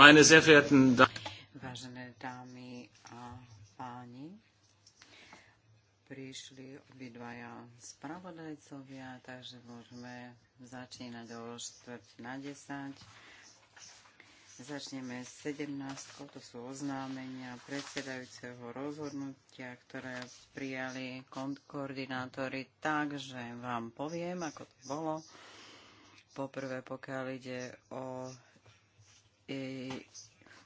Meine sehr verehrten Vážené dámy a páni, prišli obidvaja spravodajcovia, takže môžeme začínať o štvrť na 10. Začneme s 17. To sú oznámenia predsedajúceho rozhodnutia, ktoré prijali koordinátori. Takže vám poviem, ako to bolo. Poprvé, pokiaľ ide o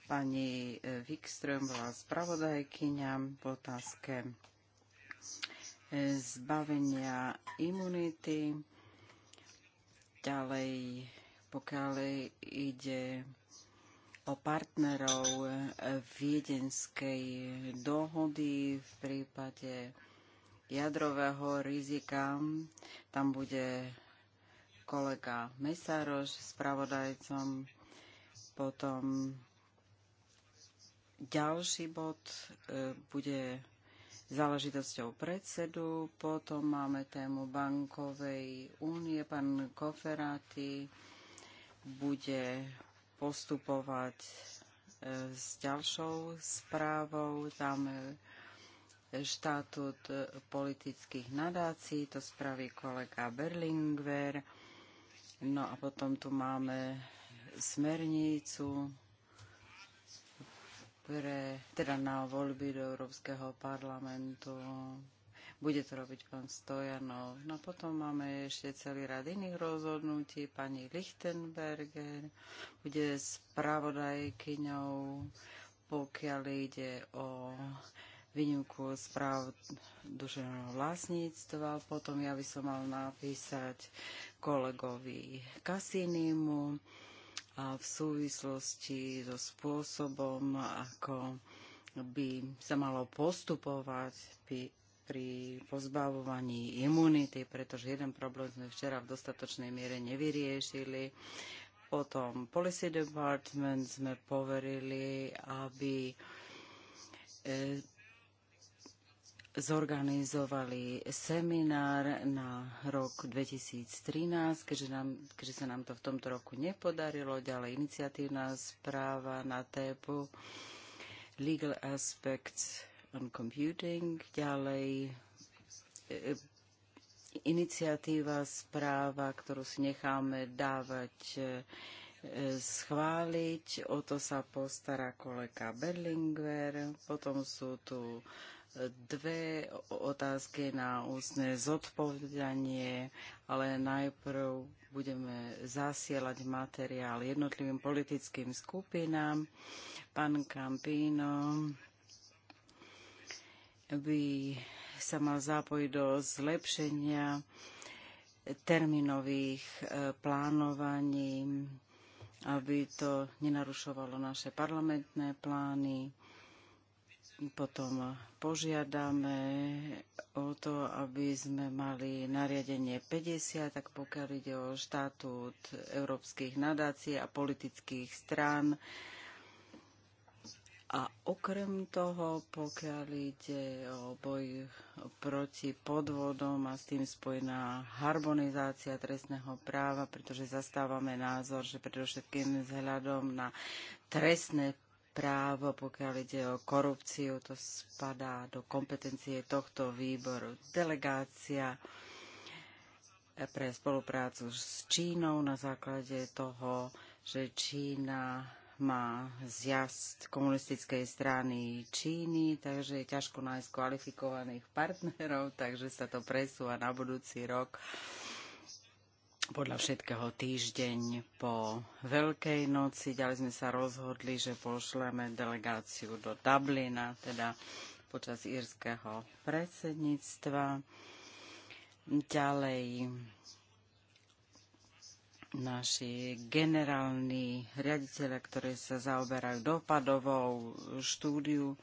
Pani Wikström bola spravodajkyňa v otázke zbavenia imunity. Ďalej, pokiaľ ide o partnerov viedenskej dohody v prípade jadrového rizika. Tam bude kolega Mesároš spravodajcom. Potom ďalší bod e, bude záležitosťou predsedu. Potom máme tému bankovej únie. Pán Koferáty bude postupovať e, s ďalšou správou. Tam e, štatút politických nadácií, to spraví kolega Berlingwer. No a potom tu máme smernicu pre, teda na voľby do Európskeho parlamentu. Bude to robiť pán Stojanov. No potom máme ešte celý rad iných rozhodnutí. Pani Lichtenberger bude spravodajkyňou, pokiaľ ide o výnimku správ duševného vlastníctva. Potom ja by som mal napísať kolegovi Kasinimu v súvislosti so spôsobom, ako by sa malo postupovať pri pozbavovaní imunity, pretože jeden problém sme včera v dostatočnej miere nevyriešili. Potom Policy Department sme poverili, aby e, zorganizovali seminár na rok 2013, keďže, nám, keďže sa nám to v tomto roku nepodarilo. Ďalej iniciatívna správa na tému Legal Aspects on Computing. Ďalej e, e, iniciatíva správa, ktorú si necháme dávať e, schváliť. O to sa postará kolega Berlinguer. Potom sú tu dve otázky na ústne zodpovedanie, ale najprv budeme zasielať materiál jednotlivým politickým skupinám. Pán Campino by sa mal zapojiť do zlepšenia termínových e, plánovaní, aby to nenarušovalo naše parlamentné plány potom požiadame o to, aby sme mali nariadenie 50, tak pokiaľ ide o štatút európskych nadácií a politických strán. A okrem toho, pokiaľ ide o boj proti podvodom a s tým spojená harmonizácia trestného práva, pretože zastávame názor, že predovšetkým vzhľadom na trestné právo, pokiaľ ide o korupciu, to spadá do kompetencie tohto výboru. Delegácia pre spoluprácu s Čínou na základe toho, že Čína má zjazd komunistickej strany Číny, takže je ťažko nájsť kvalifikovaných partnerov, takže sa to presúva na budúci rok podľa všetkého týždeň po Veľkej noci. Ďalej sme sa rozhodli, že pošleme delegáciu do Dublina, teda počas írskeho predsedníctva. Ďalej naši generálni riaditeľe, ktorí sa zaoberajú dopadovou štúdiu,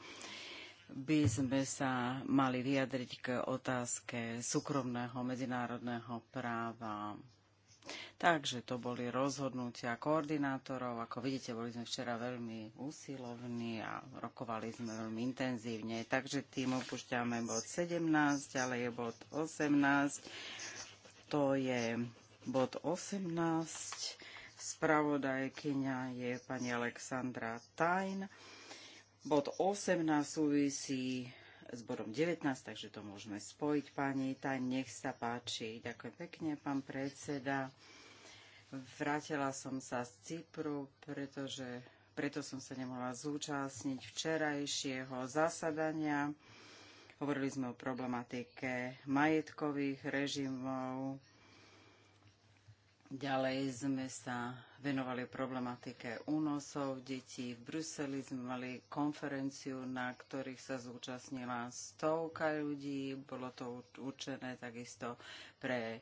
by sme sa mali vyjadriť k otázke súkromného medzinárodného práva Takže to boli rozhodnutia koordinátorov. Ako vidíte, boli sme včera veľmi úsilovní a rokovali sme veľmi intenzívne. Takže tým opušťame bod 17, ale je bod 18. To je bod 18. Spravodajkyňa je pani Alexandra Tajn. Bod 18 súvisí s bodom 19, takže to môžeme spojiť. Pani Tajn, nech sa páči. Ďakujem pekne, pán predseda. Vrátila som sa z Cypru, pretože preto som sa nemohla zúčastniť včerajšieho zasadania. Hovorili sme o problematike majetkových režimov. Ďalej sme sa venovali problematike únosov detí. V Bruseli sme mali konferenciu, na ktorých sa zúčastnila stovka ľudí. Bolo to určené takisto pre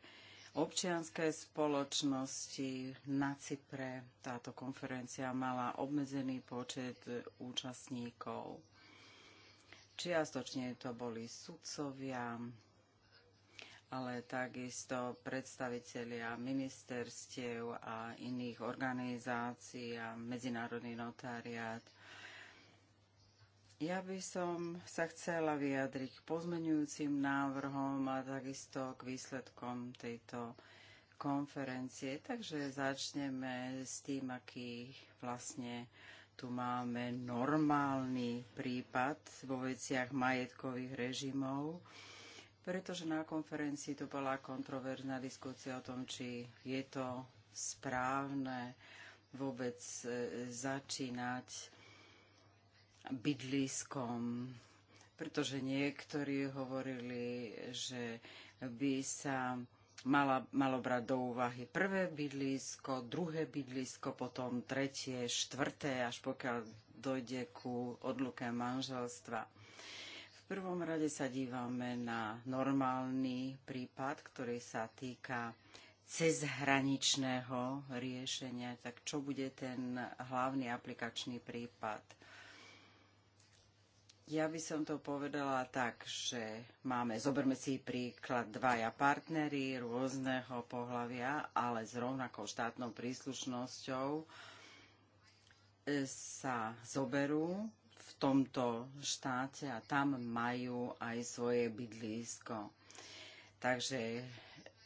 občianské spoločnosti na Cypre. Táto konferencia mala obmedzený počet účastníkov. Čiastočne to boli sudcovia, ale takisto predstavitelia ministerstiev a iných organizácií a medzinárodný notariát. Ja by som sa chcela vyjadriť k pozmenujúcim návrhom a takisto k výsledkom tejto konferencie. Takže začneme s tým, aký vlastne tu máme normálny prípad vo veciach majetkových režimov pretože na konferencii tu bola kontroverzná diskusia o tom, či je to správne vôbec e, začínať bydliskom, pretože niektorí hovorili, že by sa mala, malo brať do úvahy prvé bydlisko, druhé bydlisko, potom tretie, štvrté, až pokiaľ dojde ku odluke manželstva prvom rade sa dívame na normálny prípad, ktorý sa týka cezhraničného riešenia. Tak čo bude ten hlavný aplikačný prípad? Ja by som to povedala tak, že máme, zoberme si príklad dvaja partnery rôzneho pohľavia, ale s rovnakou štátnou príslušnosťou e, sa zoberú tomto štáte a tam majú aj svoje bydlisko. Takže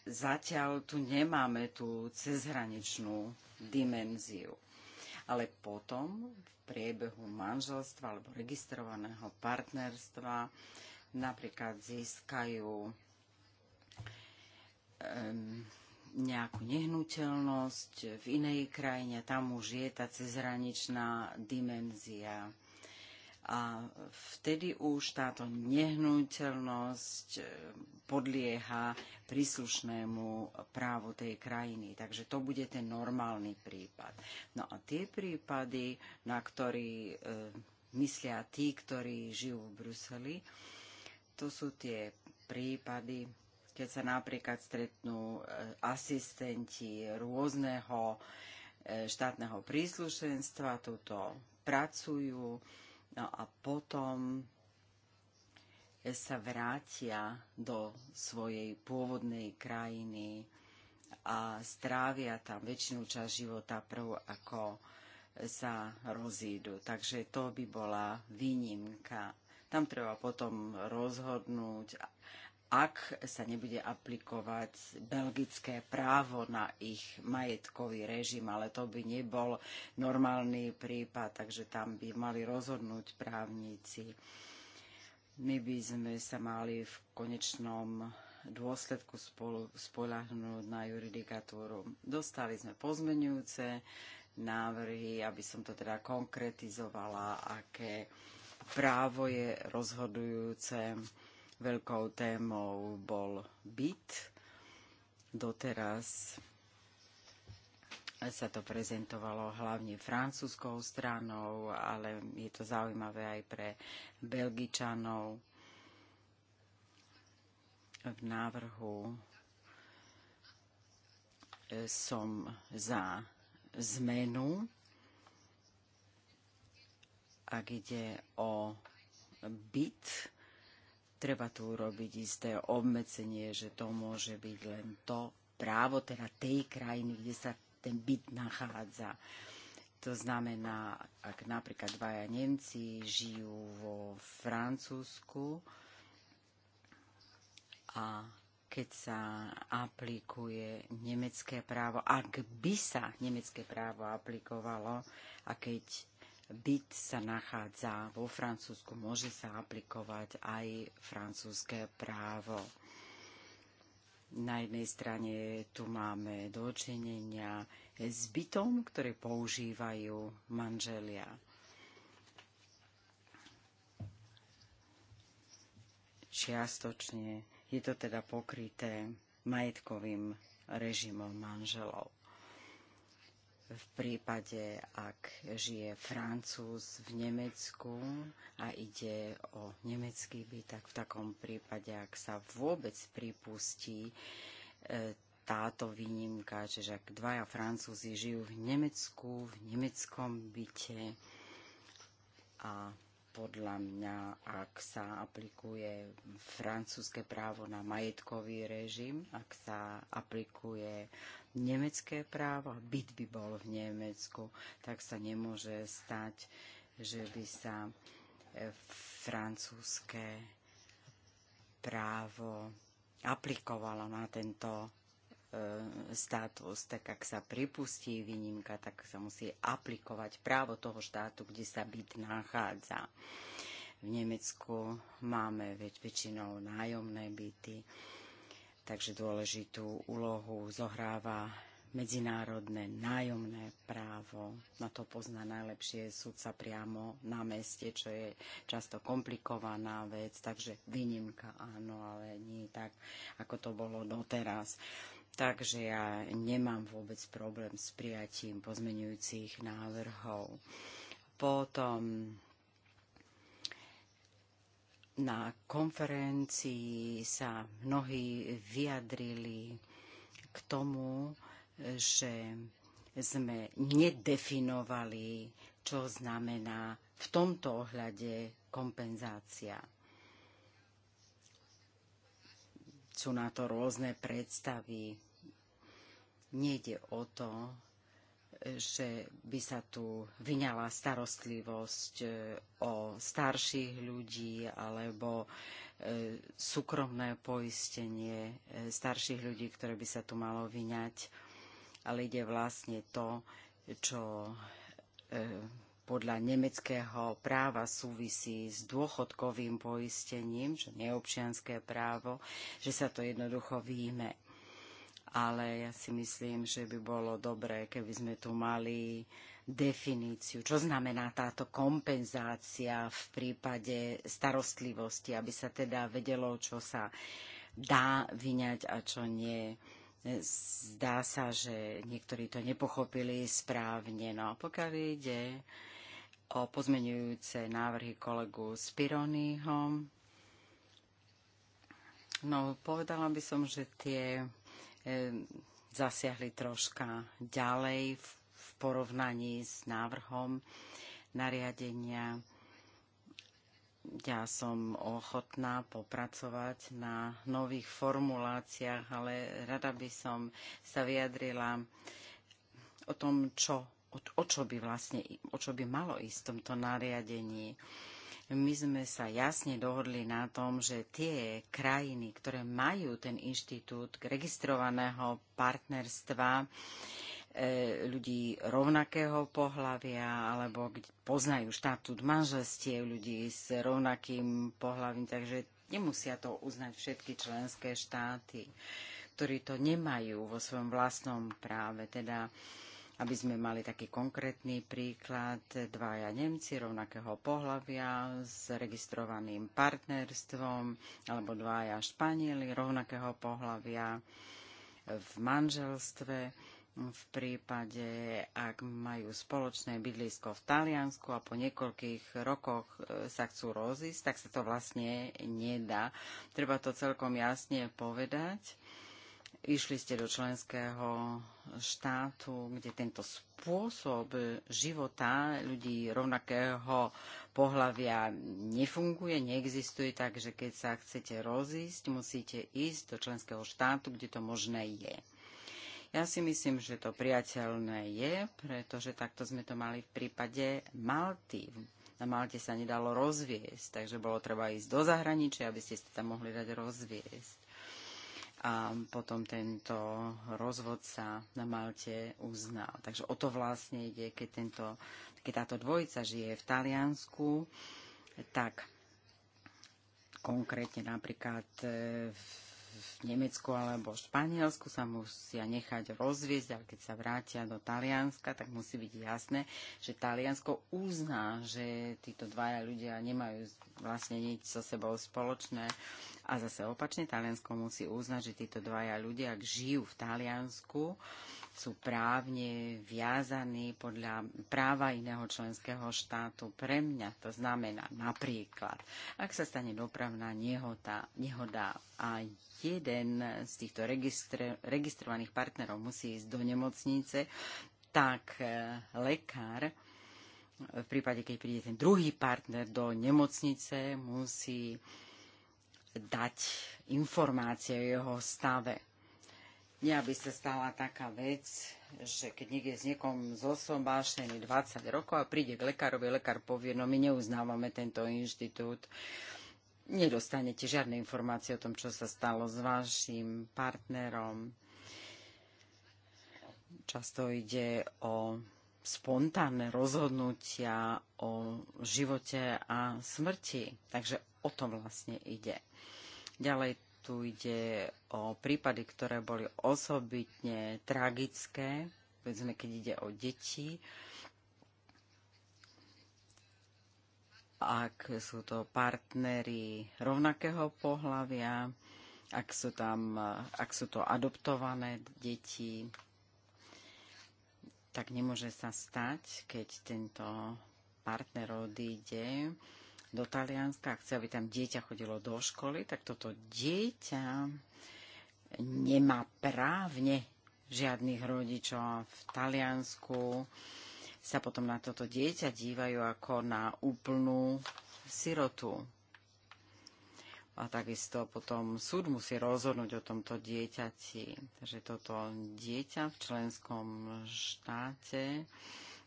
zatiaľ tu nemáme tú cezhraničnú dimenziu. Ale potom v priebehu manželstva alebo registrovaného partnerstva napríklad získajú um, nejakú nehnuteľnosť v inej krajine, tam už je tá cezhraničná dimenzia a vtedy už táto nehnuteľnosť e, podlieha príslušnému právu tej krajiny. Takže to bude ten normálny prípad. No a tie prípady, na ktorý e, myslia tí, ktorí žijú v Bruseli, to sú tie prípady, keď sa napríklad stretnú e, asistenti rôzneho e, štátneho príslušenstva, tuto pracujú, No a potom e, sa vrátia do svojej pôvodnej krajiny a strávia tam väčšinu časť života prv, ako sa rozídu. Takže to by bola výnimka. Tam treba potom rozhodnúť, ak sa nebude aplikovať belgické právo na ich majetkový režim, ale to by nebol normálny prípad, takže tam by mali rozhodnúť právnici. My by sme sa mali v konečnom dôsledku spolu spolahnúť na juridikatúru. Dostali sme pozmenujúce návrhy, aby som to teda konkretizovala, aké právo je rozhodujúce Veľkou témou bol byt. Doteraz sa to prezentovalo hlavne francúzskou stranou, ale je to zaujímavé aj pre Belgičanov. V návrhu som za zmenu, ak ide o byt, treba tu urobiť isté obmedzenie, že to môže byť len to právo teda tej krajiny, kde sa ten byt nachádza. To znamená, ak napríklad dvaja Nemci žijú vo Francúzsku a keď sa aplikuje nemecké právo, ak by sa nemecké právo aplikovalo a keď byt sa nachádza vo Francúzsku, môže sa aplikovať aj francúzske právo. Na jednej strane tu máme dočinenia s bytom, ktoré používajú manželia. Čiastočne je to teda pokryté majetkovým režimom manželov v prípade, ak žije Francúz v Nemecku a ide o nemecký byt, tak v takom prípade, ak sa vôbec pripustí e, táto výnimka, čiže ak dvaja Francúzi žijú v Nemecku, v nemeckom byte a podľa mňa, ak sa aplikuje francúzske právo na majetkový režim, ak sa aplikuje nemecké právo, byt by bol v Nemecku, tak sa nemôže stať, že by sa e, francúzske právo aplikovalo na tento E, status, tak ak sa pripustí výnimka, tak sa musí aplikovať právo toho štátu, kde sa byt nachádza. V Nemecku máme väč- väčšinou nájomné byty, takže dôležitú úlohu zohráva medzinárodné nájomné právo. Na to pozná najlepšie sudca priamo na meste, čo je často komplikovaná vec, takže výnimka áno, ale nie tak, ako to bolo doteraz. Takže ja nemám vôbec problém s prijatím pozmenujúcich návrhov. Potom na konferencii sa mnohí vyjadrili k tomu, že sme nedefinovali, čo znamená v tomto ohľade kompenzácia. sú na to rôzne predstavy. Nejde o to, že by sa tu vyňala starostlivosť e, o starších ľudí alebo e, súkromné poistenie e, starších ľudí, ktoré by sa tu malo vyňať. Ale ide vlastne to, čo podľa nemeckého práva súvisí s dôchodkovým poistením, že neobčianské právo, že sa to jednoducho výjme ale ja si myslím, že by bolo dobré, keby sme tu mali definíciu, čo znamená táto kompenzácia v prípade starostlivosti, aby sa teda vedelo, čo sa dá vyňať a čo nie. Zdá sa, že niektorí to nepochopili správne. No a pokiaľ ide o pozmenujúce návrhy kolegu Spironyho, no povedala by som, že tie zasiahli troška ďalej v porovnaní s návrhom nariadenia. Ja som ochotná popracovať na nových formuláciách, ale rada by som sa vyjadrila o tom, čo, o, o čo by vlastne, o čo by malo ísť v tomto nariadení. My sme sa jasne dohodli na tom, že tie krajiny, ktoré majú ten inštitút registrovaného partnerstva, e, ľudí rovnakého pohľavia alebo poznajú štatút manželstiev ľudí s rovnakým pohľavím, takže nemusia to uznať všetky členské štáty, ktorí to nemajú vo svojom vlastnom práve. Teda aby sme mali taký konkrétny príklad, dvaja Nemci rovnakého pohľavia s registrovaným partnerstvom, alebo dvaja Španieli rovnakého pohľavia v manželstve v prípade, ak majú spoločné bydlisko v Taliansku a po niekoľkých rokoch e, sa chcú rozísť, tak sa to vlastne nedá. Treba to celkom jasne povedať Išli ste do členského štátu, kde tento spôsob života ľudí rovnakého pohľavia nefunguje, neexistuje, takže keď sa chcete rozísť, musíte ísť do členského štátu, kde to možné je. Ja si myslím, že to priateľné je, pretože takto sme to mali v prípade Malty. Na Malte sa nedalo rozviesť, takže bolo treba ísť do zahraničia, aby ste sa tam mohli dať rozviesť a potom tento rozvod sa na Malte uzná. Takže o to vlastne ide, keď, tento, keď táto dvojica žije v Taliansku, tak konkrétne napríklad v v Nemecku alebo Španielsku sa musia nechať rozviezť, ale keď sa vrátia do Talianska, tak musí byť jasné, že Taliansko uzná, že títo dvaja ľudia nemajú vlastne nič so sebou spoločné. A zase opačne, Taliansko musí uznať, že títo dvaja ľudia, ak žijú v Taliansku, sú právne viazaní podľa práva iného členského štátu. Pre mňa to znamená napríklad, ak sa stane dopravná nehoda, nehoda a jeden z týchto registre, registrovaných partnerov musí ísť do nemocnice, tak e, lekár v prípade, keď príde ten druhý partner do nemocnice, musí dať informácie o jeho stave aby sa stala taká vec, že keď niekde s niekom zosobášený 20 rokov a príde k lekárovi, lekár povie, no my neuznávame tento inštitút, nedostanete žiadne informácie o tom, čo sa stalo s vašim partnerom. Často ide o spontánne rozhodnutia o živote a smrti. Takže o tom vlastne ide. Ďalej tu ide o prípady, ktoré boli osobitne tragické, povedzme, keď ide o deti. Ak sú to partnery rovnakého pohľavia, ak sú, tam, ak sú to adoptované deti, tak nemôže sa stať, keď tento partner odíde, do Talianska a chce, aby tam dieťa chodilo do školy, tak toto dieťa nemá právne žiadnych rodičov. V Taliansku sa potom na toto dieťa dívajú ako na úplnú sirotu. A takisto potom súd musí rozhodnúť o tomto dieťati. Takže toto dieťa v členskom štáte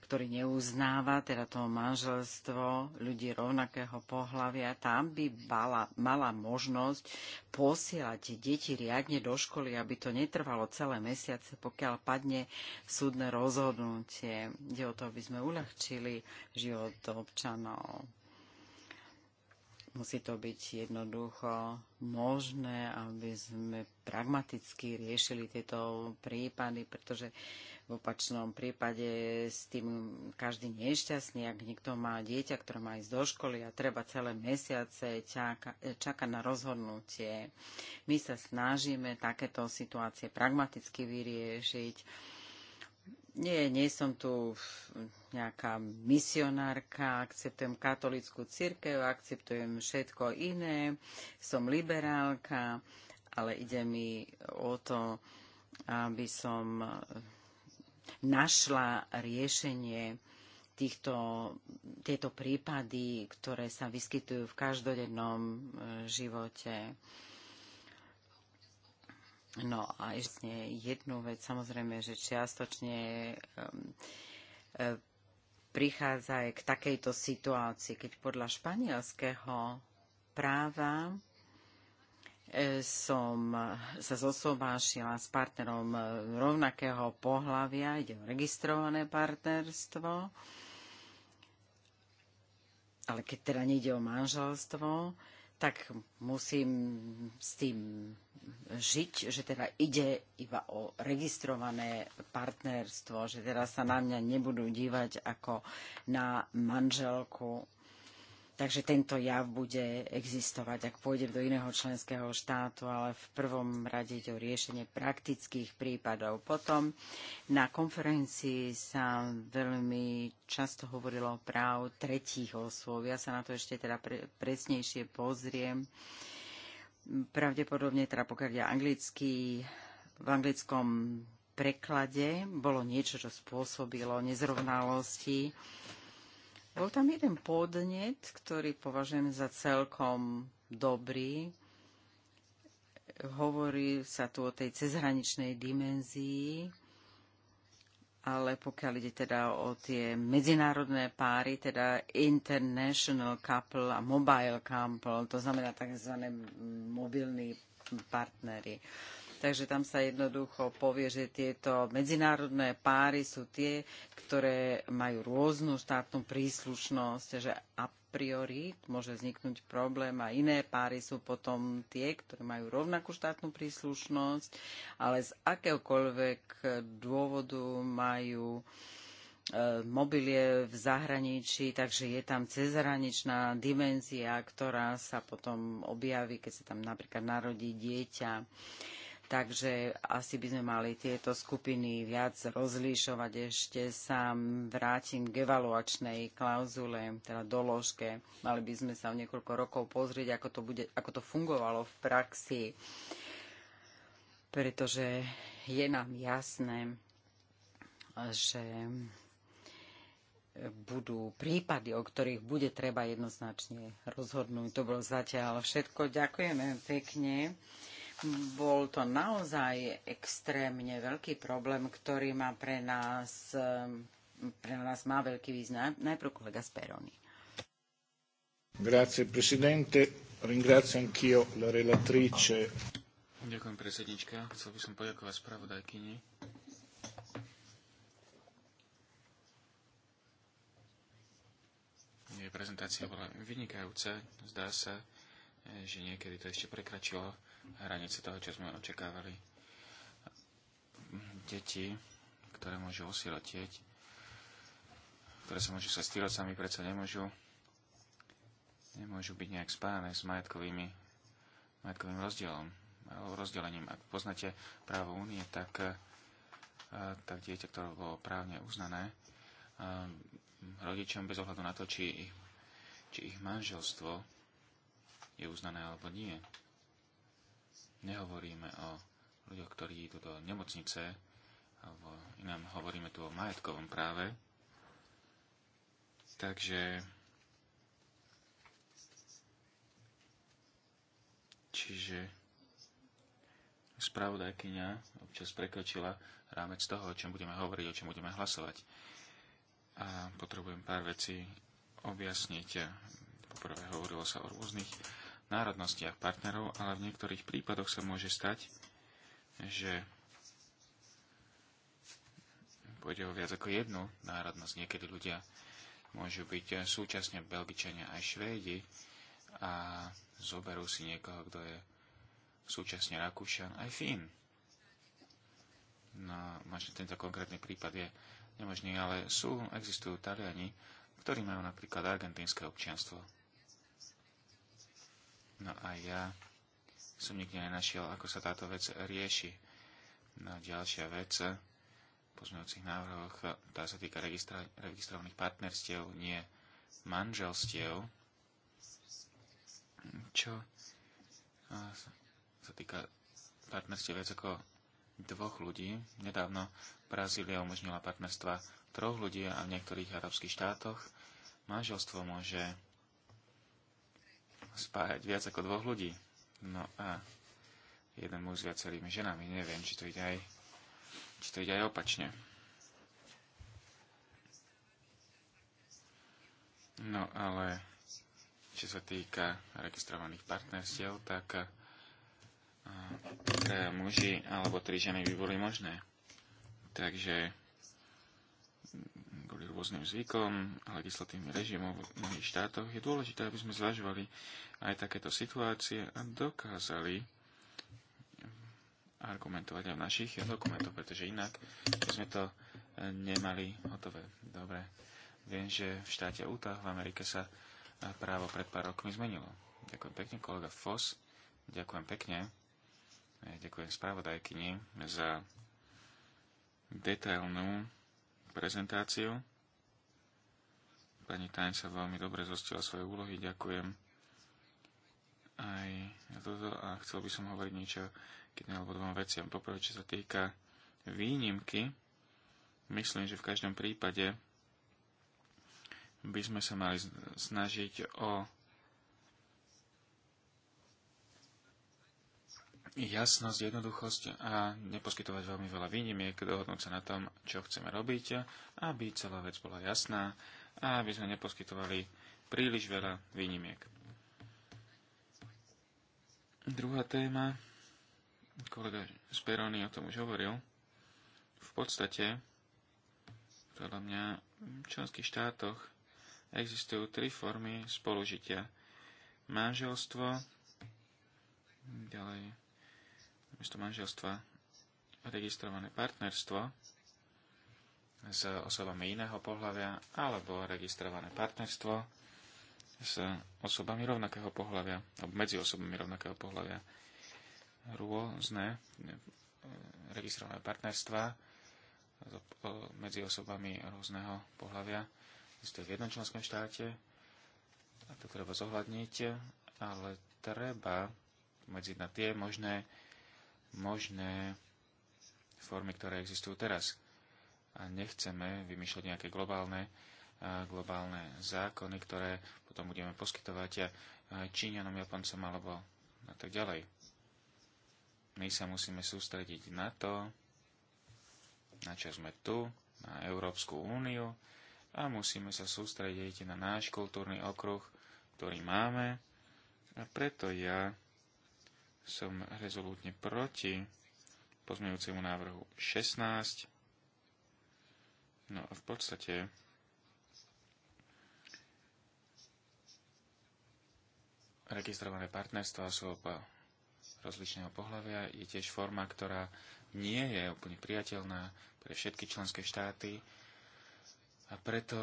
ktorý neuznáva teda to manželstvo ľudí rovnakého pohľavia, tam by mala, mala možnosť posielať deti riadne do školy, aby to netrvalo celé mesiace, pokiaľ padne súdne rozhodnutie. Ide o to, aby sme uľahčili život občanov. Musí to byť jednoducho možné, aby sme pragmaticky riešili tieto prípady, pretože v opačnom prípade s tým každý nešťastný, ak niekto má dieťa, ktoré má ísť do školy a treba celé mesiace čakať čaka na rozhodnutie. My sa snažíme takéto situácie pragmaticky vyriešiť. Nie, nie som tu nejaká misionárka, akceptujem katolickú církev, akceptujem všetko iné, som liberálka, ale ide mi o to, aby som našla riešenie týchto, tieto prípady, ktoré sa vyskytujú v každodennom e, živote. No a ešte jednu vec, samozrejme, že čiastočne e, e, prichádza aj k takejto situácii, keď podľa španielského práva e, som sa zosobášila s partnerom e, rovnakého pohľavia, ide o registrované partnerstvo, ale keď teda nejde o manželstvo, tak musím s tým žiť, že teda ide iba o registrované partnerstvo, že teda sa na mňa nebudú dívať ako na manželku Takže tento jav bude existovať, ak pôjdem do iného členského štátu, ale v prvom rade ide o riešenie praktických prípadov. Potom na konferencii sa veľmi často hovorilo o práv tretích osôb. Ja sa na to ešte teda pre, presnejšie pozriem. Pravdepodobne teda pokiaľ je anglický, v anglickom preklade bolo niečo, čo spôsobilo nezrovnalosti bol tam jeden podnet, ktorý považujem za celkom dobrý. Hovorí sa tu o tej cezhraničnej dimenzii, ale pokiaľ ide teda o tie medzinárodné páry, teda international couple a mobile couple, to znamená tzv. mobilní partnery. Uh, Takže tam sa jednoducho povie, že tieto medzinárodné páry sú tie, ktoré majú rôznu štátnu príslušnosť, že a priori môže vzniknúť problém a iné páry sú potom tie, ktoré majú rovnakú štátnu príslušnosť, ale z akéhokoľvek dôvodu majú e, mobilie v zahraničí, takže je tam cezhraničná dimenzia, ktorá sa potom objaví, keď sa tam napríklad narodí dieťa. Takže asi by sme mali tieto skupiny viac rozlíšovať. Ešte sa vrátim k evaluačnej klauzule, teda doložke. Mali by sme sa o niekoľko rokov pozrieť, ako to, bude, ako to fungovalo v praxi. Pretože je nám jasné, že budú prípady, o ktorých bude treba jednoznačne rozhodnúť. To bolo zatiaľ všetko. Ďakujeme pekne. Bol to naozaj extrémne veľký problém, ktorý má pre nás, ehm, pre nás má veľký význam. Najprv kolega Speroni. Grazie, presidente. Ringrazio anch'io la relatrice. Ďakujem, predsednička. Chcel by som poďakovať spravodajkyni. Jej prezentácia bola vynikajúca. Zdá sa, e, že niekedy to ešte prekračilo hranice toho, čo sme očakávali. Deti, ktoré môžu osirotieť, ktoré sa môžu sa sami predsa nemôžu, nemôžu byť nejak spájane s majetkovými, majetkovým rozdielom alebo rozdelením. Ak poznáte právo únie, tak, eh, tak dieťa, ktoré bolo právne uznané eh, rodičom bez ohľadu na to, či ich, či ich manželstvo je uznané alebo nie nehovoríme o ľuďoch, ktorí idú do nemocnice, alebo inám hovoríme tu o majetkovom práve. Takže čiže spravodajkyňa občas prekročila rámec toho, o čom budeme hovoriť, o čom budeme hlasovať. A potrebujem pár vecí objasniť. Poprvé hovorilo sa o rôznych národnostiach partnerov, ale v niektorých prípadoch sa môže stať, že pôjde o viac ako jednu národnosť. Niekedy ľudia môžu byť súčasne Belgičania aj Švédi a zoberú si niekoho, kto je súčasne Rakúšan aj Fín. No, možno tento konkrétny prípad je nemožný, ale sú, existujú Taliani, ktorí majú napríklad argentínske občianstvo. No a ja som nikde nenašiel, ako sa táto vec rieši. No a ďalšia vec v pozmeňujúcich návrhoch, tá sa týka registra, registrovaných partnerstiev, nie manželstiev, čo sa, sa týka partnerstiev viac ako dvoch ľudí. Nedávno Brazília umožnila partnerstva troch ľudí a v niektorých arabských štátoch manželstvo môže spájať viac ako dvoch ľudí. No a jeden muž s viacerými ženami. Neviem, či to ide aj, či to ide aj opačne. No ale čo sa týka registrovaných partnerstiev, tak pre muži alebo tri ženy by boli možné. Takže kvôli rôznym zvykom a legislatívnym režimom v mnohých štátoch, je dôležité, aby sme zvažovali aj takéto situácie a dokázali argumentovať aj v našich dokumentoch, pretože inak by sme to e, nemali hotové. Dobre, viem, že v štáte Utah v Amerike sa e, právo pred pár rokmi zmenilo. Ďakujem pekne, kolega Foss. Ďakujem pekne. E, ďakujem spravodajkyni za detailnú prezentáciu. Pani Tajn sa veľmi dobre zostila svoje úlohy, ďakujem aj za toto a chcel by som hovoriť niečo jednej alebo dvom veciam. Poprvé, čo sa týka výnimky, myslím, že v každom prípade by sme sa mali snažiť o jasnosť, jednoduchosť a neposkytovať veľmi veľa výnimiek, dohodnúť sa na tom, čo chceme robiť, aby celá vec bola jasná a aby sme neposkytovali príliš veľa výnimiek. Druhá téma, kolega Speroni o tom už hovoril, v podstate, podľa mňa, v členských štátoch existujú tri formy spolužitia. Manželstvo, ďalej miesto manželstva registrované partnerstvo s osobami iného pohľavia alebo registrované partnerstvo s osobami rovnakého pohľavia alebo medzi osobami rovnakého pohľavia rôzne e, registrované partnerstva e, medzi osobami rôzneho pohľavia. Existuje v jednom členskom štáte a to treba zohľadniť, ale treba medzi na tie možné možné formy, ktoré existujú teraz. A nechceme vymýšľať nejaké globálne, globálne zákony, ktoré potom budeme poskytovať Číňanom, Japoncom alebo a tak ďalej. My sa musíme sústrediť na to, na čo sme tu, na Európsku úniu a musíme sa sústrediť na náš kultúrny okruh, ktorý máme. A preto ja som rezolútne proti pozmeňujúcemu návrhu 16. No a v podstate registrované partnerstva osôb rozličného pohľavia je tiež forma, ktorá nie je úplne priateľná pre všetky členské štáty a preto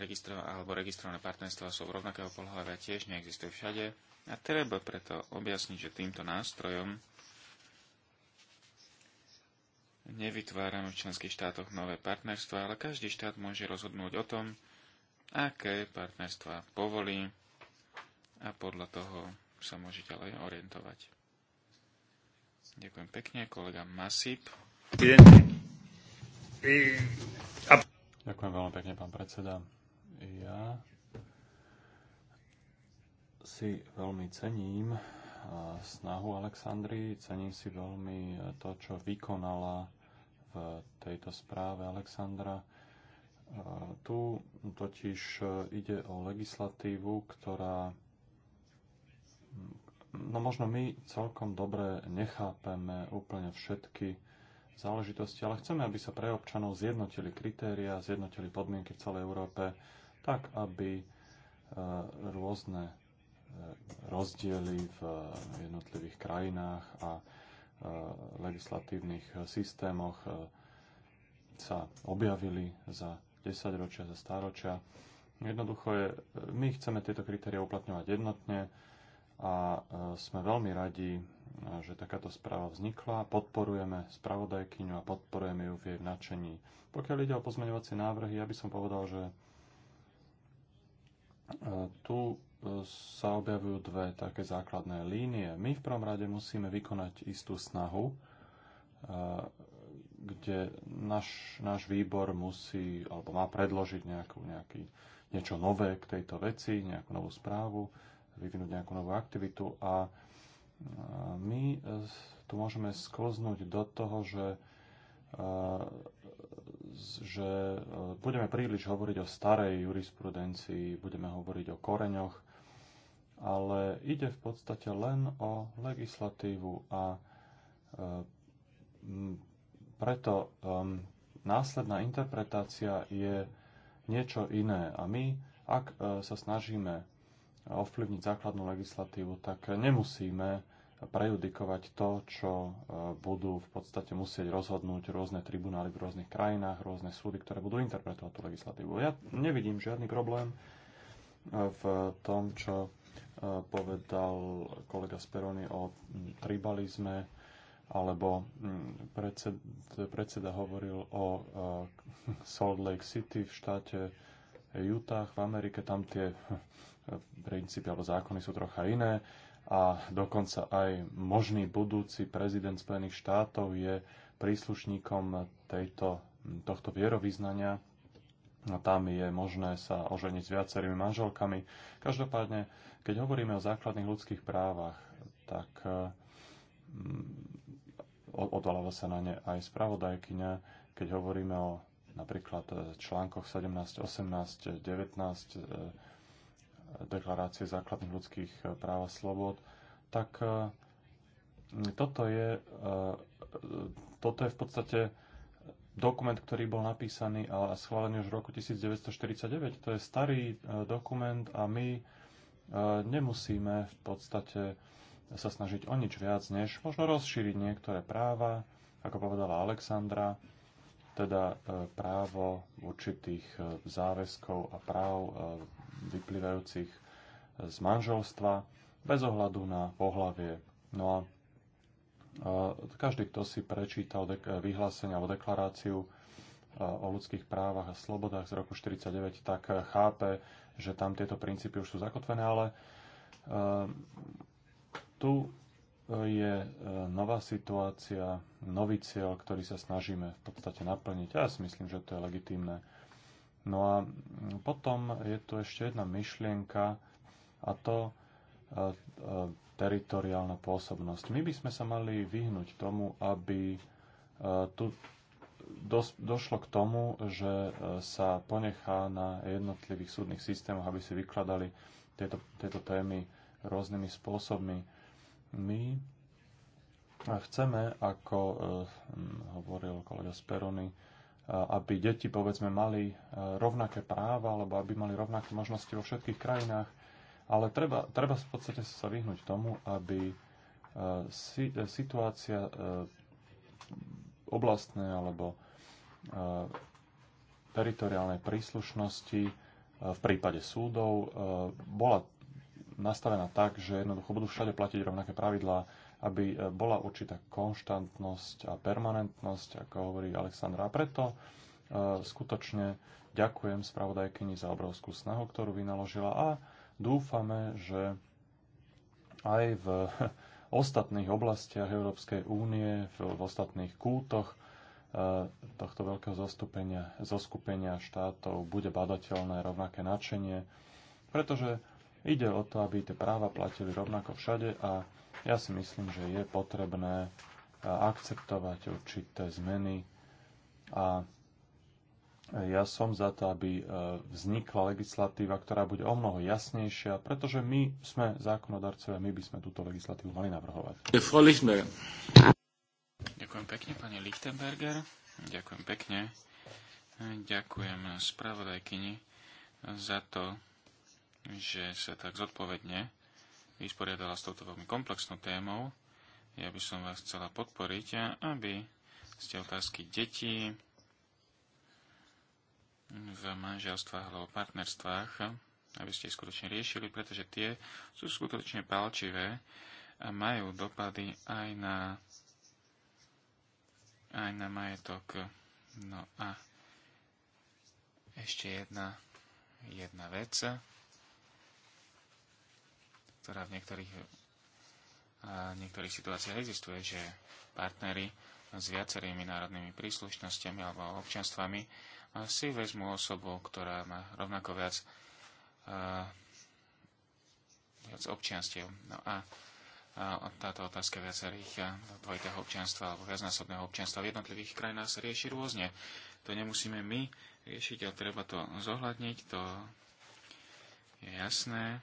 registro, alebo registrované partnerstva sú rovnakého pohľavia tiež neexistuje všade a treba preto objasniť, že týmto nástrojom nevytvárame v členských štátoch nové partnerstva, ale každý štát môže rozhodnúť o tom, aké partnerstva povolí a podľa toho sa môže ďalej orientovať. Ďakujem pekne, kolega Masip. Ďakujem veľmi pekne, pán predseda. Ja si veľmi cením eh, snahu Alexandry, cením si veľmi eh, to, čo vykonala v tejto správe Alexandra. Eh, tu totiž ide o legislatívu, ktorá hm, no možno my celkom dobre nechápeme úplne všetky záležitosti, ale chceme, aby sa pre občanov zjednotili kritéria, zjednotili podmienky v celej Európe, tak aby rôzne rozdiely v eh, jednotlivých krajinách a eh, legislatívnych systémoch eh, sa objavili za 10 ročia, za stáročia. Jednoducho je, my chceme tieto kritéria uplatňovať jednotne a sme veľmi radi, že takáto správa vznikla. Podporujeme spravodajkyňu a podporujeme ju v jej vnačení. Pokiaľ ide o pozmeňovacie návrhy, ja by som povedal, že tu sa objavujú dve také základné línie. My v prvom rade musíme vykonať istú snahu, e, kde náš, náš výbor musí alebo má predložiť nejakú, nejaký, niečo nové k tejto veci, nejakú novú správu, vyvinúť nejakú novú aktivitu a e, my e, tu môžeme sklznúť do toho, že, že budeme príliš hovoriť o starej jurisprudencii, budeme hovoriť o koreňoch ale ide v podstate len o legislatívu a e, preto e, následná interpretácia je niečo iné. A my, ak e, sa snažíme ovplyvniť základnú legislatívu, tak nemusíme prejudikovať to, čo budú v podstate musieť rozhodnúť rôzne tribunály v rôznych krajinách, rôzne súdy, ktoré budú interpretovať tú legislatívu. Ja nevidím žiadny problém v tom, čo povedal kolega Speroni o tribalizme, alebo mm, predsed, predseda hovoril o e, Salt Lake City v štáte Utah v Amerike. Tam tie e, princípy alebo zákony sú trocha iné a dokonca aj možný budúci prezident Spojených štátov je príslušníkom tejto, tohto vierovýznania a tam je možné sa oženiť s viacerými manželkami. Každopádne, keď hovoríme o základných ľudských právach, tak mm, odvoláva sa na ne aj spravodajkyňa, keď hovoríme o napríklad e, článkoch 17, 18, 19 deklarácie základných ľudských e, práv a slobod, tak e, toto je, toto je v podstate dokument, ktorý bol napísaný a schválený už v roku 1949. To je starý e, dokument a my e, nemusíme v podstate sa snažiť o nič viac, než možno rozšíriť niektoré práva, ako povedala Alexandra, teda e, právo určitých záväzkov a práv vyplývajúcich z manželstva bez ohľadu na pohlavie. No a každý, kto si prečítal vyhlásenie alebo deklaráciu o ľudských právach a slobodách z roku 1949, tak e, chápe, že tam tieto princípy už sú zakotvené, ale e, tu e, je nová situácia, nový cieľ, ktorý sa snažíme v podstate naplniť. Ja si myslím, že to je legitímne. No a potom je tu ešte jedna myšlienka a to teritoriálna pôsobnosť. My by sme sa mali vyhnúť tomu, aby tu došlo k tomu, že e, sa ponechá na jednotlivých súdnych systémoch, aby si vykladali tieto, tieto témy rôznymi spôsobmi. My chceme, ako e, hovoril kolega Sperony, e, aby deti, povedzme, mali rovnaké práva, alebo aby mali rovnaké možnosti vo všetkých krajinách. Ale treba, treba v podstate sa vyhnúť tomu, aby e, si, e, situácia e, oblastnej alebo teritoriálnej príslušnosti v prípade súdov bola nastavená tak, že jednoducho budú všade platiť rovnaké pravidlá, aby bola určitá konštantnosť a permanentnosť, ako hovorí Alexandra. A preto skutočne ďakujem spravodajkyni za obrovskú snahu, ktorú vynaložila a dúfame, že aj v ostatných oblastiach Európskej únie, v ostatných kútoch e, tohto veľkého zostupenia, zoskupenia štátov bude badateľné rovnaké nadšenie, pretože ide o to, aby tie práva platili rovnako všade a ja si myslím, že je potrebné e, akceptovať určité zmeny a ja som za to, aby e, vznikla legislatíva, ktorá bude o mnoho jasnejšia, pretože my sme zákonodarcovia, my by sme túto legislatívu mali navrhovať. Ďakujem pekne, pani Lichtenberger. Ďakujem pekne. Ďakujem spravodajkyni za to, že sa tak zodpovedne vysporiadala s touto veľmi komplexnou témou. Ja by som vás chcela podporiť, aby ste otázky detí, v manželstvách alebo partnerstvách, aby ste ich skutočne riešili, pretože tie sú skutočne palčivé a majú dopady aj na, aj na majetok. No a ešte jedna, jedna vec, ktorá v niektorých, v niektorých situáciách existuje, že partnery s viacerými národnými príslušnosťami alebo občanstvami si vezmu osobu, ktorá má rovnako viac, uh, viac občianstiev. No a uh, táto otázka viacerých eh, dvojitého občianstva alebo viacnásobného občianstva v jednotlivých krajinách sa rieši rôzne. To nemusíme my riešiť, ale treba to zohľadniť, to je jasné.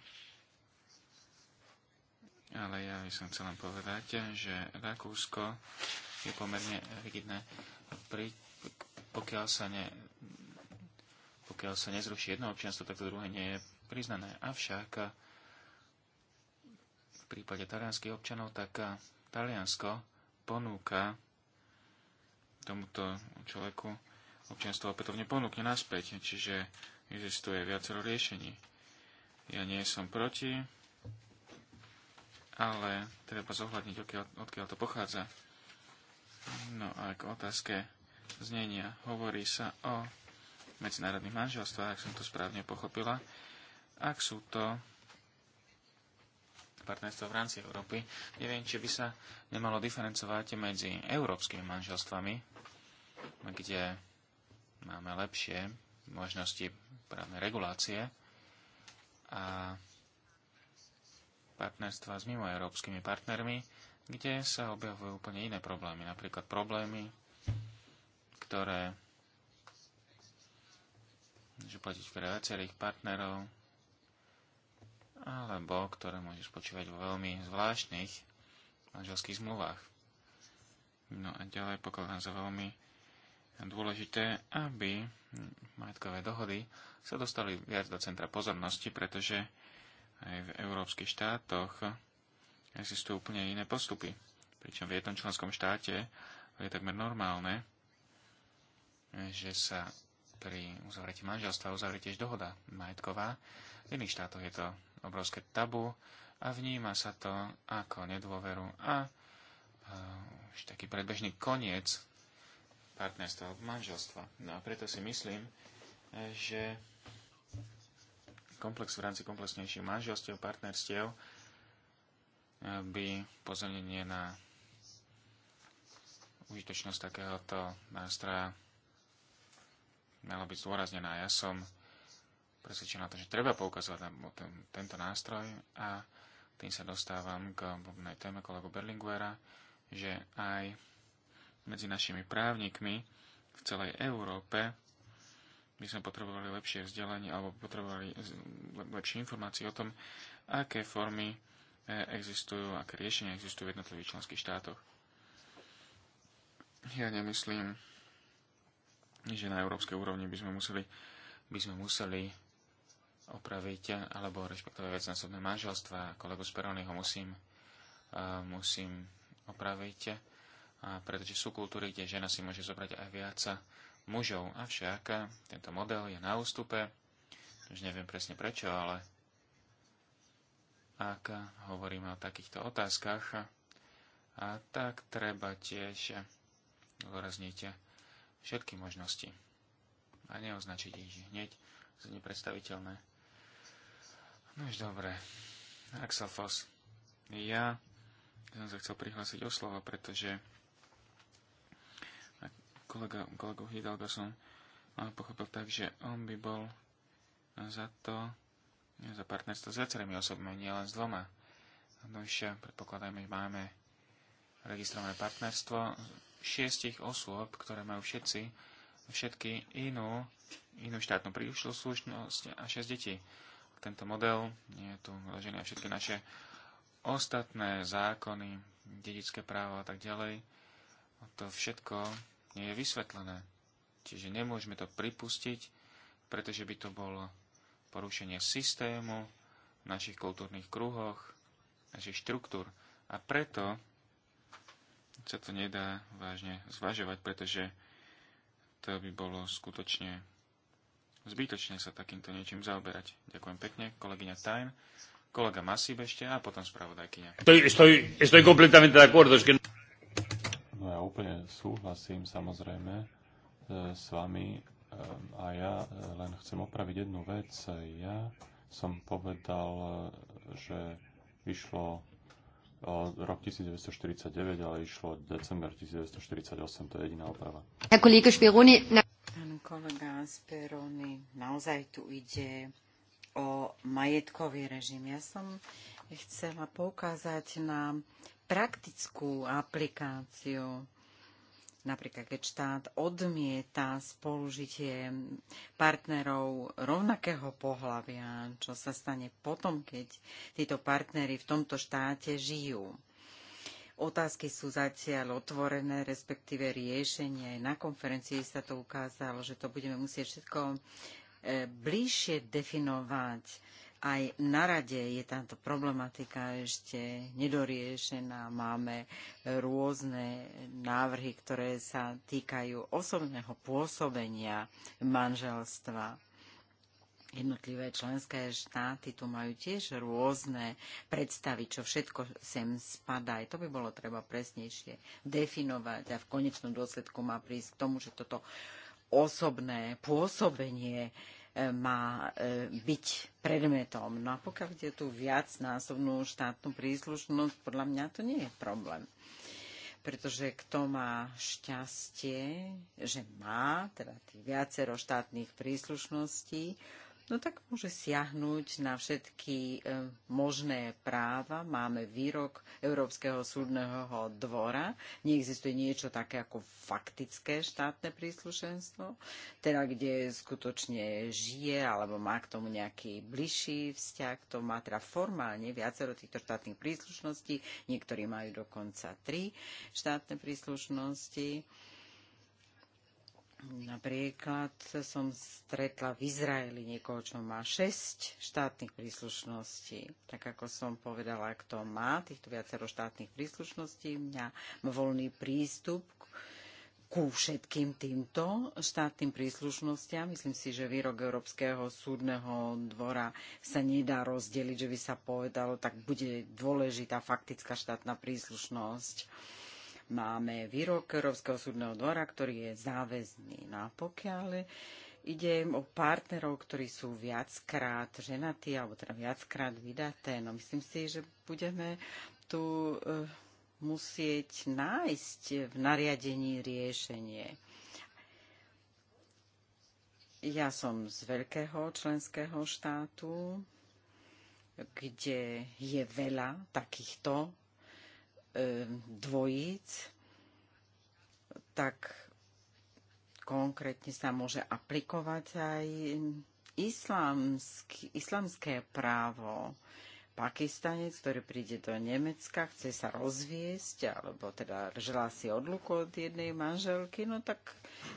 Ale ja by som chcel len povedať, že Rakúsko je pomerne rigidné pri pokiaľ sa, ne, pokiaľ sa nezruší jedno občianstvo, tak to druhé nie je priznané. Avšak eh, v prípade talianských občanov, tak eh, Taliansko ponúka tomuto človeku občianstvo opätovne ponúkne naspäť, čiže existuje viacero riešení. Ja nie som proti, ale treba zohľadniť, odkiaľ, odkiaľ to pochádza. No a k otázke znenia. Hovorí sa o medzinárodných manželstvách, ak som to správne pochopila. Ak sú to partnerstvo v rámci Európy, neviem, či by sa nemalo diferencovať medzi európskymi manželstvami, kde máme lepšie možnosti právnej regulácie a partnerstva s mimoeurópskymi partnermi, kde sa objavujú úplne iné problémy, napríklad problémy ktoré môže platiť pre viacerých partnerov, alebo ktoré môžeš spočívať vo veľmi zvláštnych manželských zmluvách. No a ďalej pokladám za veľmi dôležité, aby majetkové dohody sa dostali viac do centra pozornosti, pretože aj v európskych štátoch existujú úplne iné postupy. Pričom v jednom členskom štáte je takmer normálne, že sa pri uzavretí manželstva uzavrie tiež dohoda majetková. V iných štátoch je to obrovské tabu a vníma sa to ako nedôveru a už taký predbežný koniec partnerstva alebo manželstva. No a preto si myslím, že komplex v rámci komplexnejších manželstiev, partnerstiev e, by pozornenie na užitočnosť takéhoto nástroja mala byť zdôraznená. Ja som presvedčená to, že treba poukazovať na ten, tento nástroj a tým sa dostávam k obľúbenej téme kolegu Berlinguera, že aj medzi našimi právnikmi v celej Európe by sme potrebovali lepšie vzdelanie alebo potrebovali lepšie informácie o tom, aké formy e, existujú, aké riešenia existujú v jednotlivých členských štátoch. Ja nemyslím, že na európskej úrovni by sme museli, by sme museli opraviť alebo respektíve vecnásobné manželstva. Kolegu Speroni ho musím, uh, musím opraviť, a eh, pretože sú kultúry, kde žena si môže zobrať aj viac mužov. Avšak eh, tento model je na ústupe, už neviem presne prečo, ale ak hovoríme o takýchto otázkach, a tak treba tiež zdôrazniť všetky možnosti a neoznačiť ich hneď za nepredstaviteľné. No už dobre. Axel Foss. Ja som sa chcel prihlásiť o slovo, pretože kolega, kolegu Hidalgo som eh, pochopil tak, že on by bol za to, eh, za partnerstvo s viacerými osobami, len s dvoma. No ešte, eh, predpokladajme, že máme registrované partnerstvo šiestich osôb, ktoré majú všetci, všetky inú, inú štátnu príslušnosť a šesť detí. Tento model je tu vložený a všetky naše ostatné zákony, dedické právo a tak ďalej, to všetko nie je vysvetlené. Čiže nemôžeme to pripustiť, pretože by to bolo porušenie systému v našich kultúrnych kruhoch, našich štruktúr. A preto sa to nedá vážne zvažovať, pretože to by bolo skutočne zbytočné sa takýmto niečím zaoberať. Ďakujem pekne, kolegyňa Tajn, kolega Masib ešte a potom spravodajkyňa. Estoy, estoy, estoy completamente de acuerdo. Es que... No ja úplne súhlasím samozrejme e, s vami e, a ja e, len chcem opraviť jednu vec. Ja som povedal, že išlo rok 1949, ale išlo december 1948, to je jediná oprava. Pán kolega Speroni, naozaj tu ide o majetkový režim. Ja som chcela poukázať na praktickú aplikáciu Napríklad, keď štát odmieta spolužitie partnerov rovnakého pohľavia, čo sa stane potom, keď títo partnery v tomto štáte žijú. Otázky sú zatiaľ otvorené, respektíve riešenie. Na konferencii sa to ukázalo, že to budeme musieť všetko eh, bližšie definovať aj na rade je táto problematika ešte nedoriešená. Máme rôzne návrhy, ktoré sa týkajú osobného pôsobenia manželstva. Jednotlivé členské štáty tu majú tiež rôzne predstavy, čo všetko sem spadá. Aj to by bolo treba presnejšie definovať a v konečnom dôsledku má prísť k tomu, že toto osobné pôsobenie uh, má e, byť predmetom. No a pokiaľ je tu viac násobnú štátnu príslušnosť, podľa mňa to nie je problém. Pretože kto má šťastie, že má teda tých viacero štátnych príslušností, no tak môže siahnuť na všetky e, možné práva. Máme výrok Európskeho súdneho dvora. Neexistuje niečo také ako faktické štátne príslušenstvo, teda kde skutočne žije alebo má k tomu nejaký bližší vzťah. To má teda formálne viacero týchto štátnych príslušností. Niektorí majú dokonca tri štátne príslušnosti. Napríklad som stretla v Izraeli niekoho, čo má 6 štátnych príslušností. Tak ako som povedala, kto má týchto viacero štátnych príslušností, mňa má voľný prístup ku všetkým týmto štátnym príslušnostiam. Myslím si, že výrok Európskeho súdneho dvora sa nedá rozdeliť, že by sa povedalo, tak bude dôležitá faktická štátna príslušnosť Máme výrok Európskeho súdneho dvora, ktorý je záväzný. No a pokiaľ ide o partnerov, ktorí sú viackrát ženatí, alebo teda viackrát vydaté, no myslím si, že budeme tu e, musieť nájsť v nariadení riešenie. Ja som z veľkého členského štátu, kde je veľa takýchto E, dvojíc, tak konkrétne sa môže aplikovať aj islamský, islamské právo. Pakistanec, ktorý príde do Nemecka, chce sa rozviesť, alebo teda želá si odluku od jednej manželky, no tak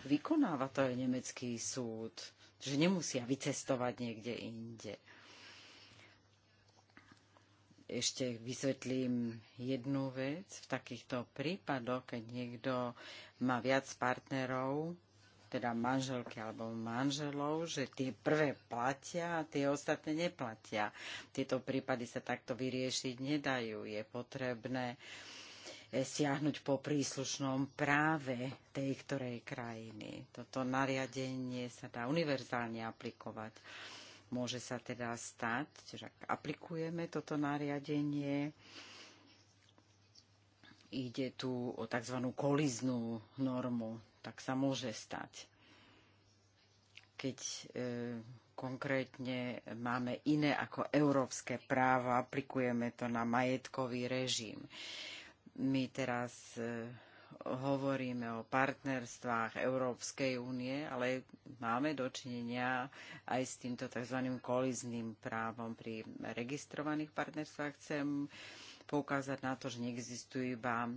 vykonáva to aj nemecký súd, že nemusia vycestovať niekde inde ešte vysvetlím jednu vec. V takýchto prípadoch, keď niekto má viac partnerov, teda manželky alebo manželov, že tie prvé platia a tie ostatné neplatia. Tieto prípady sa takto vyriešiť nedajú. Je potrebné eh, siahnuť po príslušnom práve tej ktorej krajiny. Toto nariadenie sa dá univerzálne aplikovať. Môže sa teda stať, že ak aplikujeme toto nariadenie, ide tu o tzv. koliznú normu, tak sa môže stať. Keď e, konkrétne máme iné ako európske práva, aplikujeme to na majetkový režim. My teraz e, hovoríme o partnerstvách Európskej únie, ale máme dočinenia aj s týmto tzv. kolizným právom pri registrovaných partnerstvách. Chcem poukázať na to, že neexistujú iba e,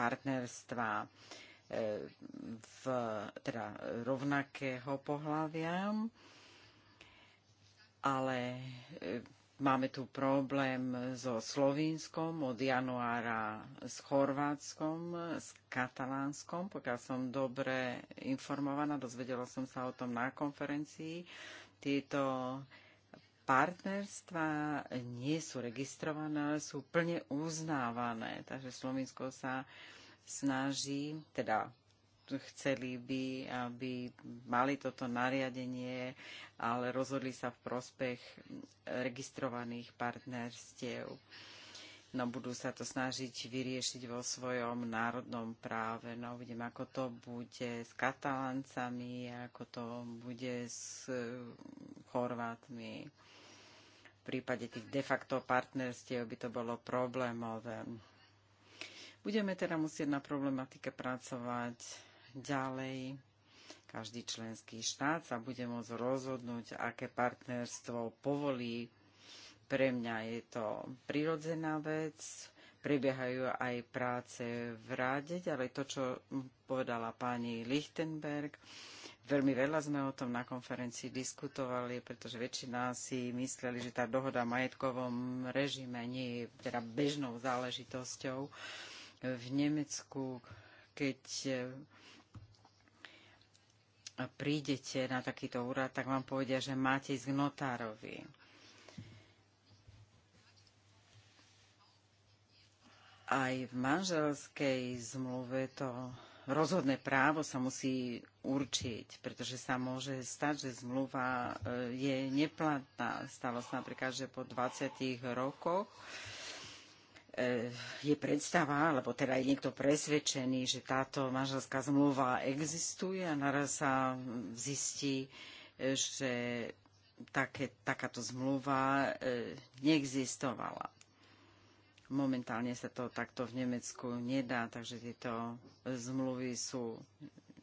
partnerstva e, v, teda rovnakého pohľavia, ale e, Máme tu problém so Slovínskom od januára s Chorvátskom, s Katalánskom, pokiaľ som dobre informovaná, dozvedela som sa o tom na konferencii. Tieto partnerstva nie sú registrované, ale sú plne uznávané. Takže Slovinsko sa snaží, teda chceli by, aby mali toto nariadenie, ale rozhodli sa v prospech registrovaných partnerstiev. No budú sa to snažiť vyriešiť vo svojom národnom práve. No uvidím, ako to bude s Kataláncami, ako to bude s e, Chorvátmi. V prípade tých de facto partnerstiev by to bolo problémové. Budeme teda musieť na problematike pracovať Ďalej, každý členský štát sa bude môcť rozhodnúť, aké partnerstvo povolí. Pre mňa je to prirodzená vec. Prebiehajú aj práce v ráde, ale to, čo povedala pani Lichtenberg, veľmi veľa sme o tom na konferencii diskutovali, pretože väčšina si mysleli, že tá dohoda v majetkovom režime nie je teda bežnou záležitosťou. V Nemecku, keď prídete na takýto úrad, tak vám povedia, že máte ísť k notárovi. Aj v manželskej zmluve to rozhodné právo sa musí určiť, pretože sa môže stať, že zmluva e, je neplatná. Stalo sa napríklad, že po 20 rokoch Eh, je predstava, alebo teda je niekto presvedčený, že táto manželská zmluva existuje a naraz sa zistí, eh, že také, takáto zmluva eh, neexistovala. Momentálne sa to takto v Nemecku nedá, takže tieto zmluvy sú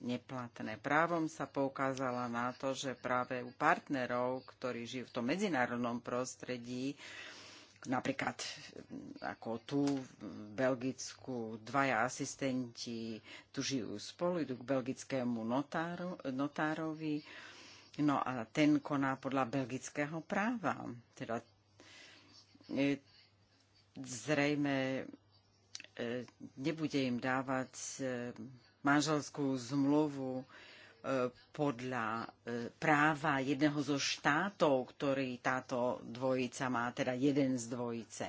neplatné. Právom sa poukázala na to, že práve u partnerov, ktorí žijú v tom medzinárodnom prostredí, napríklad ako tu v Belgicku dvaja asistenti tu žijú spolu, idú k belgickému notáru, notárovi, no a ten koná podľa belgického práva. Teda e, zrejme e, nebude im dávať e, manželskú zmluvu, e, E, podľa e, práva jedného zo štátov, ktorý táto dvojica má, teda jeden z dvojice.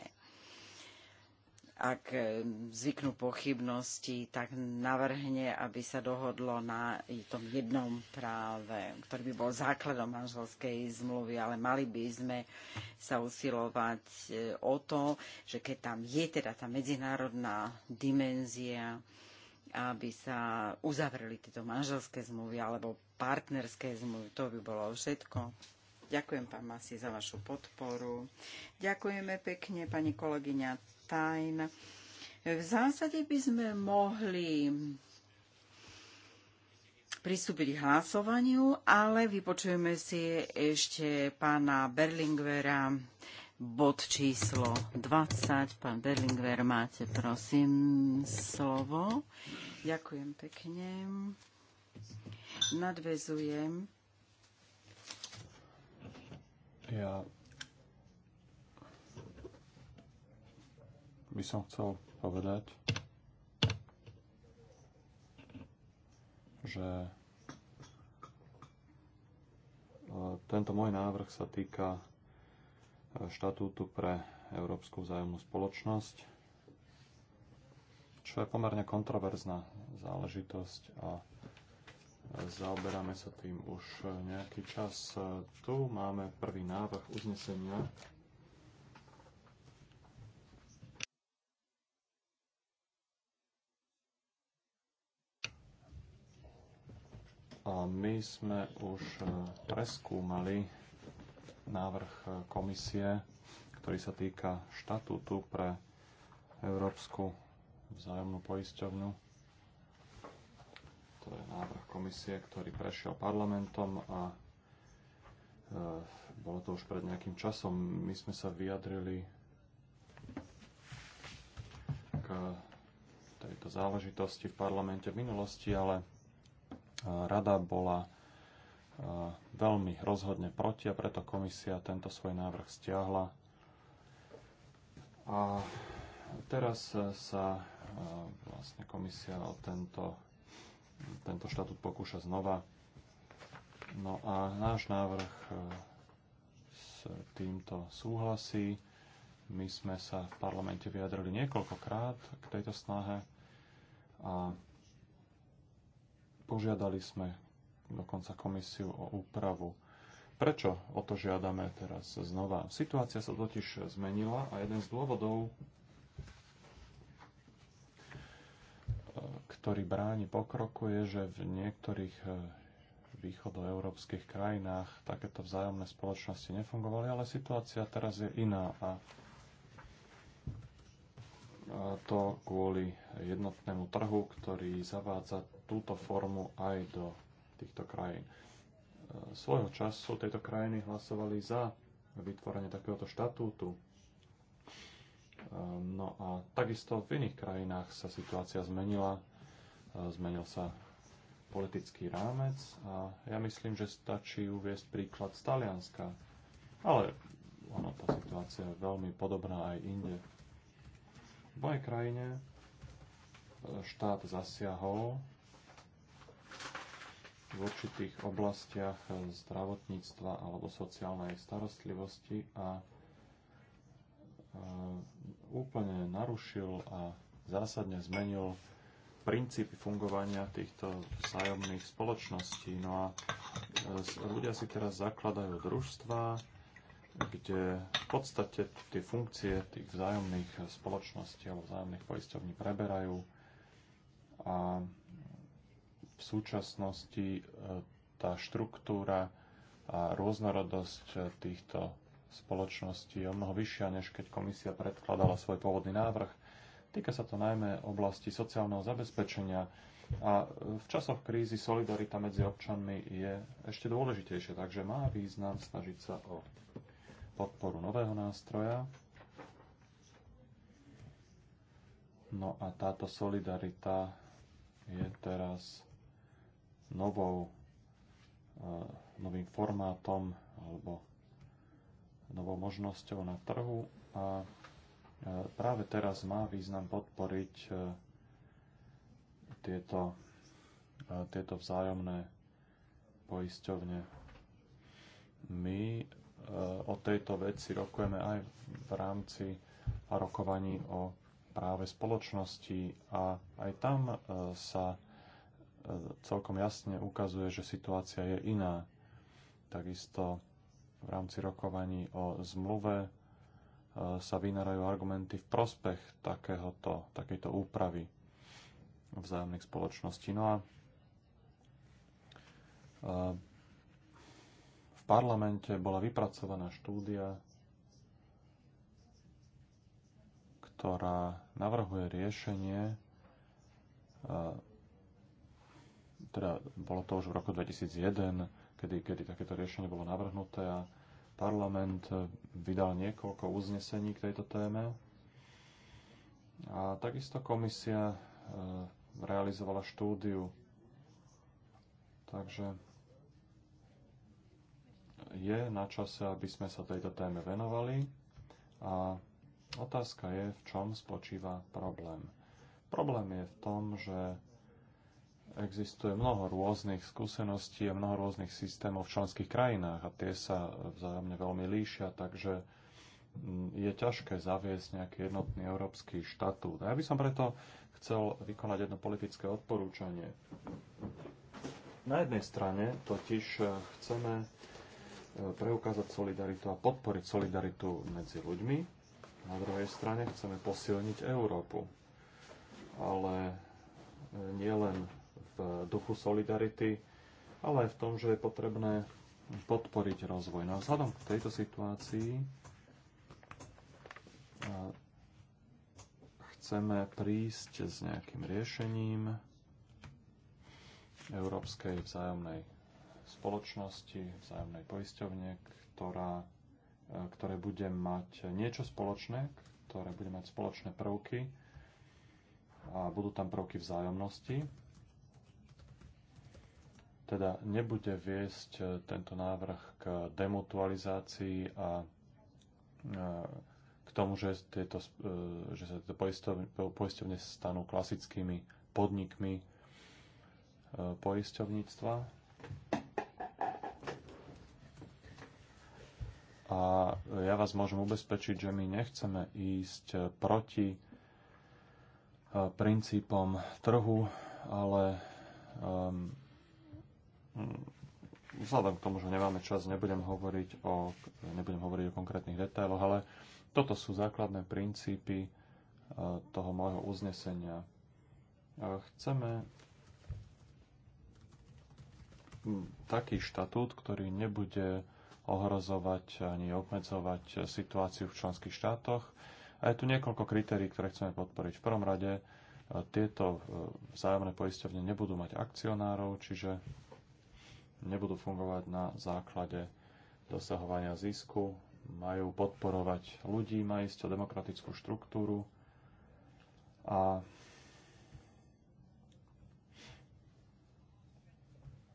Ak e, zvyknú pochybnosti, tak navrhne, aby sa dohodlo na tom jednom práve, ktorý by bol základom manželskej zmluvy, ale mali by sme sa usilovať o to, že keď tam je teda tá medzinárodná dimenzia, aby sa uzavreli tieto manželské zmluvy alebo partnerské zmluvy. To by bolo všetko. Ďakujem, pán Masi, za vašu podporu. Ďakujeme pekne, pani kolegyňa Tajn. V zásade by sme mohli pristúpiť k hlasovaniu, ale vypočujeme si ešte pána Berlingvera, bod číslo 20. Pán Berlingver, máte prosím slovo. Ďakujem pekne. Nadvezujem. Ja by som chcel povedať, že e, tento môj návrh sa týka štatútu pre Európsku vzájomnú spoločnosť, čo je pomerne kontroverzná záležitosť a zaoberáme sa tým už nejaký čas. Tu máme prvý návrh uznesenia. A my sme už preskúmali návrh e, komisie, ktorý sa týka štatútu pre Európsku vzájomnú poisťovňu. To je návrh komisie, ktorý prešiel parlamentom a e, bolo to už pred nejakým časom. My sme sa vyjadrili k tejto záležitosti v parlamente v minulosti, ale e, rada bola veľmi rozhodne proti a preto komisia tento svoj návrh stiahla. A teraz sa e, vlastne komisia o tento, tento štatút pokúša znova. No a náš návrh e, s týmto súhlasí. My sme sa v parlamente vyjadrili niekoľkokrát k tejto snahe a požiadali sme dokonca komisiu o úpravu. Prečo o to žiadame teraz znova? Situácia sa totiž zmenila a jeden z dôvodov, e, ktorý bráni pokroku, je, že v niektorých e, východoeurópskych krajinách takéto vzájomné spoločnosti nefungovali, ale situácia teraz je iná a to kvôli jednotnému trhu, ktorý zavádza túto formu aj do týchto krajín. E, svojho času tejto krajiny hlasovali za vytvorenie takéhoto štatútu. E, no a takisto v iných krajinách sa situácia zmenila, e, zmenil sa politický rámec a ja myslím, že stačí uviesť príklad z Talianska. Ale ono, tá situácia je veľmi podobná aj inde. V mojej krajine štát zasiahol v určitých oblastiach eh, zdravotníctva alebo sociálnej starostlivosti a eh, úplne narušil a zásadne zmenil princípy fungovania týchto vzájomných spoločností. No a eh, ľudia si teraz zakladajú družstva, kde v podstate tie funkcie tých vzájomných spoločností alebo vzájomných poisťovní preberajú a v súčasnosti e, tá štruktúra a rôznorodosť e, týchto spoločností je o mnoho vyššia, než keď komisia predkladala svoj pôvodný návrh. Týka sa to najmä oblasti sociálneho zabezpečenia a e, v časoch krízy solidarita medzi občanmi je ešte dôležitejšia, takže má význam snažiť sa o podporu nového nástroja. No a táto solidarita je teraz novou, e, novým formátom alebo novou možnosťou na trhu a e, práve teraz má význam podporiť e, tieto, tieto vzájomné poisťovne. My o tejto veci rokujeme aj v rámci rokovaní o práve spoločnosti a aj tam sa celkom jasne ukazuje, že situácia je iná. Takisto v rámci rokovaní o zmluve e, sa vynárajú argumenty v prospech takéhoto, takejto úpravy vzájomných spoločností. No a e, v parlamente bola vypracovaná štúdia, ktorá navrhuje riešenie e, teda bolo to už v roku 2001, kedy, kedy takéto riešenie bolo navrhnuté a parlament eh, vydal niekoľko uznesení k tejto téme. A takisto komisia eh, realizovala štúdiu. Takže je na čase, aby sme sa tejto téme venovali a otázka je, v čom spočíva problém. Problém je v tom, že existuje mnoho rôznych skúseností a mnoho rôznych systémov v členských krajinách a tie sa vzájomne veľmi líšia, takže mm, je ťažké zaviesť nejaký jednotný európsky štatút. A ja by som preto chcel vykonať jedno politické odporúčanie. Na jednej strane totiž e, chceme e, preukázať solidaritu a podporiť solidaritu medzi ľuďmi, na druhej strane chceme posilniť Európu. Ale e, nie len duchu solidarity, ale aj v tom, že je potrebné podporiť rozvoj. No a vzhľadom k tejto situácii chceme prísť s nejakým riešením Európskej vzájomnej spoločnosti, vzájomnej poisťovne, ktorá, ktoré bude mať niečo spoločné, ktoré bude mať spoločné prvky a budú tam prvky vzájomnosti teda nebude viesť e, tento návrh k demutualizácii a e, k tomu, že, tieto, e, že sa tieto poisťovne stanú klasickými podnikmi poisťovníctva. A ja vás môžem ubezpečiť, že my nechceme ísť proti princípom trhu, ale um, Hm, vzhľadom k tomu, že nemáme čas, nebudem hovoriť o, nebudem hovoriť o konkrétnych detailoch, ale toto sú základné princípy e, toho môjho uznesenia. Chceme hm, taký štatút, ktorý nebude ohrozovať ani obmedzovať situáciu v členských štátoch. A je tu niekoľko kritérií, ktoré chceme podporiť. V prvom rade e, tieto e, vzájomné poisťovne nebudú mať akcionárov, čiže nebudú fungovať na základe dosahovania zisku, majú podporovať ľudí, má ísť o demokratickú štruktúru a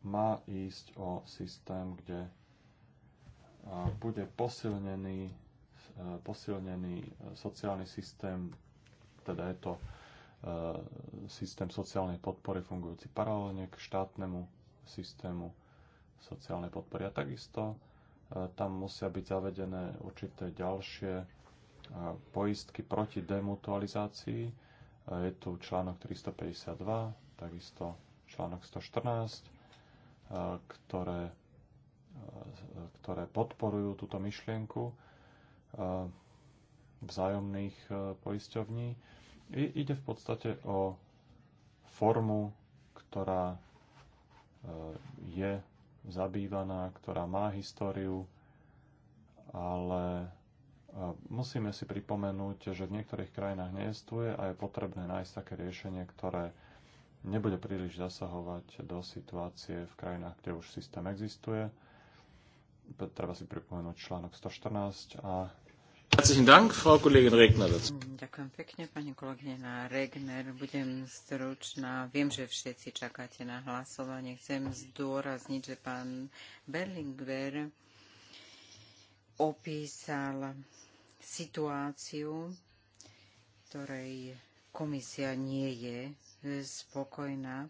má ísť o systém, kde bude posilnený, e, posilnený sociálny systém, teda je to e, systém sociálnej podpory fungujúci paralelne k štátnemu systému sociálnej podpory. A takisto e, tam musia byť zavedené určité ďalšie e, poistky proti demutualizácii. E, je tu článok 352, takisto článok 114, ktoré, ktoré podporujú túto myšlienku vzájomných poisťovní. I, ide v podstate o formu, ktorá je zabývaná, ktorá má históriu, ale e, musíme si pripomenúť, že v niektorých krajinách neestuje a je potrebné nájsť také riešenie, ktoré nebude príliš zasahovať do situácie v krajinách, kde už systém existuje. Treba si pripomenúť článok 114 a Ďakujem pekne, pani kolegyňa Regner. Budem stručná. Viem, že všetci čakáte na hlasovanie. Chcem zdôrazniť, že pán Berlingwer opísal situáciu, ktorej komisia nie je spokojná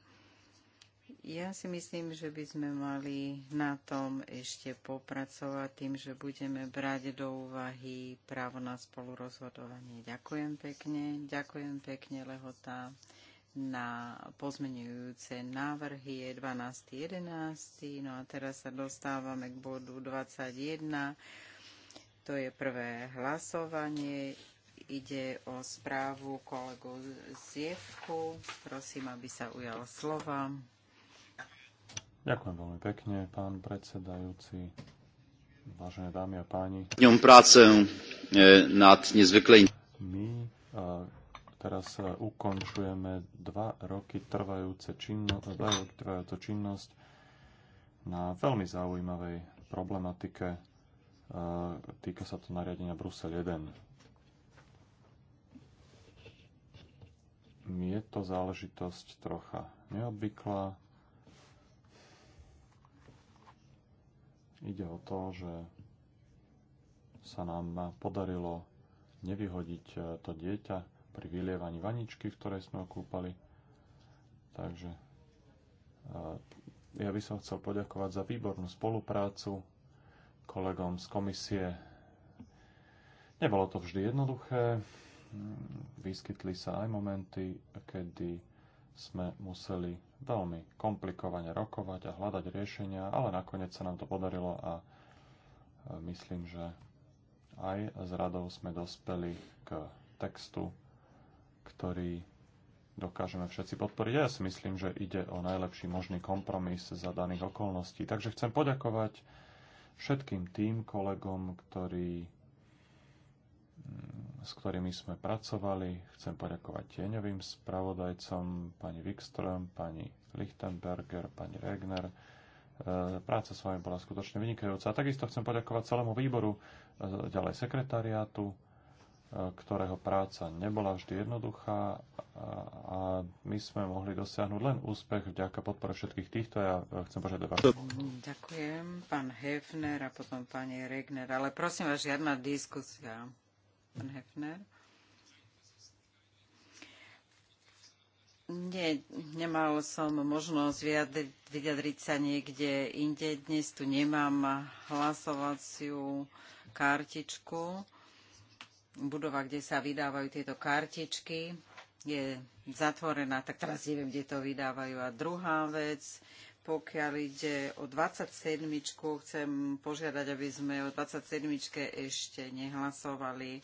ja si myslím, že by sme mali na tom ešte popracovať tým, že budeme brať do úvahy právo na spolurozhodovanie. Ďakujem pekne, ďakujem pekne, Lehota. Na pozmenujúce návrhy je 12.11. No a teraz sa dostávame k bodu 21. To je prvé hlasovanie ide o správu kolegu Zievku. Prosím, aby sa ujal slova. Ďakujem veľmi pekne, pán predsedajúci, vážené dámy a páni. Dňom práce e, nad nezvyklej... My e, teraz e, ukončujeme dva roky trvajúce činnosť, dva roky trvajúce činnosť na veľmi zaujímavej problematike. Týka sa to nariadenia Brusel 1. je to záležitosť trocha neobvyklá. Ide o to, že sa nám podarilo nevyhodiť e, to dieťa pri vylievaní vaničky, v ktorej sme ho kúpali. Takže e, ja by som chcel poďakovať za výbornú spoluprácu kolegom z komisie. Nebolo to vždy jednoduché, vyskytli sa aj momenty, kedy sme museli veľmi komplikovane rokovať a hľadať riešenia, ale nakoniec sa nám to podarilo a e, myslím, že aj s radou sme dospeli k textu, ktorý dokážeme všetci podporiť. Ja si myslím, že ide o najlepší možný kompromis za daných okolností. Takže chcem poďakovať všetkým tým kolegom, ktorí mm, s ktorými sme pracovali. Chcem poďakovať tieňovým spravodajcom, pani Wikström, pani Lichtenberger, pani Regner. E, práca s vami bola skutočne vynikajúca. A takisto chcem poďakovať celému výboru, e, ďalej sekretariátu, e, ktorého práca nebola vždy jednoduchá a my sme mohli dosiahnuť len úspech vďaka podpore všetkých týchto. Ja chcem požiadať Ďakujem, pán Hefner a potom pani Regner, ale prosím vás, žiadna diskusia. Pán Hefner. Nie, nemal som možnosť vyjadriť, vyjadriť sa niekde inde. Dnes tu nemám hlasovaciu kartičku. Budova, kde sa vydávajú tieto kartičky, je zatvorená, tak teraz neviem, kde to vydávajú. A druhá vec, pokiaľ ide o 27, chcem požiadať, aby sme o 27 ešte nehlasovali,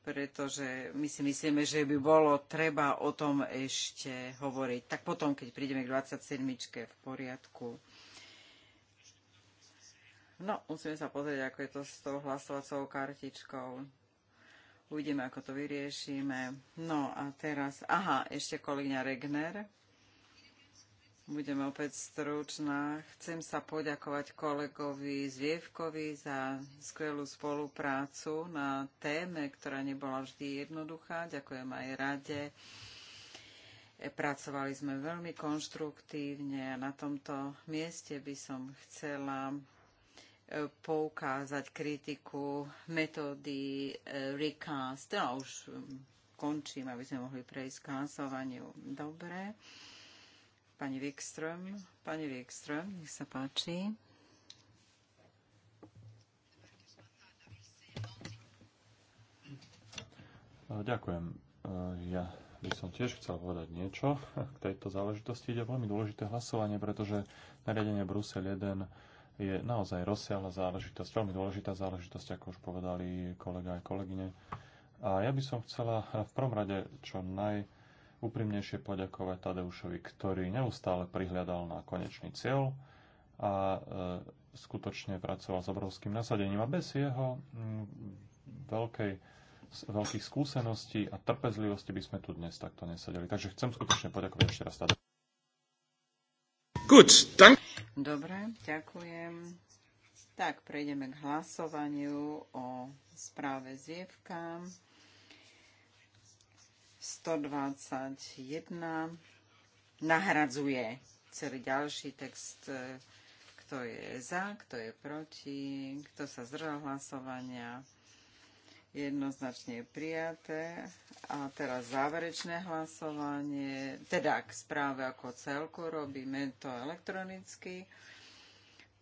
pretože my si myslíme, že by bolo treba o tom ešte hovoriť. Tak potom, keď prídeme k 27 v poriadku. No, musíme sa pozrieť, ako je to s tou hlasovacou kartičkou. Uvidíme, ako to vyriešime. No a teraz, aha, ešte kolegyňa Regner. Budem opäť stručná. Chcem sa poďakovať kolegovi Zvievkovi za skvelú spoluprácu na téme, ktorá nebola vždy jednoduchá. Ďakujem aj rade. Pracovali sme veľmi konštruktívne a na tomto mieste by som chcela e, poukázať kritiku metódy e, recast. No, už mm, končím, aby sme mohli prejsť k hlasovaniu. Dobre. Pani Wikström, pani Wikström, nech sa páči. Ďakujem. Ja by som tiež chcel povedať niečo k tejto záležitosti. Ide veľmi dôležité hlasovanie, pretože nariadenie Brusel 1 je naozaj rozsiahla záležitosť, veľmi dôležitá záležitosť, ako už povedali kolega aj kolegyne. A ja by som chcela v prvom rade čo naj úprimnejšie poďakovať Tadeušovi, ktorý neustále prihľadal na konečný cieľ a e, skutočne pracoval s obrovským nasadením. A bez jeho veľkej, veľkých skúseností a trpezlivosti by sme tu dnes takto nesedeli. Takže chcem skutočne poďakovať ešte raz Tadeušovi. Dobre, ďakujem. Tak, prejdeme k hlasovaniu o správe Zvievka. 121 nahradzuje celý ďalší text, e, kto je za, kto je proti, kto sa zdržal hlasovania. Jednoznačne prijaté. A teraz záverečné hlasovanie, teda k správe ako celku robíme to elektronicky.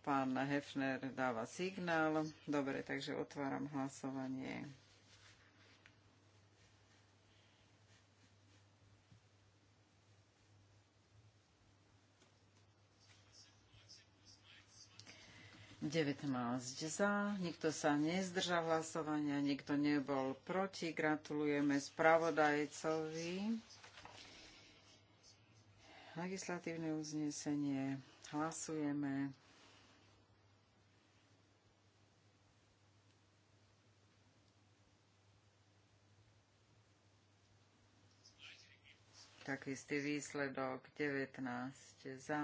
Pán Hefner dáva signál. Dobre, takže otváram hlasovanie. 19 za, nikto sa nezdržal hlasovania, nikto nebol proti. Gratulujeme spravodajcovi. Legislatívne uznesenie. Hlasujeme. Taký istý výsledok 19 za.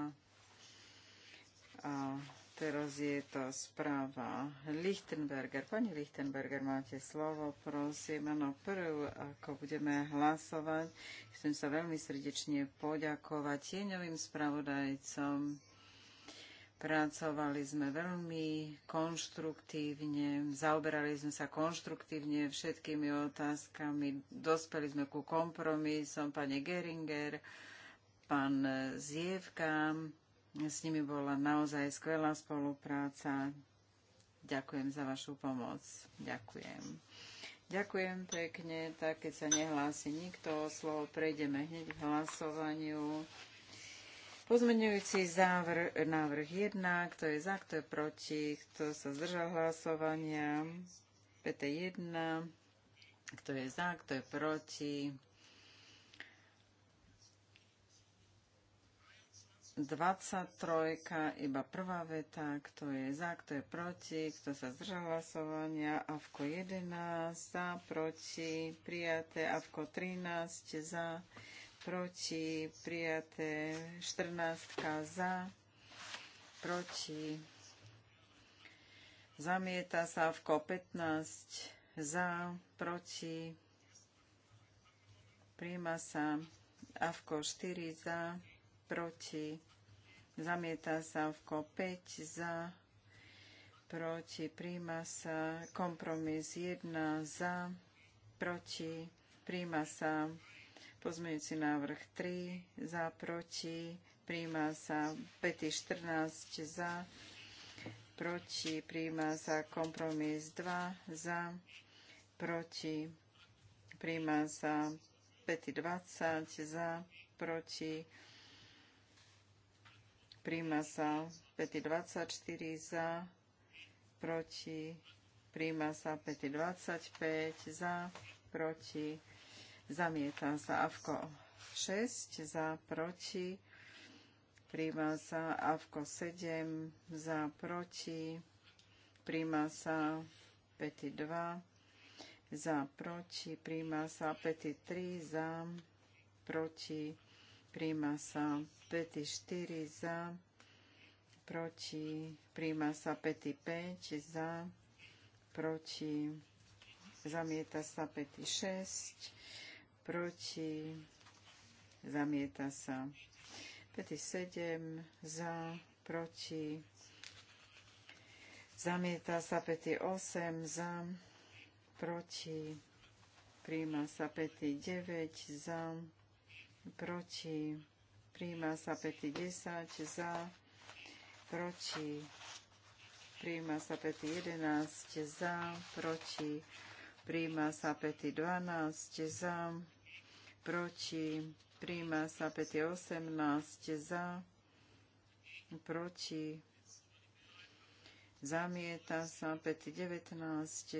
A Teraz je to správa Lichtenberger. Pani Lichtenberger, máte slovo, prosím. No prv, ako budeme hlasovať, chcem sa veľmi srdečne poďakovať tieňovým spravodajcom. Pracovali sme veľmi konštruktívne, zaoberali sme sa konštruktívne všetkými otázkami, dospeli sme ku kompromisom, pani Geringer, pán Zievka, s nimi bola naozaj skvelá spolupráca. Ďakujem za vašu pomoc. Ďakujem. Ďakujem pekne. Tak, keď sa nehlási nikto o slovo, prejdeme hneď k hlasovaniu. Pozmeňujúci závr, návrh 1, kto je za, kto je proti, kto sa zdržal hlasovania. PT1, kto je za, kto je proti, 23, iba prvá veta, kto je za, kto je proti, kto sa zdržal hlasovania, AVKO 11, za, proti, prijaté, AVKO 13, za, proti, prijaté, 14, za, proti, zamieta sa AVKO 15, za, proti, príjma sa AVKO 4, za, proti, zamieta sa avko 5 za, proti, príjma sa kompromis 1 za, proti, príjma sa pozmeňujúci návrh 3 za, proti, príjma sa pety 14 za, proti, príjma sa kompromis 2 za, proti, príjma sa pety 20 za, proti, príjma sa 24 za, proti, príjma sa 25 za, proti, zamieta sa avko 6 za, proti, príjma sa avko 7 za, proti, príjma sa 2 za, proti, príjma sa 3 za, proti, príjma sa 5, 4 za, proti, príjma sa 5, 5 za, proti, zamieta sa 5, 6, proti, zamieta sa 5, 7 za, proti, zamieta sa 5, 8 za, proti, príjma sa 5, 9 za, proti, proti, príjma sa 10, za, proti, príjma sa 11, za, proti, príjma sa 12, za, proti, príjma sa 18, za, proti, zamieta sa 19,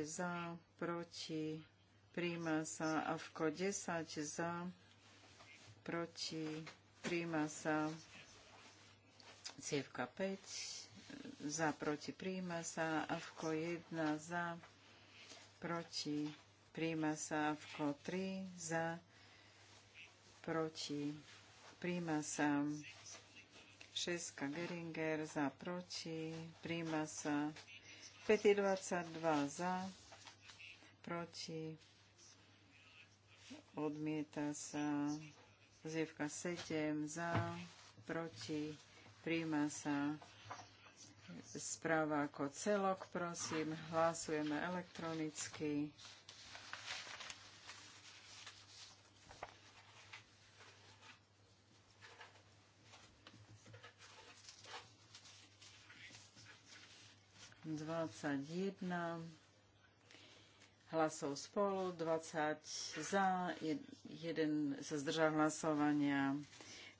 za, proti, príjma sa avko 10 za, proti, príjma sa cievka 5, za, proti, príjma sa, avko 1, za, proti, príjma sa, avko 3, za, proti, príjma sa, šestka Geringer, za, proti, príjma sa, 522 za, proti, odmieta sa, Zjevka 7 za, proti, príjma sa správa ako celok, prosím. Hlasujeme elektronicky. Dvadsať jedna hlasov spolu, 20 za, 1 sa zdržal hlasovania.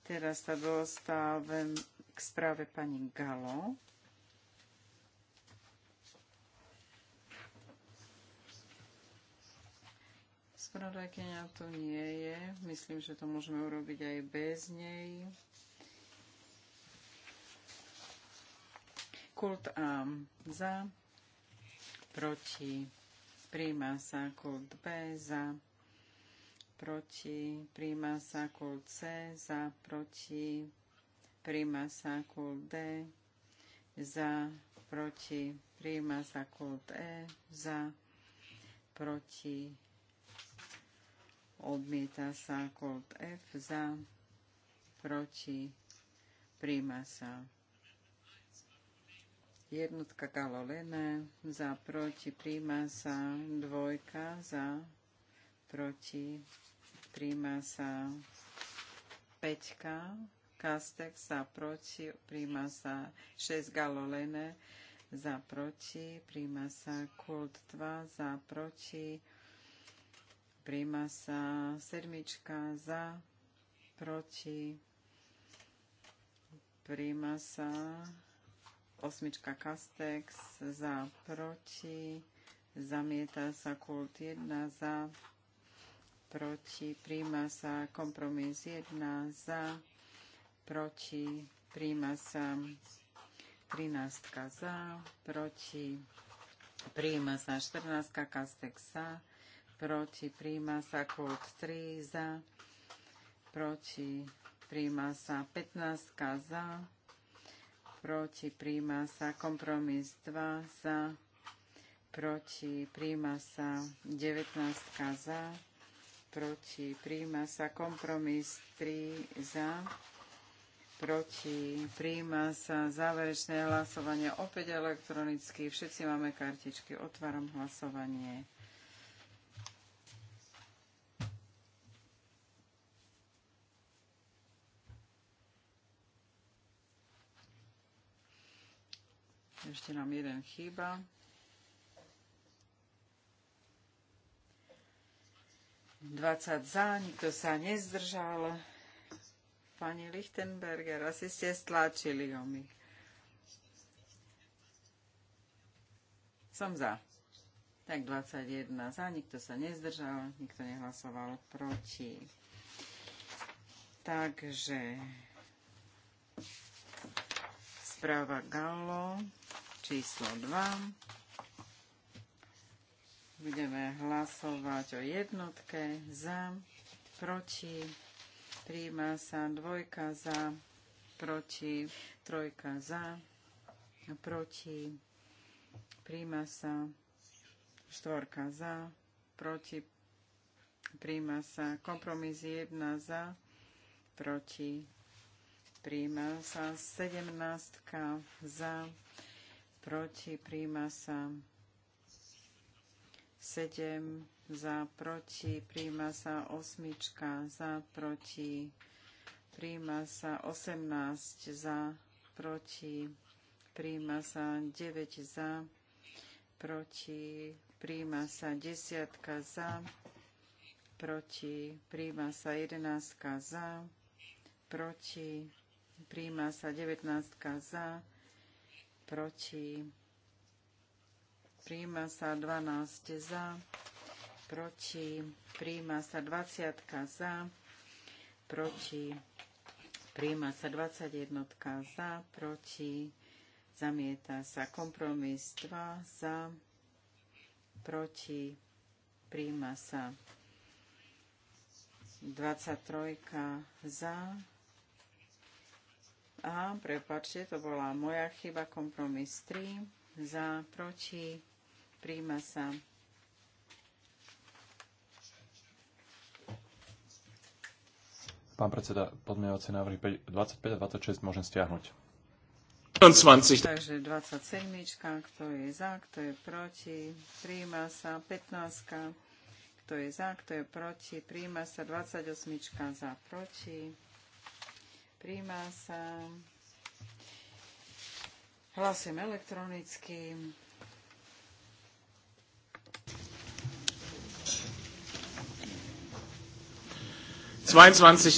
Teraz sa dostávam k správe pani Galo. Spravodajkenia to nie je. Myslím, že to môžeme urobiť aj bez nej. Kult A za, proti príjma sa kult B za, proti, príjma sa kult C za, proti, príjma sa kult D za, proti, príjma sa kult E za, proti, odmieta sa kult F za, proti, príjma sa Jednotka Galolene za proti príjma sa dvojka za proti príjma sa peťka kastek za proti príjma sa šesť Galolene za proti príjma sa Kult dva, za proti príjma sa sedmička za proti príjma sa Osmička Kastex za proti. Zamieta sa kult 1 za proti. Príjma sa kompromis 1 za proti. Príjma sa 13 za proti. Príjma sa 14 Kastex za proti. Príjma sa kult 3 za proti. Príjma sa 15 za proti, príjma sa. Kompromis 2 za, proti, príjma sa. 19 za, proti, príjma sa. Kompromis 3 za, proti, príjma sa. Záverečné hlasovanie opäť elektronicky. Všetci máme kartičky. Otváram hlasovanie. Ešte nám jeden chýba. Dvadsať za, nikto sa nezdržal. Pani Lichtenberger, asi ste stlačili o mi. Som za. Tak 21 za, nikto sa nezdržal, nikto nehlasoval proti. Takže správa Gallo číslo 2. Budeme hlasovať o jednotke za, proti, príjma sa dvojka za, proti, trojka za, proti, príjma sa štvorka za, proti, príjma sa kompromis jedna za, proti, príjma sa sedemnástka za, proti, príjma sa 7 za, proti, príjma sa osmička, za, proti, príjma sa 18 za, proti, príjma sa 9 za, proti, príjma sa desiatka za, proti, príjma sa 11 za, proti, príjma sa 19 za, proti, proti, príjma sa 12 za, proti, príjma sa 20 za, proti, príjma sa 21 za, proti, zamieta sa kompromis 2 za, proti, príjma sa 23 za, a, prepačte, to bola moja chyba, kompromis 3, za, proti, príjma sa. Pán predseda, podmienovacie návrhy 25 a 26 môžem stiahnuť. 20. Takže 27, kto je za, kto je proti, príjma sa 15, kto je za, kto je proti, príjma sa 28 za, proti. Príjma sa. Hlasujem elektronicky.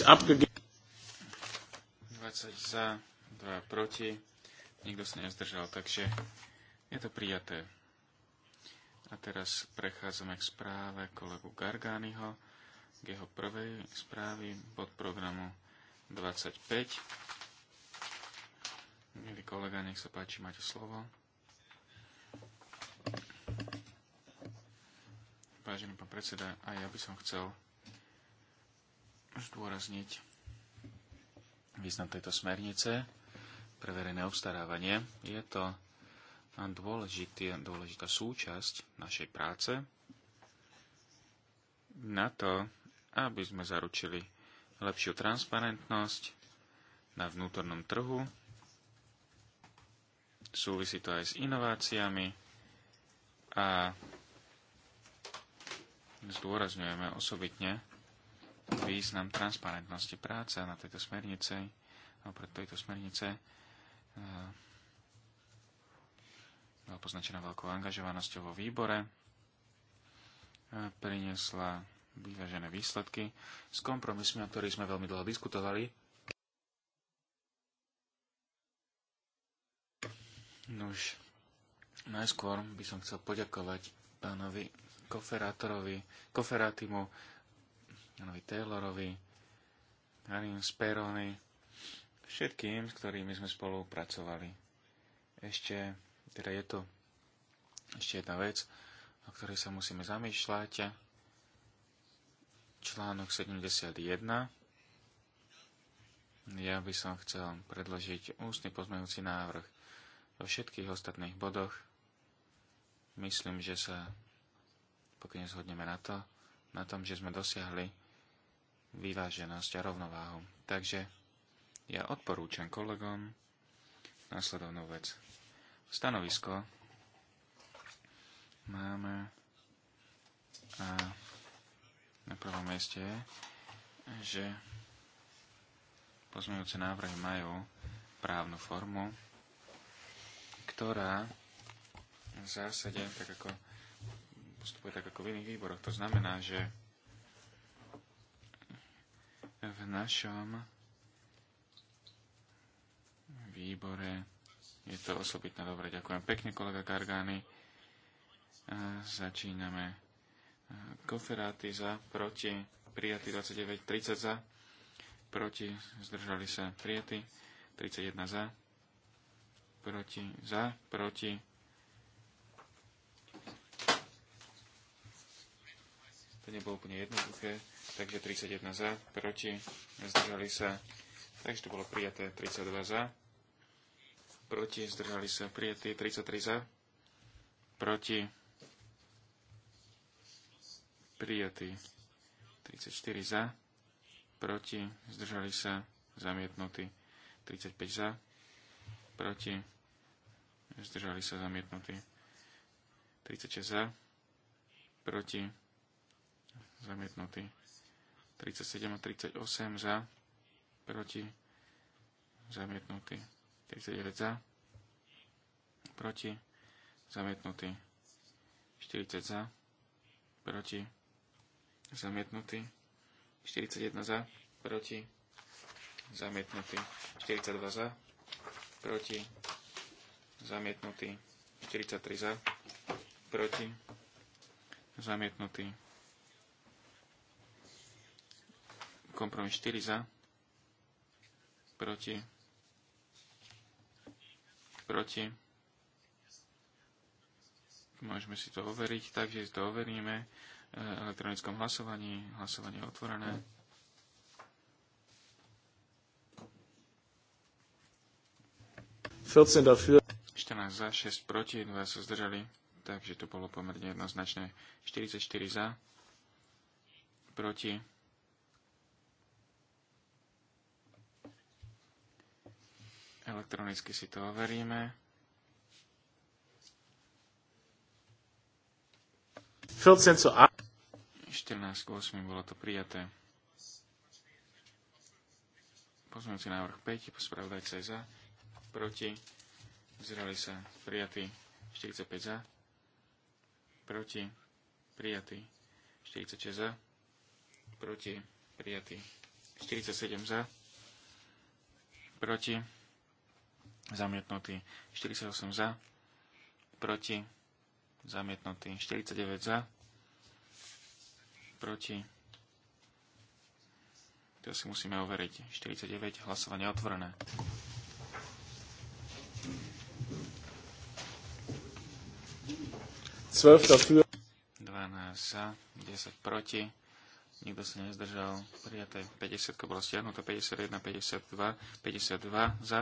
abgegeben. 20 za, 2 proti. Nikto sa nezdržal, takže je to prijaté. A teraz prechádzame k správe kolegu Garganiho, k jeho prvej správy pod programu 25. Milý kolega, nech sa páči, máte slovo. Vážený pán predseda, aj ja by som chcel zdôrazniť význam tejto smernice pre verejné obstarávanie. Je to dôležitý, dôležitá súčasť našej práce na to, aby sme zaručili lepšiu transparentnosť na vnútornom trhu. Súvisí to aj s inováciami a zdôrazňujeme osobitne význam transparentnosti práce na tejto smernice, pred tejto smernice eh, bola poznačená veľkou angažovanosťou vo výbore, eh, priniesla vyvážené výsledky s kompromismi, o ktorých sme veľmi dlho diskutovali. Nož, najskôr by som chcel poďakovať pánovi koferátorovi, koferátimu, pánovi Taylorovi, Harim Speroni, všetkým, s ktorými sme spolupracovali. Ešte, teda je to ešte jedna vec, o ktorej sa musíme zamýšľať článok 71. Ja by som chcel predložiť ústny pozmeňujúci návrh. Vo všetkých ostatných bodoch myslím, že sa pokiaľ zhodneme na, to, na tom, že sme dosiahli vyváženosť a rovnováhu. Takže ja odporúčam kolegom následovnú vec. Stanovisko máme a na prvom mieste je, že pozmejúce návrhy majú právnu formu, ktorá v zásade tak ako postupuje tak ako v iných výboroch. To znamená, že v našom výbore je to osobitné. Dobre, ďakujem pekne, kolega Gargány. Začíname Koferáty za, proti, prijatý 29, 30 za, proti, zdržali sa prijatí, 31 za, proti, za, proti. To nebolo úplne jednoduché, takže 31 za, proti, zdržali sa, takže to bolo prijaté 32 za, proti, zdržali sa prijatí, 33 za, proti, prijatý. 34 za, proti, zdržali sa, zamietnutý. 35 za, proti, zdržali sa, zamietnutý. 36 za, proti, zamietnutý. 37 a 38 za, proti, zamietnutý. 39 za, proti, zamietnutý. 40 za, proti, zamietnutý, 41 za, proti, zamietnutý, 42 za, proti, zamietnutý, 43 za, proti, zamietnutý, kompromis 4 za, proti, proti, môžeme si to overiť, takže si to overíme, E, elektronickom hlasovaní. Hlasovanie je otvorené. Dafür. 14 za, 6 proti, 2 sa zdržali, takže to bolo pomerne jednoznačné. 44 za, proti. Elektronicky si to overíme. 148 bolo to prijaté. Pozmeňujúci návrh 5, sa aj za, proti, zrali sa, prijatý, 45 za, proti, prijatý, 46 za, proti, prijatý, 47 za, proti, zamietnutý, 48 za, proti, zamietnutý. 49 za, proti. To si musíme overiť. 49, hlasovanie otvorené. Dafür. 12 za, 10 proti. Nikto sa nezdržal. Prijaté 50 bolo stiahnuté. 51, 52, 52 za,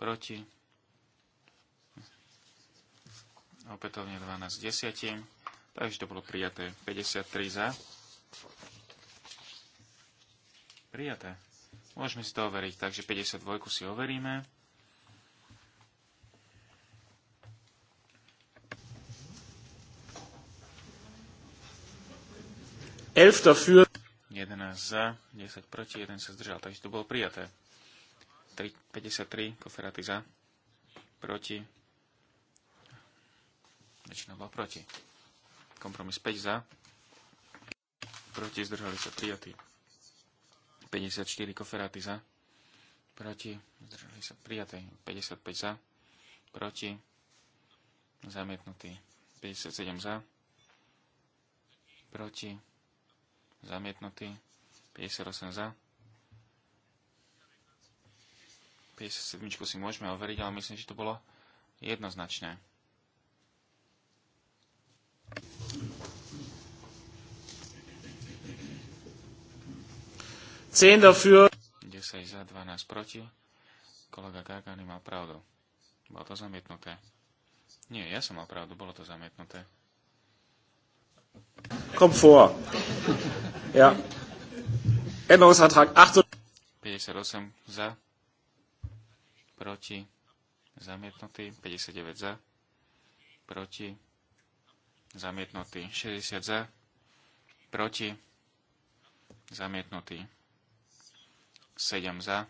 proti opätovne 12 10. Takže to bolo prijaté 53 za. Prijaté. Môžeme si to overiť, takže 52 si overíme. Elf dafür. 11 za, 10 proti, 1 sa zdržal, takže to bolo prijaté. 3, 53 koferaty za, proti, väčšinou bola proti. Kompromis 5 za, proti zdržali sa prijatí. 54 koferáty za, proti zdržali sa prijatí. 55 za, proti zamietnutý. 57 za, proti zamietnutý. 58 za, 57 si môžeme overiť, ale myslím, že to bolo jednoznačné. 10 dafür. 10 za, 12 proti. Kolega Gargani mal pravdu. Bolo to zamietnuté. Nie, ja som mal pravdu, bolo to zamietnuté. Komm vor. ja. Änderungsantrag 8. 58 za, proti, zamietnutý, 59 za, proti, zamietnutý, 60 za, proti, zamietnutý. 7 za,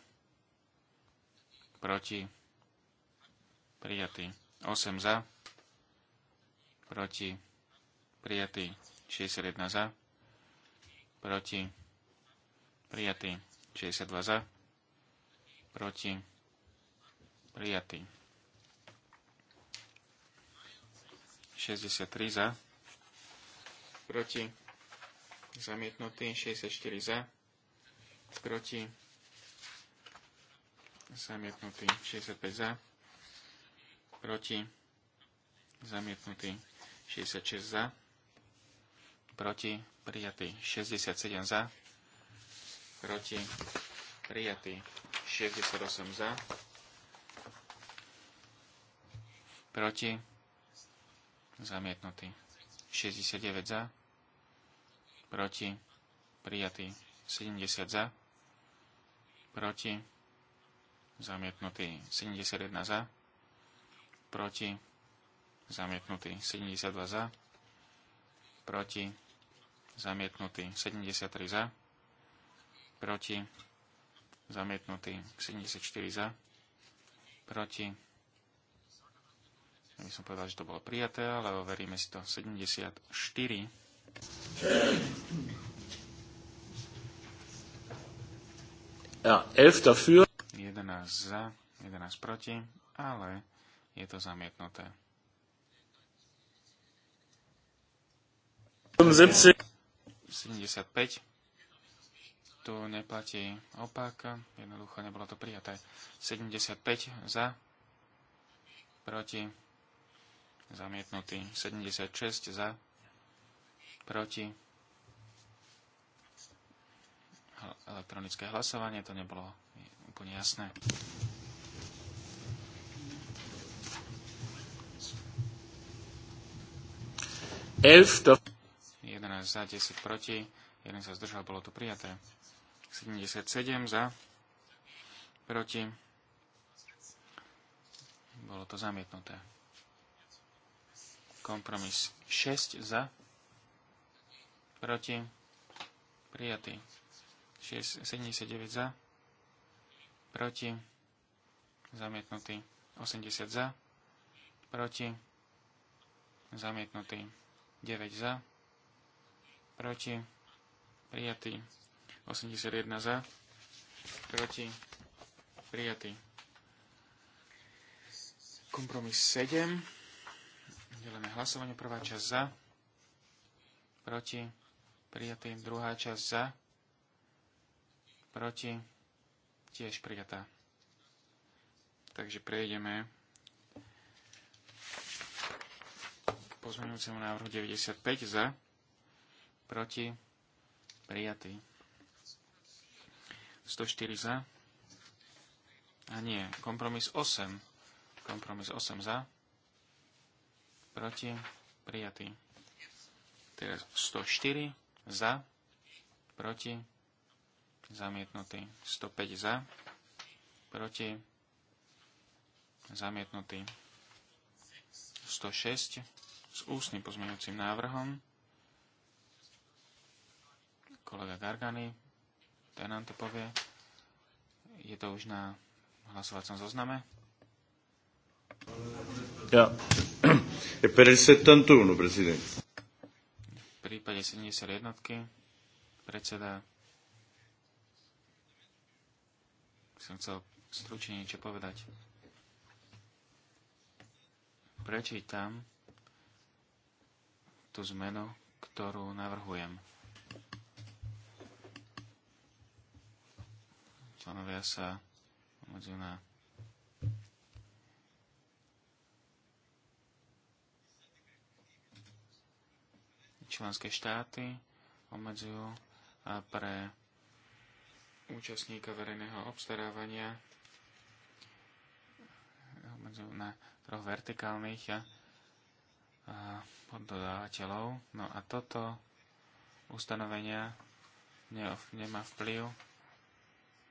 proti, prijatý. 8 za, proti, prijatý. 61 za, proti, prijatý. 62 za, proti, prijatý. 63 za, proti, zamietnutý, 64 za, proti, zamietnutý 65 za, proti, zamietnutý 66 za, proti, prijatý 67 za, proti, prijatý 68 za, proti, zamietnutý 69 za, proti, prijatý 70 za, proti, zamietnutý 71 za, proti, zamietnutý 72 za, proti, zamietnutý 73 za, proti, zamietnutý 74 za, proti, ja by som povedal, že to bolo prijaté, ale overíme si to 74. Ja, 11 dafür. 11 za, 11 proti, ale je to zamietnuté. 75. Tu neplatí opak, jednoducho nebolo to prijaté. 75 za, proti, zamietnutý. 76 za, proti. Elektronické hlasovanie, to nebolo úplne jasné. Elf 11 za, 10 proti, 1 sa zdržal, bolo to prijaté. 77 za, proti, bolo to zamietnuté. Kompromis 6 za, proti, prijatý. 6, 79 za, proti, zamietnutý. 80 za, proti, zamietnutý. 9 za, proti, prijatý. 81 za, proti, prijatý. Kompromis 7, delené hlasovanie, prvá časť za, proti, prijatý, druhá časť za, proti, tiež prijatá. Takže prejdeme k pozmeňujúcemu návrhu 95 za, proti, prijatý. 104 za. A nie, kompromis 8. Kompromis 8 za. Proti, prijatý. Teraz 104 za, proti, zamietnutý. 105 za, proti, zamietnutý. 106 s ústnym pozmeňujúcim návrhom. Kolega Gargany, ten nám to povie. Je to už na hlasovacom zozname. Ja. Je per il 71, prezident. V prípade 71 predseda som chcel stručne niečo povedať. Prečítam tú zmenu, ktorú navrhujem. Členovia sa medzi na členské štáty obmedzujú pre účastníka verejného obstarávania na troch vertikálnych a, poddodávateľov. No a toto ustanovenia nemá vplyv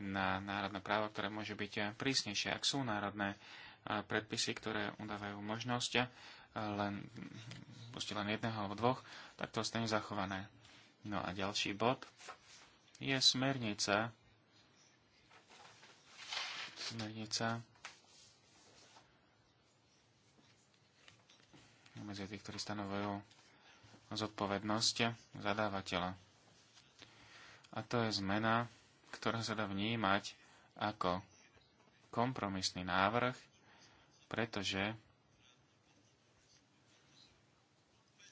na národné právo, ktoré môže byť prísnejšie, ak sú národné predpisy, ktoré udávajú možnosť len, len jedného alebo dvoch, tak to ostane zachované. No a ďalší bod je smernica smernica medzi tých, ktorí stanovujú zodpovednosť zadávateľa. A to je zmena, ktorá sa dá vnímať ako kompromisný návrh, pretože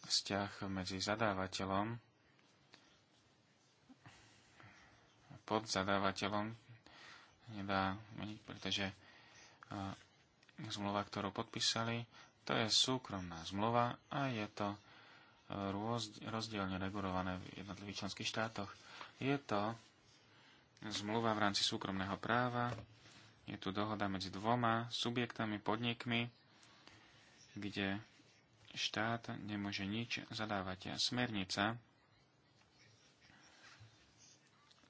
vzťah medzi zadávateľom a podzadávateľom nedá meniť, pretože zmluva, ktorú podpísali, to je súkromná zmluva a je to e, rozdielne regulované v jednotlivých členských štátoch. Je to zmluva v rámci súkromného práva, je tu dohoda medzi dvoma subjektami, podnikmi, kde štát nemôže nič zadávať. Smernica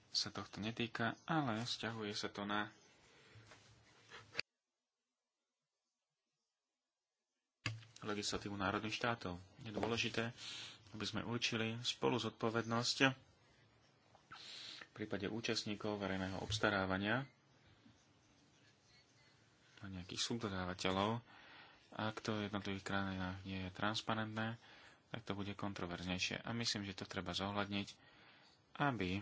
sa tohto netýka, ale vzťahuje sa to na legislatívu národných štátov. Je dôležité, aby sme určili spolu zodpovednosť v prípade účastníkov verejného obstarávania a nejakých subdodávateľov. Ak to v jednotlivých krajinách nie je transparentné, tak to bude kontroverznejšie. A myslím, že to treba zohľadniť, aby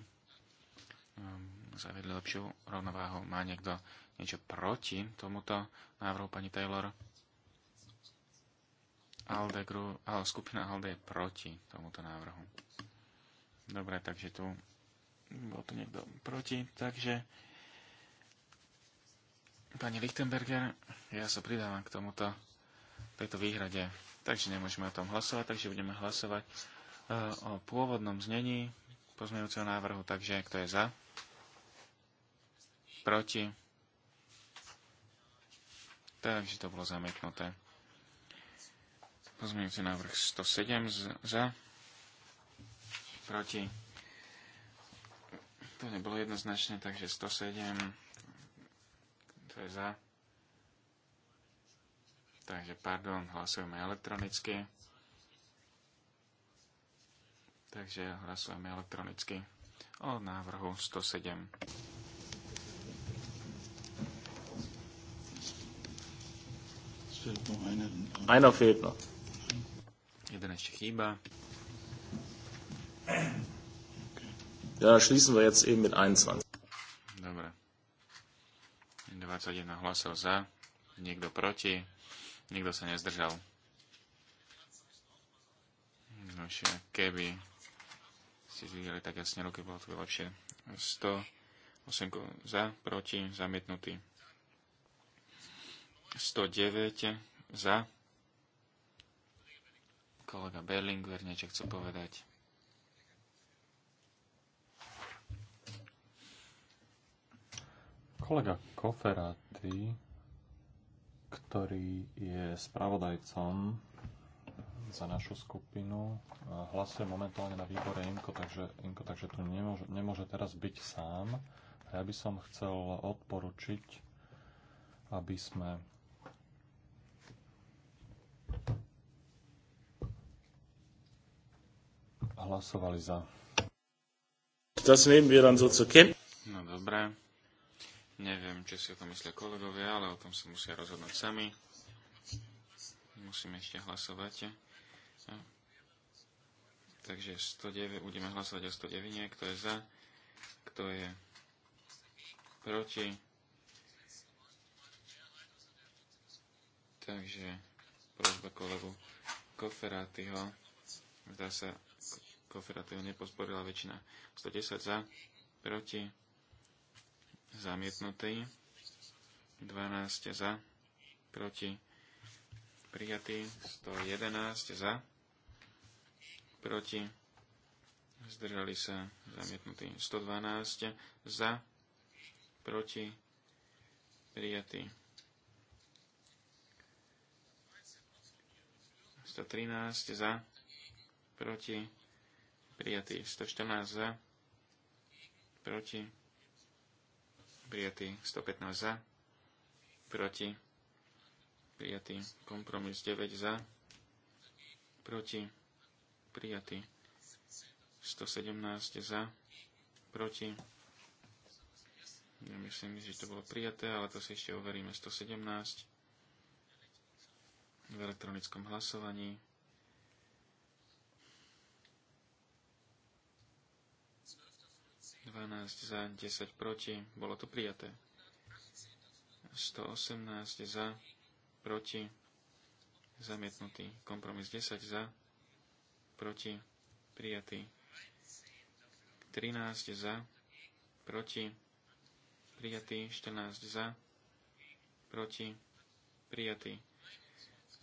Ehm, zaviedli lepšiu rovnováhu. Má niekto niečo proti tomuto návrhu pani Taylor? Alde, gru, ale skupina Alde je proti tomuto návrhu. Dobre, takže tu bol tu niekto proti, takže pani Lichtenberger, ja sa pridávam k tomuto tejto výhrade, takže nemôžeme o tom hlasovať, takže budeme hlasovať eh, o pôvodnom znení pozmeňujúceho návrhu, takže kto je za? proti. Takže to bolo zamietnuté. si návrh 107 z, za, proti. To nebolo jednoznačné, takže 107, to je za. Takže pardon, hlasujeme elektronicky. Takže hlasujeme elektronicky o návrhu 107. Einer fehlt noch. Jeden ešte chýba. Ja, schließen wir jetzt eben mit 21. Dobre. 21 hlasov za, niekto proti, niekto sa nezdržal. No ešte, keby ste zvideli tak jasne ruky, bolo to lepšie. 108 za, proti, zamietnutý. 109 za. Kolega Berlinguer niečo chce povedať. Kolega Koferati, ktorý je spravodajcom za našu skupinu. Hlasuje momentálne na výbore Inko, takže, Inko, takže tu nemôže, nemôže teraz byť sám. ja by som chcel odporučiť, aby sme hlasovali za. Das nehmen wir dann so zu kennen. No dobré. Neviem, čo si o tom myslia kolegovia, ale o tom sa musia rozhodnúť sami. Musíme ešte hlasovať. Takže 109, budeme hlasovať o 109, kto je za, kto je proti. Takže prosba kolegu Koferátyho. Zdá sa, konferatív nepozborila väčšina. 110 za, proti, zamietnutý. 12 za, proti, prijatý. 111 za, proti, zdržali sa zamietnutí 112 za, proti, prijatí 113 za, proti, prijatý 114 za, proti, prijatý 115 za, proti, prijatý kompromis 9 za, proti, prijatý 117 za, proti, ja myslím, že to bolo prijaté, ale to si ešte overíme 117 v elektronickom hlasovaní. 12 za, 10 proti, bolo to prijaté. 118 za, proti, zamietnutý. Kompromis 10 za, proti, prijatý. 13 za, proti, prijatý. 14 za, proti, prijatý.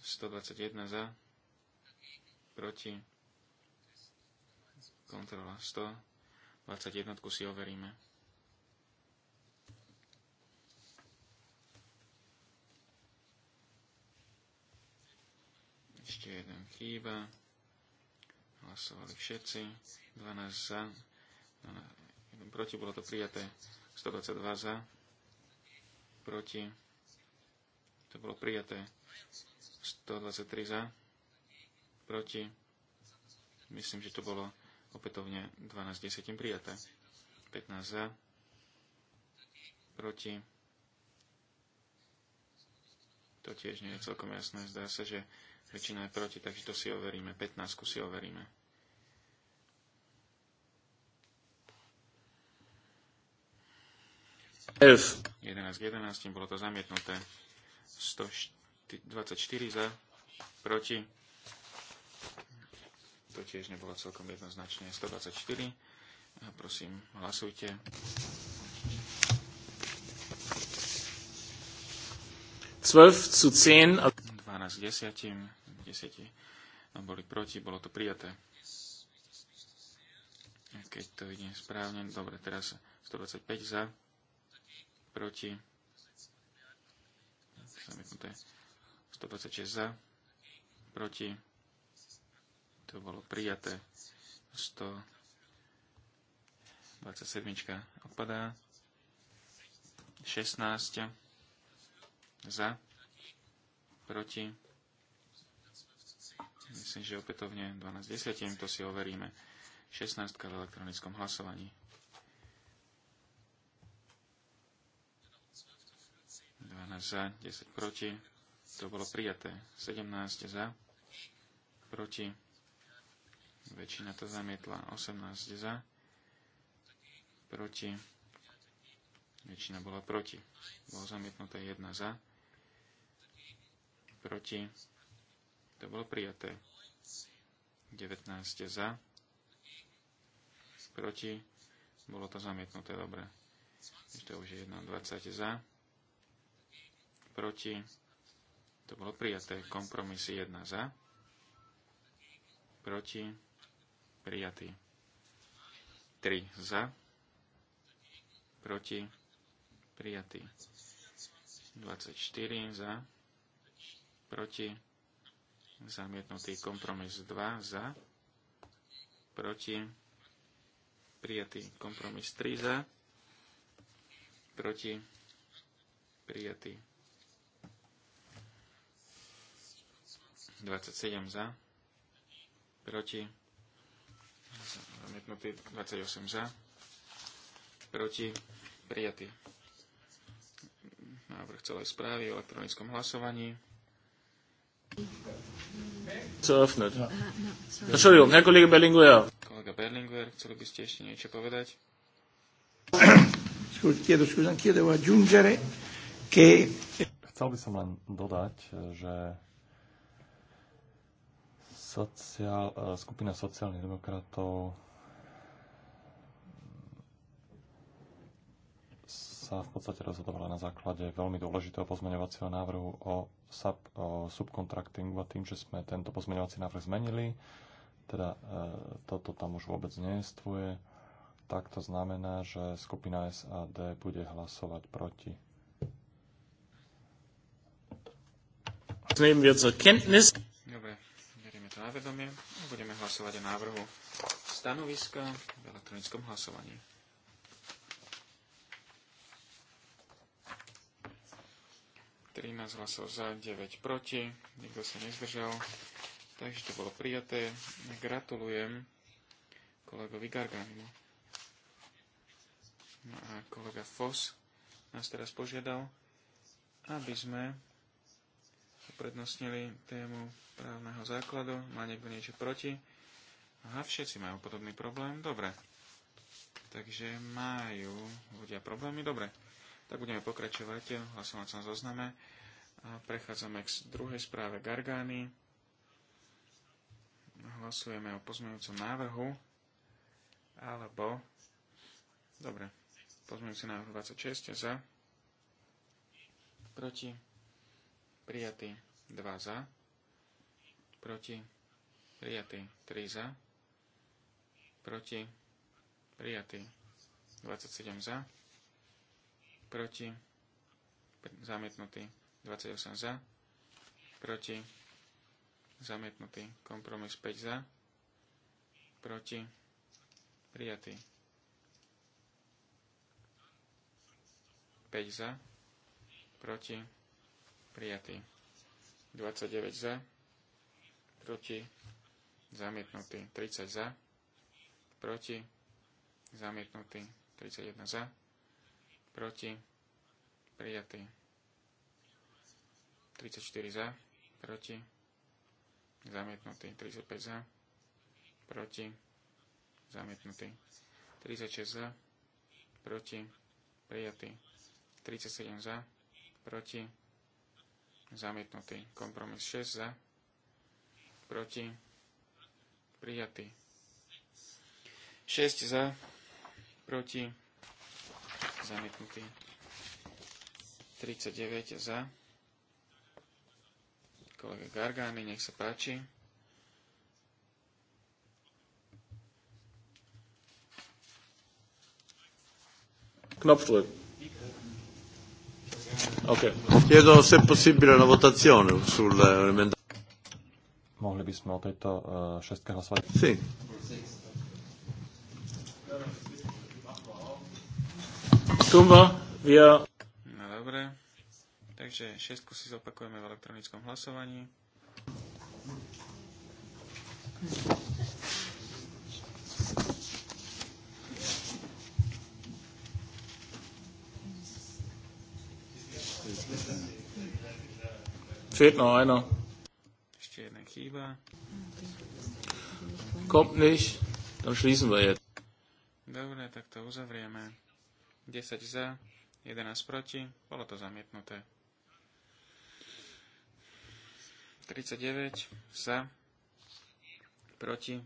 121 za, proti, kontrola 100, 21 si overíme. Ešte jeden chýba. Hlasovali všetci. 12 za. 1 proti. Bolo to prijaté. 122 za. Proti. To bolo prijaté. 123 za. Proti. Myslím, že to bolo opätovne 12 10 prijaté. 15 za, proti. To tiež nie je celkom jasné. Zdá sa, že väčšina je proti, takže to si overíme. 15 si overíme. Elf. 11 k 11, bolo to zamietnuté. 124 za, proti to tiež nebolo celkom jednoznačne. 124. A prosím, hlasujte. zu 10. 12 k 10. boli proti, bolo to prijaté. Keď to vidím správne, dobre, teraz 125 za, proti, zamietnuté, 126 za, proti, to bolo prijaté. 127 odpadá. 16 za, proti. Myslím, že opätovne 12 10, to si overíme. 16 v elektronickom hlasovaní. 12 za, 10 proti. To bolo prijaté. 17 za, proti Väčšina to zamietla. 18 za. Proti. Väčšina bola proti. Bolo zamietnuté 1 za. Proti. To bolo prijaté. 19 za. Proti. Bolo to zamietnuté. Dobre. Ešte už je 1, 20 za. Proti. To bolo prijaté. Kompromisy 1 za. Proti prijatý. 3 za, proti, prijatý. 24 za, proti, zamietnutý kompromis 2 za, proti, prijatý kompromis 3 za, proti, prijatý 27 za, proti, zamietnutý 28 za, proti prijatý. Návrh celej správy o elektronickom hlasovaní. Zöffnet. Entschuldigung, Herr Berlinguer. Kolega Berlinguer, chceli by ste ešte niečo povedať? Chcel by som len dodať, že Sociál, e, skupina sociálnych demokratov sa v podstate rozhodovala na základe veľmi dôležitého pozmeňovacieho návrhu o, sub, o subkontraktingu a tým, že sme tento pozmeňovací návrh zmenili, teda e, toto tam už vôbec nejestvuje, tak to znamená, že skupina SAD bude hlasovať proti. Dobre, to na vedomie a budeme hlasovať o návrhu stanoviska v elektronickom hlasovaní. nás hlasov za, 9 proti, nikto sa nezdržal, takže to bolo prijaté. Gratulujem kolegovi Garganimu. No a kolega Foss nás teraz požiadal, aby sme uprednostnili tému právneho základu. Má niekto niečo proti? Aha, všetci majú podobný problém. Dobre. Takže majú ľudia problémy. Dobre. Tak budeme pokračovať v sa zozname. A prechádzame k druhej správe Gargány. Hlasujeme o pozmeňujúcom návrhu. Alebo... Dobre. Pozmeňujúci návrh 26 za. Proti prijatý 2 za, proti, prijatý 3 za, proti, prijatý 27 za, proti, zamietnutý 28 za, proti, zamietnutý kompromis 5 za, proti, prijatý 5 za, proti, prijatý. 29 za, proti, zamietnutý. 30 za, proti, zamietnutý. 31 za, proti, prijatý. 34 za, proti, zamietnutý. 35 za, proti, zamietnutý. 36 za, proti, prijatý. 37 za, proti, zamietnutý. Kompromis 6 za, proti, prijatý. 6 za, proti, zamietnutý. 39 za. Kolega Gargány, nech sa páči. Knopfdrücken. Okay. Chiedo se è possibile una votazione sull'emendamento. Eh, Mohli by sme o tejto uh, šestke hlasovať? Sí. Tumba, via... No dobre, takže šestku si zopakujeme v elektronickom hlasovaní. Thank Fehlt noch einer. Ešte jeden chýba. Kommt nicht. Dann schließen wir jetzt. Dobre, tak to uzavrieme. 10 za, 11 proti. Bolo to zamietnuté. 39 za, proti,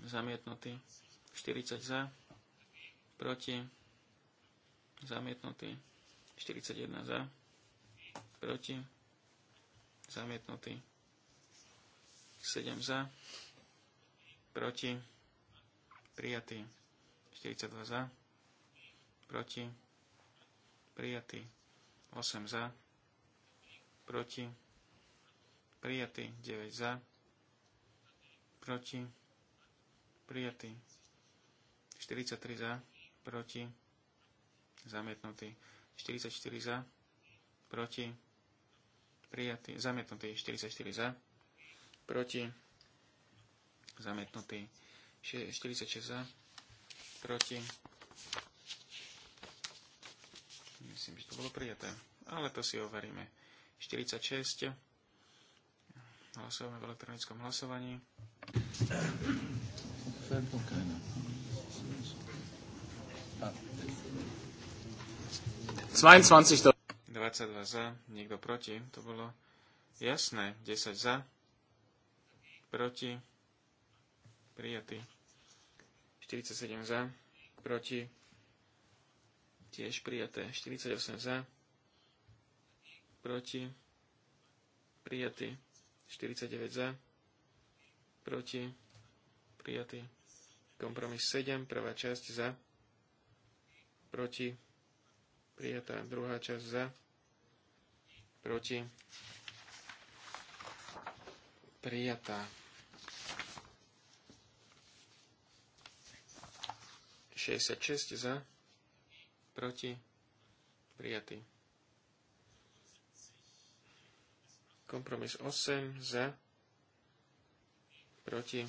zamietnutý. 40 za, proti, zamietnutý. 41 za, proti zamietnutý. 7 za, proti, prijatý. 42 za, proti, prijatý. 8 za, proti, prijatý. 9 za, proti, prijatý. 43 za, proti, zamietnutý. 44 za, proti, prijatý, zamietnutý 44 za, proti, zamietnutý 46 za, proti, myslím, že to bolo prijaté, ale to si overíme. 46, hlasujeme v elektronickom hlasovaní. Zweiundzwanzig. 22 za, niekto proti. To bolo jasné. 10 za, proti, prijatý. 47 za, proti, tiež prijaté. 48 za, proti, prijatý. 49 za, proti, prijatý. Kompromis 7, prvá časť za, proti, prijatá. Druhá časť za, proti, prijatá. 66 za, proti, prijatý. Kompromis 8 za, proti,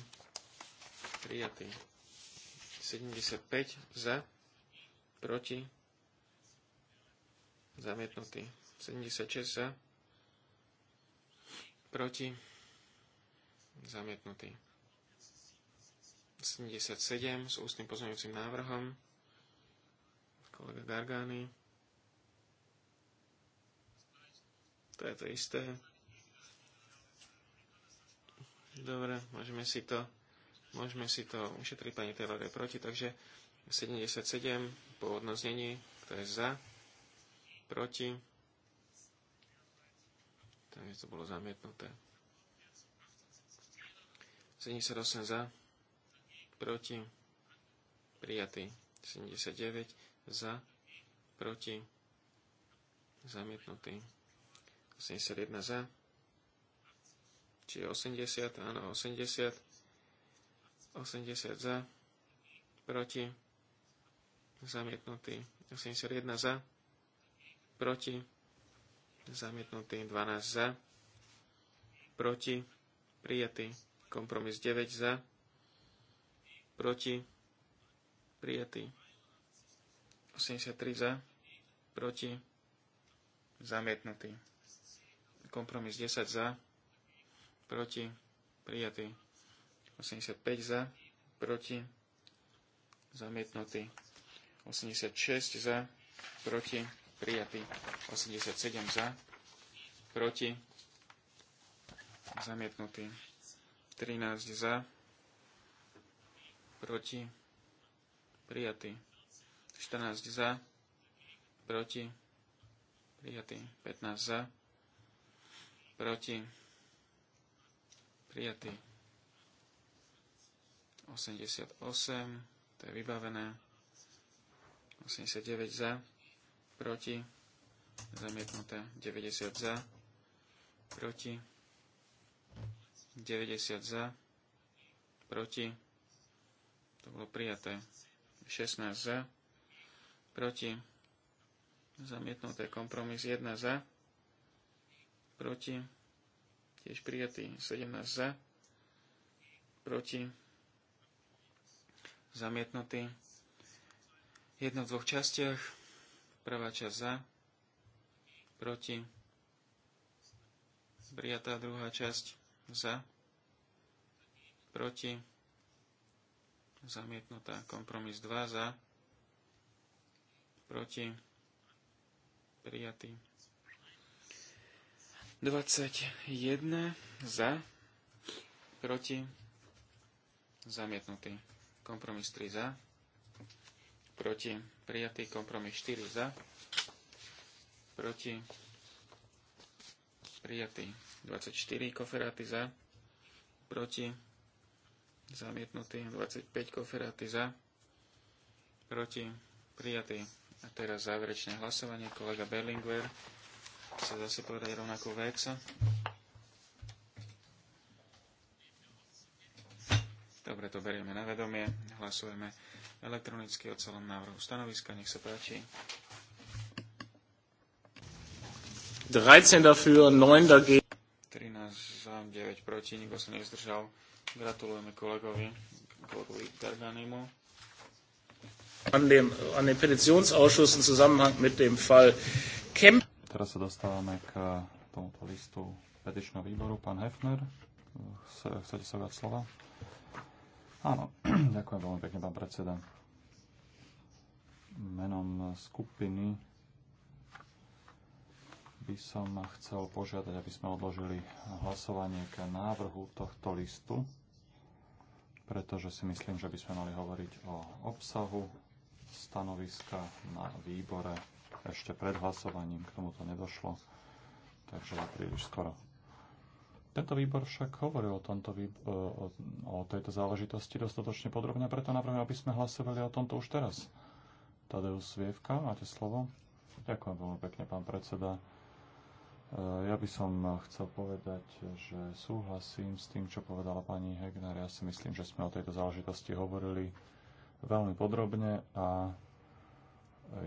prijatý. 75 za, proti, zamietnutý. 76 za, proti, zamietnutý. 77 s ústnym pozmeňujúcim návrhom kolega Gargány. To je to isté. Dobre, môžeme si to, môžeme si to ušetriť, pani Taylor je proti, takže 77, pôvodno znení, kto je za, proti, Takže to bolo zamietnuté. 78 za, proti, prijatý. 79 za, proti, zamietnutý. 81 za, či 80, áno, 80, 80 za, proti, zamietnutý. 81 za, proti, zamietnutý, 12 za, proti, prijatý, kompromis 9 za, proti, prijatý, 83 za, proti, zamietnutý, kompromis 10 za, proti, prijatý, 85 za, proti, zamietnutý, 86 za, proti, prijatý 87 za, proti, zamietnutý 13 za, proti, prijatý 14 za, proti, prijatý 15 za, proti, prijatý 88, to je vybavené, 89 za, proti, zamietnuté 90 za, proti, 90 za, proti, to bolo prijaté 16 za, proti, zamietnuté kompromis 1 za, proti, tiež prijatý 17 za, proti, zamietnutý jedno v dvoch častiach, Prvá časť za, proti, prijatá druhá časť za, proti, zamietnutá kompromis 2 za, proti, prijatý 21 za, proti, zamietnutý kompromis 3 za, proti, prijatý kompromis 4 za, proti, prijatý 24 koferáty za, proti, zamietnutý 25 koferáty za, proti, prijatý. A teraz záverečné hlasovanie. Kolega Berlinguer sa zase povedať rovnakú vec. Dobre, to berieme na vedomie. Hlasujeme elektronicky o celom návrhu stanoviska. Nech sa páči. 13 dafür, 9 dagegen. 13 za, 9 proti, nikto sa nezdržal. Gratulujeme kolegovi, kolegovi Garganimu. An dem, an dem Petitionsausschuss im Zusammenhang mit dem Fall Kemp. Teraz sa dostávame k eh, tomuto listu petičného výboru. Pán Hefner, eh, chcete sa viac slova? Áno, ďakujem veľmi pekne, pán predseda. Menom skupiny by som chcel požiadať, aby sme odložili hlasovanie k návrhu tohto listu, pretože si myslím, že by sme mali hovoriť o obsahu stanoviska na výbore ešte pred hlasovaním. K tomuto nedošlo, takže je príliš skoro. Tento výbor však hovoril o, tomto výb- o, o tejto záležitosti dostatočne podrobne, preto navrhujem, aby sme hlasovali o tomto už teraz. Tadeus Svievka, máte slovo. Ďakujem veľmi pekne, pán predseda. E, ja by som chcel povedať, že súhlasím s tým, čo povedala pani Hegner. Ja si myslím, že sme o tejto záležitosti hovorili veľmi podrobne a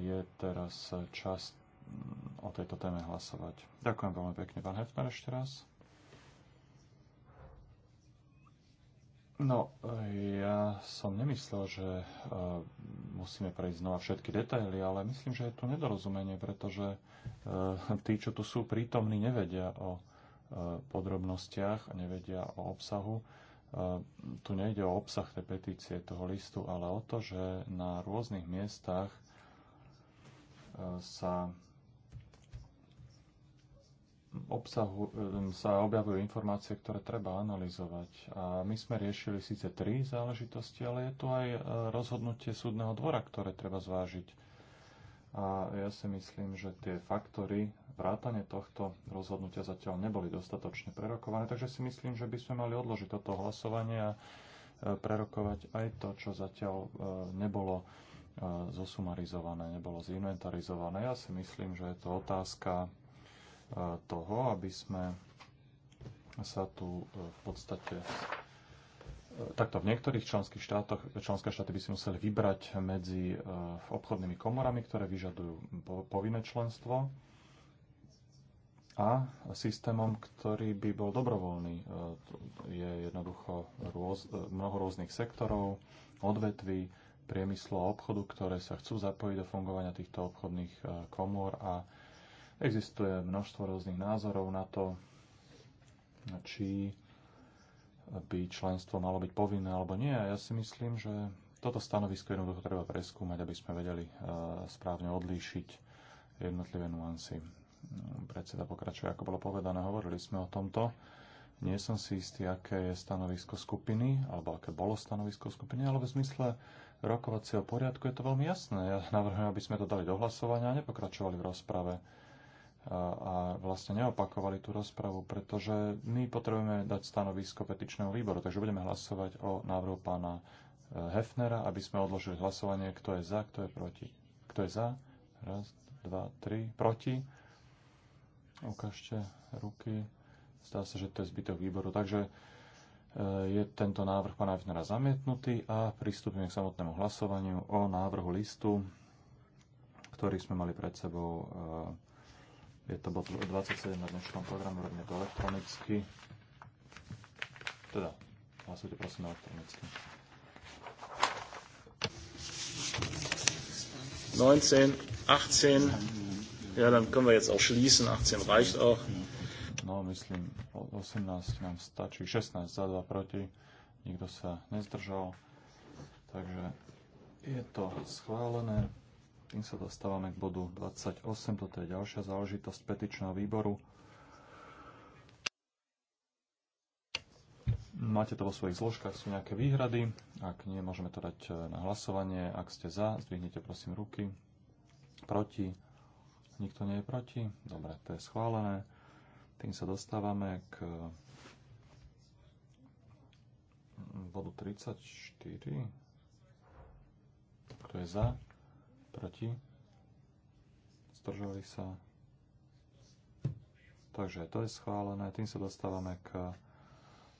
je teraz čas mm, o tejto téme hlasovať. Ďakujem veľmi pekne, pán Hefner, ešte raz. No, ja som nemyslel, že uh, musíme prejsť znova všetky detaily, ale myslím, že je tu nedorozumenie, pretože uh, tí, čo tu sú prítomní, nevedia o uh, podrobnostiach, nevedia o obsahu. Tu nejde o obsah tej petície, toho listu, ale o to, že na rôznych miestach sa obsahu sa objavujú informácie, ktoré treba analyzovať. A my sme riešili síce tri záležitosti, ale je tu aj e, rozhodnutie súdneho dvora, ktoré treba zvážiť. A ja si myslím, že tie faktory vrátane tohto rozhodnutia zatiaľ neboli dostatočne prerokované, takže si myslím, že by sme mali odložiť toto hlasovanie a e, prerokovať aj to, čo zatiaľ e, nebolo zosumarizované, nebolo zinventarizované. Ja si myslím, že je to otázka toho, aby sme sa tu e, v podstate e, takto v niektorých členských štátoch, členské štáty by si museli vybrať medzi e, obchodnými komorami, ktoré vyžadujú povinné členstvo a systémom, ktorý by bol dobrovoľný. Je jednoducho rôz, mnoho rôznych sektorov, odvetví, priemyslu a obchodu, ktoré sa chcú zapojiť do fungovania týchto obchodných komôr a Existuje množstvo rôznych názorov na to, či by členstvo malo byť povinné alebo nie. Ja si myslím, že toto stanovisko jednoducho treba preskúmať, aby sme vedeli eh, správne odlíšiť jednotlivé nuancy. Predseda pokračuje, ako bolo povedané, hovorili sme o tomto. Nie som si istý, aké je stanovisko skupiny, alebo aké bolo stanovisko skupiny, ale v zmysle rokovacieho poriadku je to veľmi jasné. Ja navrhujem, aby sme to dali do hlasovania a nepokračovali v rozprave a vlastne neopakovali tú rozpravu, pretože my potrebujeme dať stanovisko petičného výboru, takže budeme hlasovať o návrhu pána e, Hefnera, aby sme odložili hlasovanie, kto je za, kto je proti. Kto je za? Raz, dva, tri. Proti? Ukážte ruky. Zdá sa, že to je zbytok výboru. Takže e, je tento návrh pána Hefnera zamietnutý a pristúpime k samotnému hlasovaniu o návrhu listu, ktorý sme mali pred sebou e, je to bod 27 na dnešnom programu, robíme to elektronicky. Teda, hlasujte prosím elektronicky. 19, 18, ja, dann können wir jetzt auch schließen, 18 reicht auch. No, myslím, 18 nám stačí, 16 za 2 proti, nikto sa nezdržal, takže je to schválené. Tým sa dostávame k bodu 28, toto je ďalšia záležitosť petičného výboru. Máte to vo svojich zložkách, sú nejaké výhrady. Ak nie, môžeme to dať e, na hlasovanie. Ak ste za, zdvihnite prosím ruky. Proti. Nikto nie je proti. Dobre, to je schválené. Tým sa dostávame k e, bodu 34. Kto je za? proti, zdržali sa. Takže to je schválené, tým sa dostávame k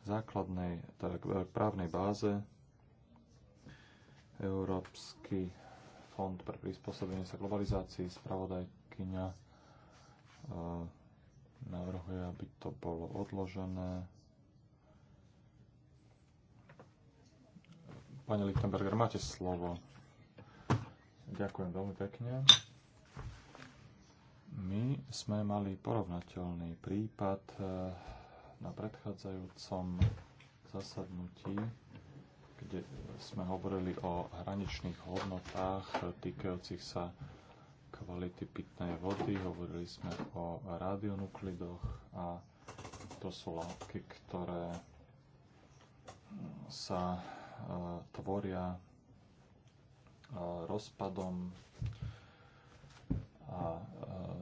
základnej, teda k právnej báze Európsky fond pre prispôsobenie sa globalizácii, spravodajkyňa e, navrhuje, aby to bolo odložené. Pani Lichtenberger, máte slovo. Ďakujem veľmi pekne. My sme mali porovnateľný prípad eh, na predchádzajúcom zasadnutí, kde sme hovorili o hraničných hodnotách týkajúcich sa kvality pitnej vody, hovorili sme o radionuklidoch a to sú látky, ktoré sa eh, tvoria Eh, rozpadom a eh,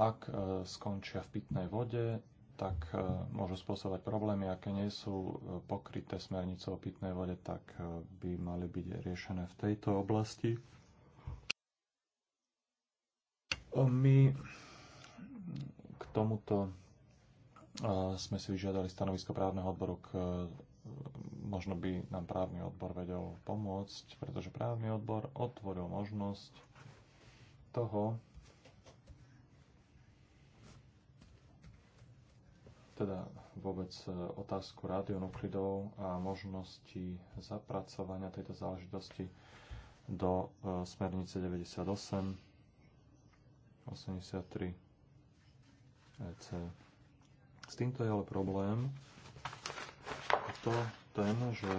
ak eh, skončia v pitnej vode, tak môžu spôsobovať problémy, aké nie sú pokryté smernicou o pitnej vode, tak by mali byť riešené v tejto oblasti. My k tomuto sme si vyžiadali stanovisko právneho odboru k možno by nám právny odbor vedel pomôcť, pretože právny odbor otvoril možnosť toho, teda vôbec e, otázku radionuklidov a možnosti zapracovania tejto záležitosti do e, smernice 98 83 EC. S týmto je ale problém, to ten, že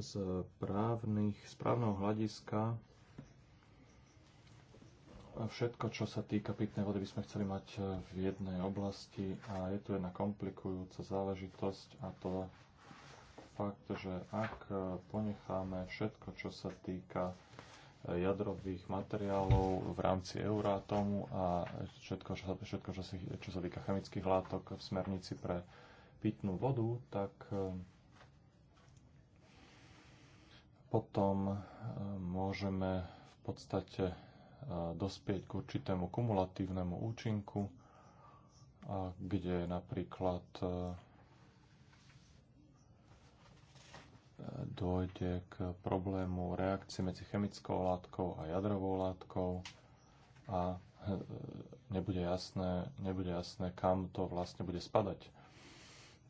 z, právnych, z právneho hľadiska všetko, čo sa týka pitnej vody, by sme chceli mať e, v jednej oblasti a je tu jedna komplikujúca záležitosť a to fakt, že ak e, ponecháme všetko, čo sa týka jadrových materiálov v rámci Euratomu a všetko, čo, všetko, čo, sa, čo sa týka chemických látok v smernici pre pitnú vodu, tak eh, potom eh, môžeme v podstate eh, dospieť k určitému kumulatívnemu účinku, kde napríklad dôjde k problému reakcie medzi chemickou látkou a jadrovou látkou a e, nebude jasné, nebude jasné, kam to vlastne bude spadať,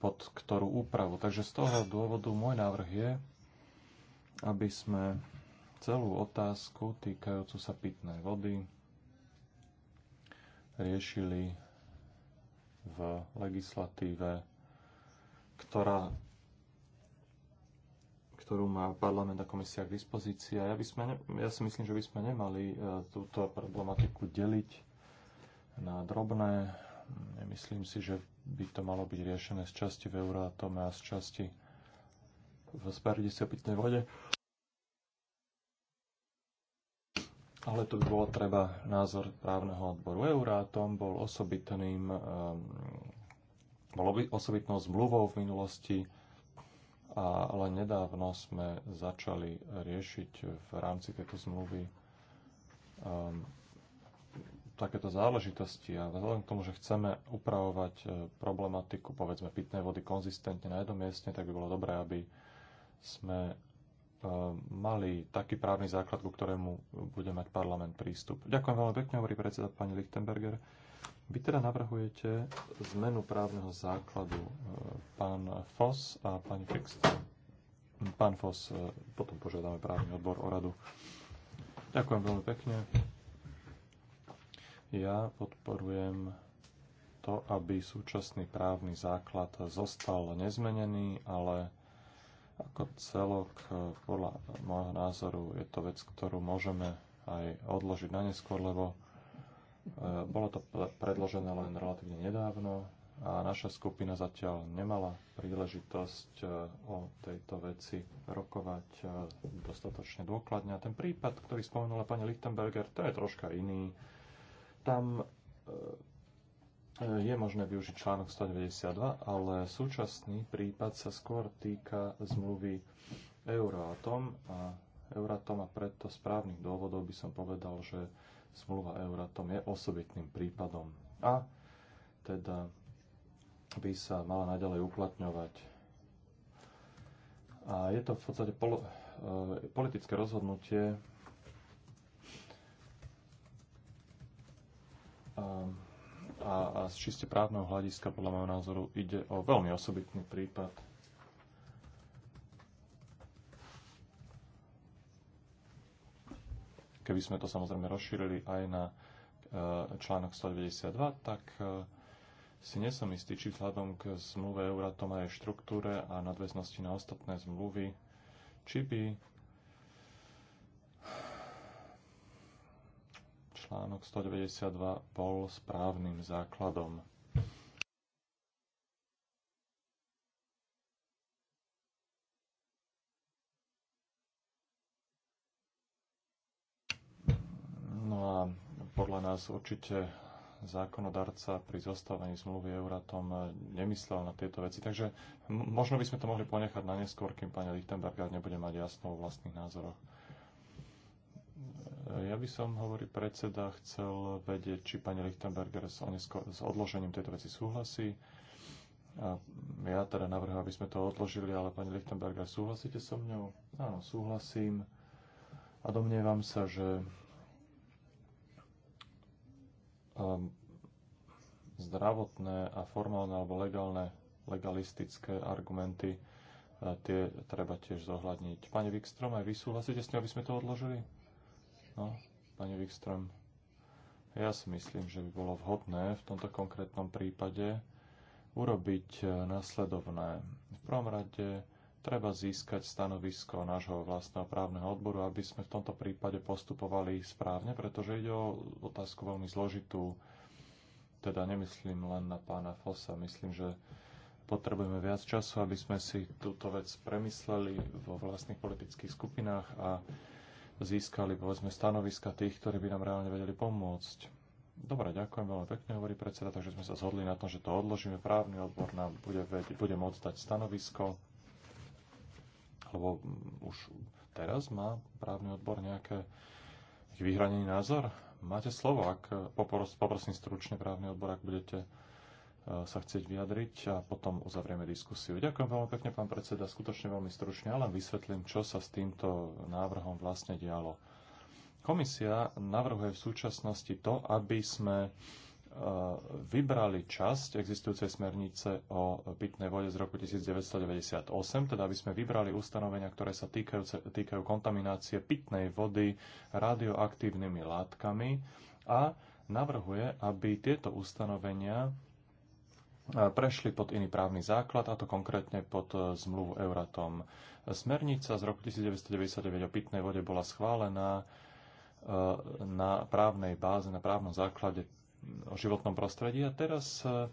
pod ktorú úpravu. Takže z toho dôvodu môj návrh je, aby sme celú otázku týkajúcu sa pitnej vody riešili v legislatíve, ktorá ktorú má parlament a komisia k dispozícii. A ja, by sme ja si myslím, že by sme nemali e, túto problematiku deliť na drobné. Myslím si, že by to malo byť riešené z časti v Eurátome a z časti v smernici pitnej vode. Ale tu by bolo treba názor právneho odboru Eurátom, bol osobitným, e, bol osobitnou zmluvou v minulosti a, ale nedávno sme začali riešiť v rámci tejto zmluvy um, takéto záležitosti a vzhľadom k tomu, že chceme upravovať e, problematiku, povedzme, pitnej vody konzistentne na jednom mieste, tak by bolo dobré, aby sme e, mali taký právny základ, ku ktorému bude mať parlament prístup. Ďakujem veľmi pekne, hovorí predseda pani Lichtenberger. Vy teda navrhujete zmenu právneho základu. E, pán Foss a pani Fixton. Pán Foss, e, potom požiadame právny odbor o radu. Ďakujem veľmi pekne. Ja podporujem to, aby súčasný právny základ zostal nezmenený, ale ako celok, e, podľa môjho názoru, je to vec, ktorú môžeme aj odložiť na neskôr, lebo Eh, bolo to predložené len relatívne nedávno a naša skupina zatiaľ nemala príležitosť eh, o tejto veci rokovať eh, dostatočne dôkladne. A ten prípad, ktorý spomenula pani Lichtenberger, to je troška iný. Tam je možné využiť článok 192, ale súčasný prípad sa skôr týka zmluvy Euratom a Euratom a preto správnych dôvodov by som povedal, že zmluva Euratom je osobitným prípadom a teda by sa mala naďalej uplatňovať. A je to v podstate pol, e, politické rozhodnutie a, a z čiste právneho hľadiska podľa môjho názoru ide o veľmi osobitný prípad Keby sme to samozrejme rozšírili aj na e, článok 192, tak e, si nesom istý, či vzhľadom k zmluve Euratom a jej štruktúre a nadväznosti na ostatné zmluvy, či by článok 192 bol správnym základom. čas určite zákonodarca pri zostavení zmluvy Euratom nemyslel na tieto veci. Takže možno by sme to mohli ponechať na neskôr, kým pani Lichtenberger nebude mať jasno o vlastných názoroch. Ja by som, hovorí predseda, chcel vedieť, či pani Lichtenberger s, onesko- s odložením tejto veci súhlasí. A ja teda navrhujem, aby sme to odložili, ale pani Lichtenberger, súhlasíte so mňou? Áno, súhlasím. A domnievam sa, že Ehm, zdravotné a formálne alebo legálne, legalistické argumenty, e, tie treba tiež zohľadniť. Pani Wikström, aj vy súhlasíte s tým, aby sme to odložili? No, pani Wikström, ja si myslím, že by bolo vhodné v tomto konkrétnom prípade urobiť e, nasledovné. V prvom rade treba získať stanovisko nášho vlastného právneho odboru, aby sme v tomto prípade postupovali správne, pretože ide o otázku veľmi zložitú. Teda nemyslím len na pána Fosa, myslím, že potrebujeme viac času, aby sme si túto vec premysleli vo vlastných politických skupinách a získali, povedzme, stanoviska tých, ktorí by nám reálne vedeli pomôcť. Dobre, ďakujem veľmi pekne, hovorí predseda, takže sme sa zhodli na tom, že to odložíme. Právny odbor nám bude, bude môcť dať stanovisko alebo už teraz má právny odbor nejaké vyhranený názor? Máte slovo, ak eh, popros, poprosím stručne právny odbor, ak budete eh, sa chcieť vyjadriť a potom uzavrieme diskusiu. Ďakujem veľmi pekne, pán predseda, skutočne veľmi stručne, ale vysvetlím, čo sa s týmto návrhom vlastne dialo. Komisia navrhuje v súčasnosti to, aby sme vybrali časť existujúcej smernice o pitnej vode z roku 1998, teda aby sme vybrali ustanovenia, ktoré sa týkajú, týkajú kontaminácie pitnej vody radioaktívnymi látkami a navrhuje, aby tieto ustanovenia e, prešli pod iný právny základ, a to konkrétne pod e, zmluvu Euratom. Smernica z roku 1999 o pitnej vode bola schválená e, na právnej báze, na právnom základe o životnom prostredí. A teraz e,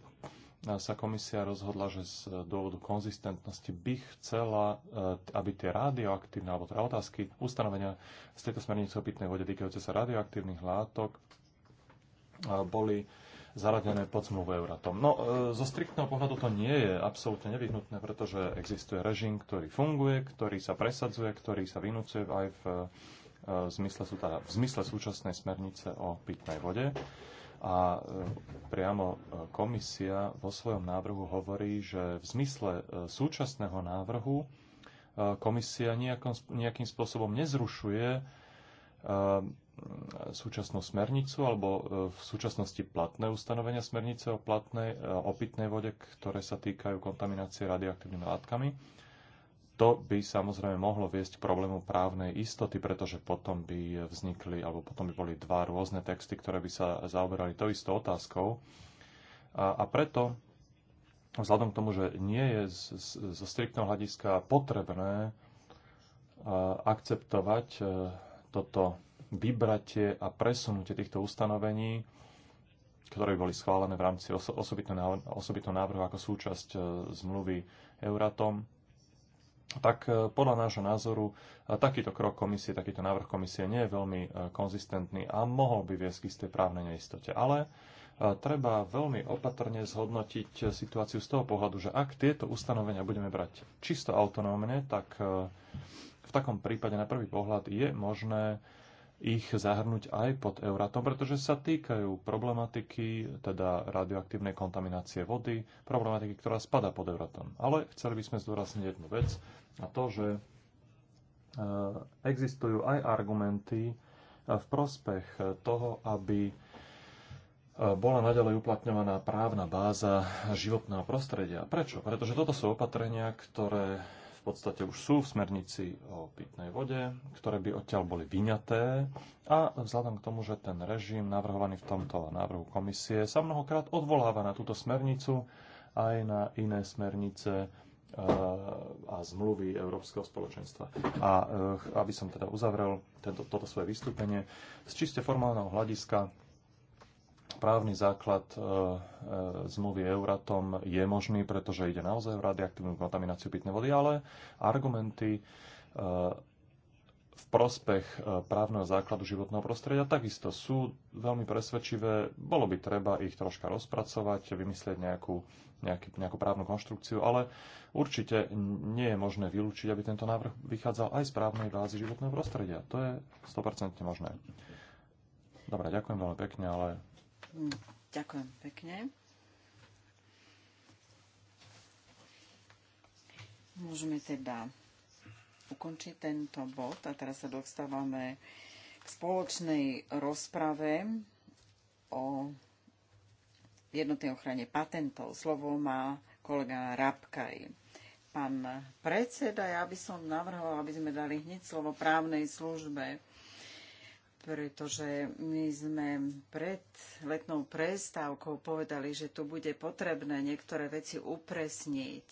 sa komisia rozhodla, že z dôvodu konzistentnosti by chcela, e, aby tie radioaktívne, alebo teda otázky ustanovenia z tejto smernice o pitnej vode týkajúce sa radioaktívnych látok e, boli zaradené pod zmluvu Euratom. No, zo striktného pohľadu to nie je absolútne nevyhnutné, pretože existuje režim, ktorý funguje, ktorý sa presadzuje, ktorý sa vynúcuje aj v, v, zmysle, teda v zmysle súčasnej smernice o pitnej vode. A e, priamo e, komisia vo svojom návrhu hovorí, že v zmysle e, súčasného návrhu komisia nejakom, nejakým spôsobom nezrušuje súčasnú smernicu alebo v súčasnosti platné ustanovenia smernice o platnej opitnej vode, ktoré sa týkajú kontaminácie radioaktívnymi látkami to by samozrejme mohlo viesť k problému právnej istoty, pretože potom by vznikli, alebo potom by boli dva rôzne texty, ktoré by sa zaoberali to istou otázkou. A, a preto, vzhľadom k tomu, že nie je z, z, zo striktného hľadiska potrebné akceptovať e, toto vybratie a presunutie týchto ustanovení, ktoré by boli schválené v rámci oso, osobitného návrhu ako súčasť e, zmluvy Euratom, tak e, podľa nášho názoru e, takýto krok komisie, takýto návrh komisie nie je veľmi e, konzistentný a mohol by viesť k istej právnej neistote. Ale treba veľmi opatrne zhodnotiť situáciu z toho pohľadu, že ak tieto ustanovenia budeme brať čisto autonómne, tak v takom prípade na prvý pohľad je možné ich zahrnúť aj pod Euratom, pretože sa týkajú problematiky, teda radioaktívnej kontaminácie vody, problematiky, ktorá spada pod Euratom. Ale chceli by sme zdôrazniť jednu vec, a to, že e, existujú aj argumenty e, v prospech toho, aby e, bola naďalej uplatňovaná právna báza životného prostredia. Prečo? Pretože toto sú opatrenia, ktoré podstate už sú v smernici o pitnej vode, ktoré by odtiaľ boli vyňaté a vzhľadom k tomu, že ten režim navrhovaný v tomto návrhu komisie sa mnohokrát odvoláva na túto smernicu aj na iné smernice e, a zmluvy Európskeho spoločenstva. A e, aby som teda uzavrel tento, toto svoje vystúpenie, z čiste formálneho hľadiska právny základ e, e, zmluvy Euratom je možný, pretože ide naozaj o radioaktívnu kontamináciu pitnej vody, ale argumenty e, v prospech právneho základu životného prostredia takisto sú veľmi presvedčivé. Bolo by treba ich troška rozpracovať, vymyslieť nejakú, nejaký, nejakú právnu konštrukciu, ale určite nie je možné vylúčiť, aby tento návrh vychádzal aj z právnej bázy životného prostredia. To je 100% možné. Dobre, ďakujem veľmi pekne, ale Hm, ďakujem pekne. Môžeme teda ukončiť tento bod a teraz sa dostávame k spoločnej rozprave o jednotnej ochrane patentov. Slovo má kolega Rabkaj. Pán predseda, ja by som navrhoval, aby sme dali hneď slovo právnej službe pretože my sme pred letnou prestávkou povedali, že tu bude potrebné niektoré veci upresniť.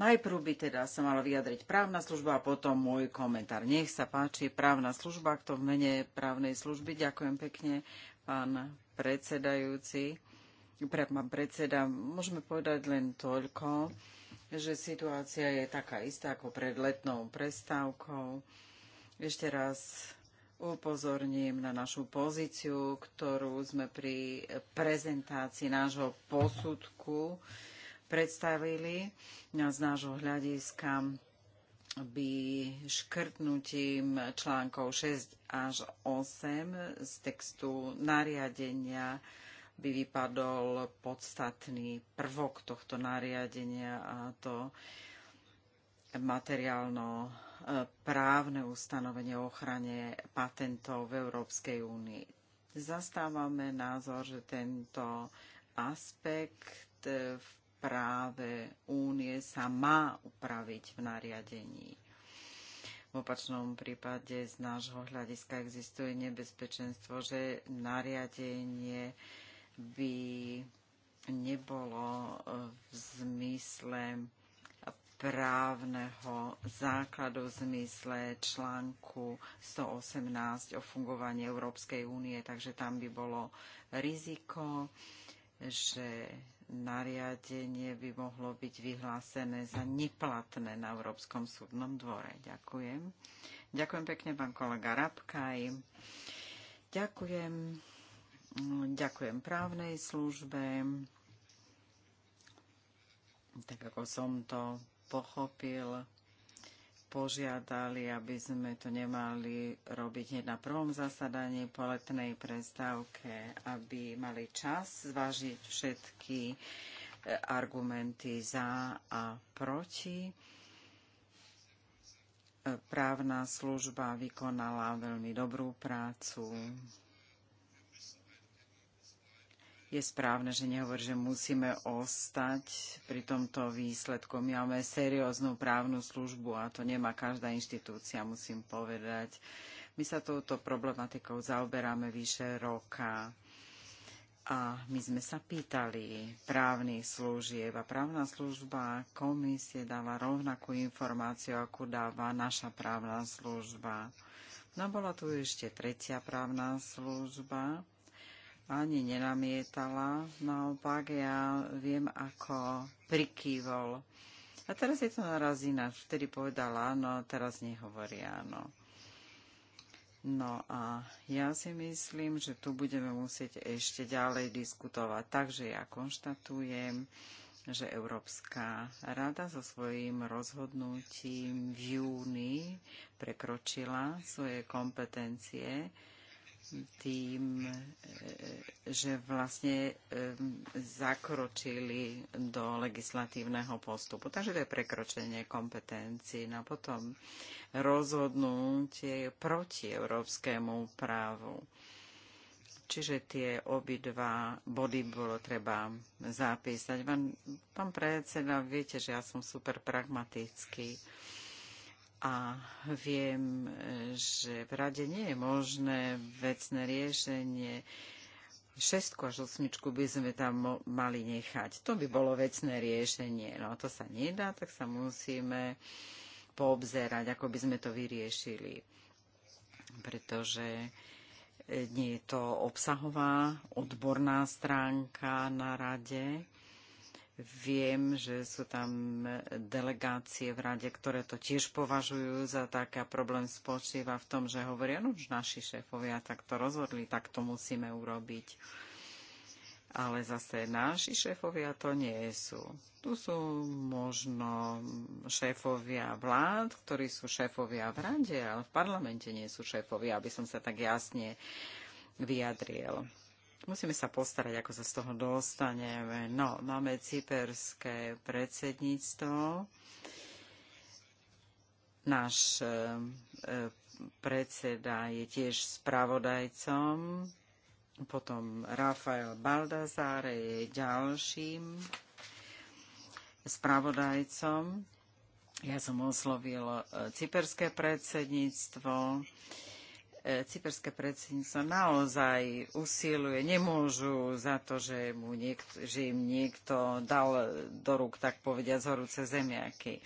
Najprv by teda sa mala vyjadriť právna služba a potom môj komentár. Nech sa páči právna služba, kto v mene právnej služby. Ďakujem pekne, pán predsedajúci. Pre, pán predseda, môžeme povedať len toľko, že situácia je taká istá ako pred letnou prestávkou ešte raz upozorním na našu pozíciu, ktorú sme pri prezentácii nášho posudku predstavili. Z nášho hľadiska by škrtnutím článkov 6 až 8 z textu nariadenia by vypadol podstatný prvok tohto nariadenia a to materiálno právne ustanovenie o ochrane patentov v Európskej únii. Zastávame názor, že tento aspekt e, v práve únie sa má upraviť v nariadení. V opačnom prípade z nášho hľadiska existuje nebezpečenstvo, že nariadenie by nebolo v zmysle právneho základu v zmysle článku 118 o fungovaní Európskej únie, takže tam by bolo riziko, že nariadenie by mohlo byť vyhlásené za neplatné na Európskom súdnom dvore. Ďakujem. Ďakujem pekne, pán kolega Rabkaj. Ďakujem. Ďakujem právnej službe tak ako som to pochopil, požiadali, aby sme to nemali robiť hneď na prvom zasadaní po letnej prestávke, aby mali čas zvážiť všetky e, argumenty za a proti. E, právna služba vykonala veľmi dobrú prácu je správne, že nehovorí, že musíme ostať pri tomto výsledku. My máme serióznu právnu službu a to nemá každá inštitúcia, musím povedať. My sa touto problematikou zaoberáme vyše roka a my sme sa pýtali právnych služieb a právna služba komisie dáva rovnakú informáciu, ako dáva naša právna služba. No bola tu ešte tretia právna služba, ani nenamietala, naopak ja viem, ako prikývol. A teraz je to naraz ináč. Vtedy povedala áno, teraz nehovorí áno. No a ja si myslím, že tu budeme musieť ešte ďalej diskutovať. Takže ja konštatujem, že Európska rada so svojím rozhodnutím v júni prekročila svoje kompetencie tým, e, že vlastne e, zakročili do legislatívneho postupu. Takže to je prekročenie kompetencií. No a potom rozhodnutie proti európskemu právu. Čiže tie obidva body bolo treba zapísať. Pán, pán predseda, viete, že ja som super pragmatický a viem, že v rade nie je možné vecné riešenie. Šestku až osmičku by sme tam mali nechať. To by bolo vecné riešenie. No a to sa nedá, tak sa musíme poobzerať, ako by sme to vyriešili. Pretože eh, nie je to obsahová odborná stránka na rade, Viem, že sú tam delegácie v rade, ktoré to tiež považujú za také a problém spočíva v tom, že hovoria, no už naši šéfovia tak to rozhodli, tak to musíme urobiť. Ale zase naši šéfovia to nie sú. Tu sú možno šéfovia vlád, ktorí sú šéfovia v rade, ale v parlamente nie sú šéfovia, aby som sa tak jasne vyjadril. Musíme sa postarať, ako sa z toho dostaneme. No, máme cyperské predsedníctvo. Náš e, e, predseda je tiež spravodajcom. Potom Rafael Baldazare je ďalším spravodajcom. Ja som oslovil e, cyperské predsedníctvo cyperské predsedníctvo naozaj usiluje, nemôžu za to, že, mu niekto, že im niekto dal do rúk, tak povediať, z horúce zemiaky.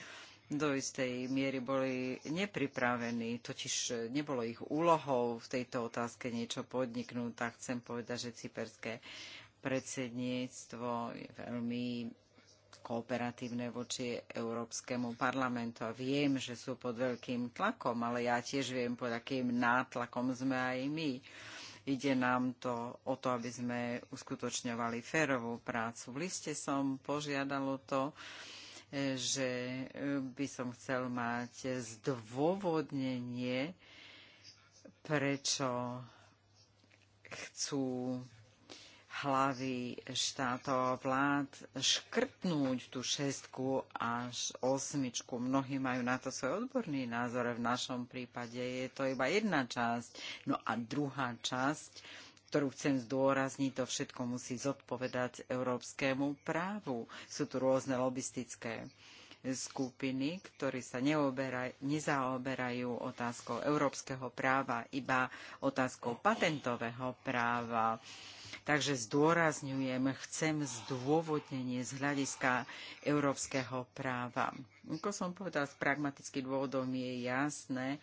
Do istej miery boli nepripravení, totiž e, nebolo ich úlohou v tejto otázke niečo podniknúť. Tak chcem povedať, že cyperské predsedníctvo je veľmi kooperatívne voči Európskemu parlamentu. A viem, že sú pod veľkým tlakom, ale ja tiež viem, pod akým nátlakom sme aj my. Ide nám to o to, aby sme uskutočňovali férovú prácu. V liste som požiadalo to, e, že e, by som chcel mať zdôvodnenie, prečo chcú hlavy štátov a vlád škrtnúť tú šestku až osmičku. Mnohí majú na to svoj odborný názor. V našom prípade je to iba jedna časť. No a druhá časť, ktorú chcem zdôrazniť, to všetko musí zodpovedať európskemu právu. Sú tu rôzne lobistické skupiny, ktorí sa neoberaj, nezaoberajú otázkou európskeho práva, iba otázkou patentového práva Takže zdôrazňujem, chcem zdôvodnenie z hľadiska európskeho práva. Ako som povedal, z pragmatických dôvodov mi je jasné,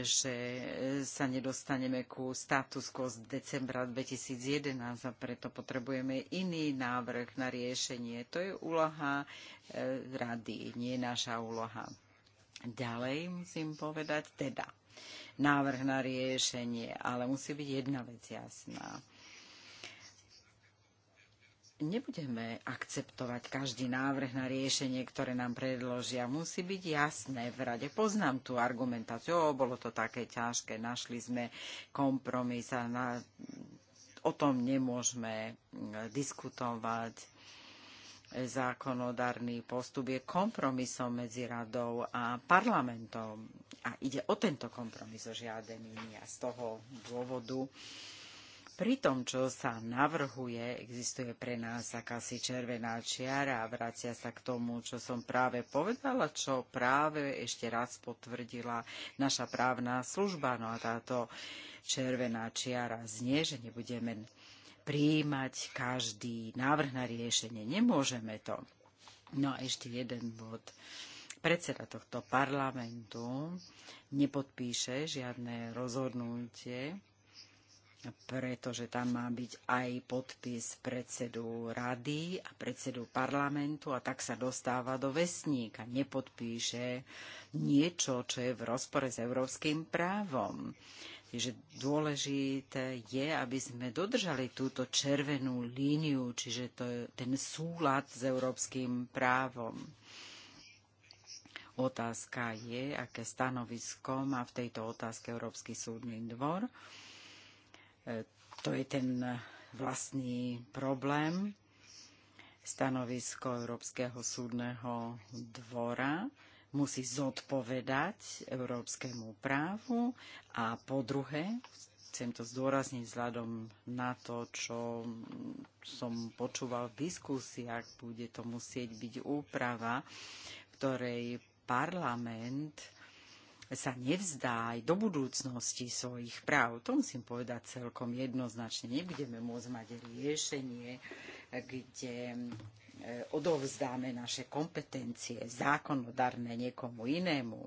že sa nedostaneme ku status quo z decembra 2011 a preto potrebujeme iný návrh na riešenie. To je úloha e, rady, nie naša úloha. Ďalej musím povedať teda návrh na riešenie, ale musí byť jedna vec jasná nebudeme akceptovať každý návrh na riešenie, ktoré nám predložia. Musí byť jasné v rade. Poznám tú argumentáciu, o, bolo to také ťažké, našli sme kompromis a na, o tom nemôžeme diskutovať. Zákonodárny postup je kompromisom medzi radou a parlamentom. A ide o tento kompromis o žiadení a z toho dôvodu pri tom, čo sa navrhuje, existuje pre nás akási červená čiara a vracia sa k tomu, čo som práve povedala, čo práve ešte raz potvrdila naša právna služba. No a táto červená čiara znie, že nebudeme prijímať každý návrh na riešenie. Nemôžeme to. No a ešte jeden bod. Predseda tohto parlamentu nepodpíše žiadne rozhodnutie, pretože tam má byť aj podpis predsedu rady a predsedu parlamentu a tak sa dostáva do vesníka. Nepodpíše niečo, čo je v rozpore s európskym právom. Čiže dôležité je, aby sme dodržali túto červenú líniu, čiže to je ten súlad s európskym právom. Otázka je, aké stanovisko má v tejto otázke Európsky súdny dvor. Uh, E, to je ten e, vlastný problém stanovisko Európskeho súdneho dvora musí zodpovedať európskemu právu a po druhé, chcem to zdôrazniť vzhľadom na to, čo som počúval v diskusiách, bude to musieť byť úprava, v ktorej parlament sa nevzdá aj do budúcnosti svojich práv. To musím povedať celkom jednoznačne. Nebudeme môcť mať riešenie, kde eh, odovzdáme naše kompetencie zákonodarné niekomu inému.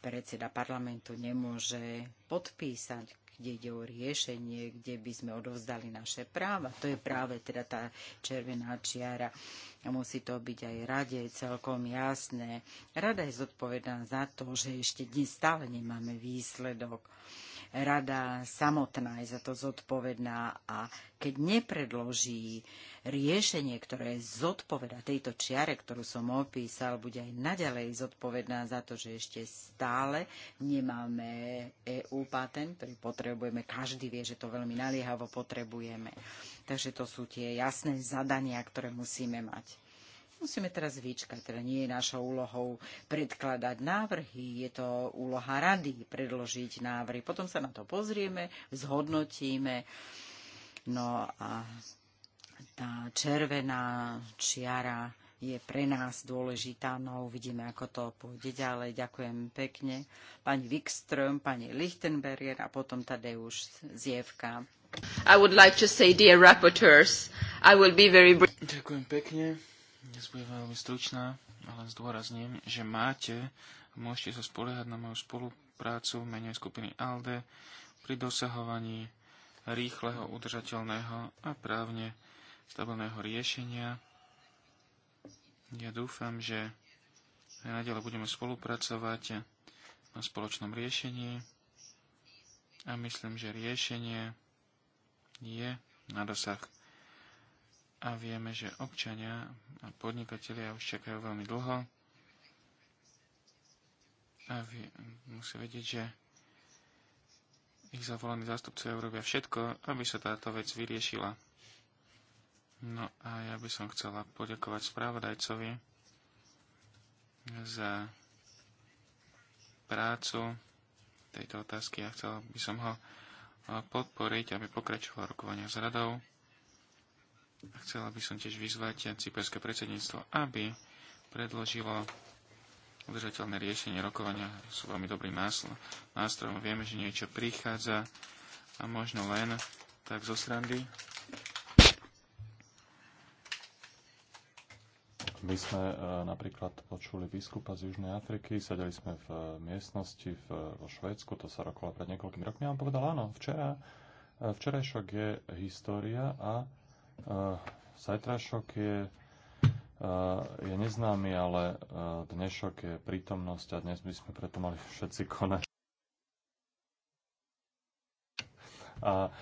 Predseda parlamentu nemôže podpísať kde ide o riešenie, kde by sme odovzdali naše práva. To je práve teda tá červená čiara. A musí to byť aj rade celkom jasné. Rada je zodpovedná za to, že ešte dnes stále nemáme výsledok. Uh, rada samotná je za to zodpovedná a keď nepredloží riešenie, ktoré zodpoveda tejto čiare, ktorú som opísal, bude aj naďalej zodpovedná za to, že ešte stále nemáme EU patent, ktorý potrebujeme. Každý vie, že to veľmi naliehavo potrebujeme. Takže to sú tie jasné zadania, ktoré musíme mať. Musíme teraz vyčkať, teda nie je našou úlohou predkladať návrhy, je to úloha rady predložiť návrhy. Potom sa na to pozrieme, zhodnotíme. No a tá červená čiara je pre nás dôležitá. No uvidíme, ako to pôjde ďalej. Ďakujem pekne. Pani Wikström, pani Lichtenberger a potom Tadeusz Zjevka. I would like to say, dear rapporteurs, I will be very... Ďakujem pekne dnes bude veľmi stručná, ale zdôrazním, že máte, môžete sa spoliehať na moju spoluprácu v mene skupiny ALDE pri dosahovaní rýchleho, udržateľného a právne stabilného riešenia. Ja dúfam, že aj naďalej budeme spolupracovať na spoločnom riešení a myslím, že riešenie je na dosah a vieme, že občania a podnikatelia už čakajú veľmi dlho a vie, musí vedieť, že ich zavolaní zástupcovia urobia všetko, aby sa táto vec vyriešila. No a ja by som chcela poďakovať správodajcovi za prácu tejto otázky a ja chcela by som ho podporiť, aby pokračoval rokovania s radou Chcela by som tiež vyzvať cyperské predsedníctvo, aby predložilo udržateľné riešenie rokovania. Sú veľmi dobrým nástrojom. Vieme, že niečo prichádza a možno len tak zo srandy. My sme e, napríklad počuli biskupa z Južnej Afriky, sedeli sme v e, miestnosti v, e, vo Švédsku, to sa rokovalo pred niekoľkými rokmi a on povedal, áno, včera, včerajšok je história a Zajtrašok je, je neznámy, ale dnešok je prítomnosť a dnes by sme preto mali všetci konať. A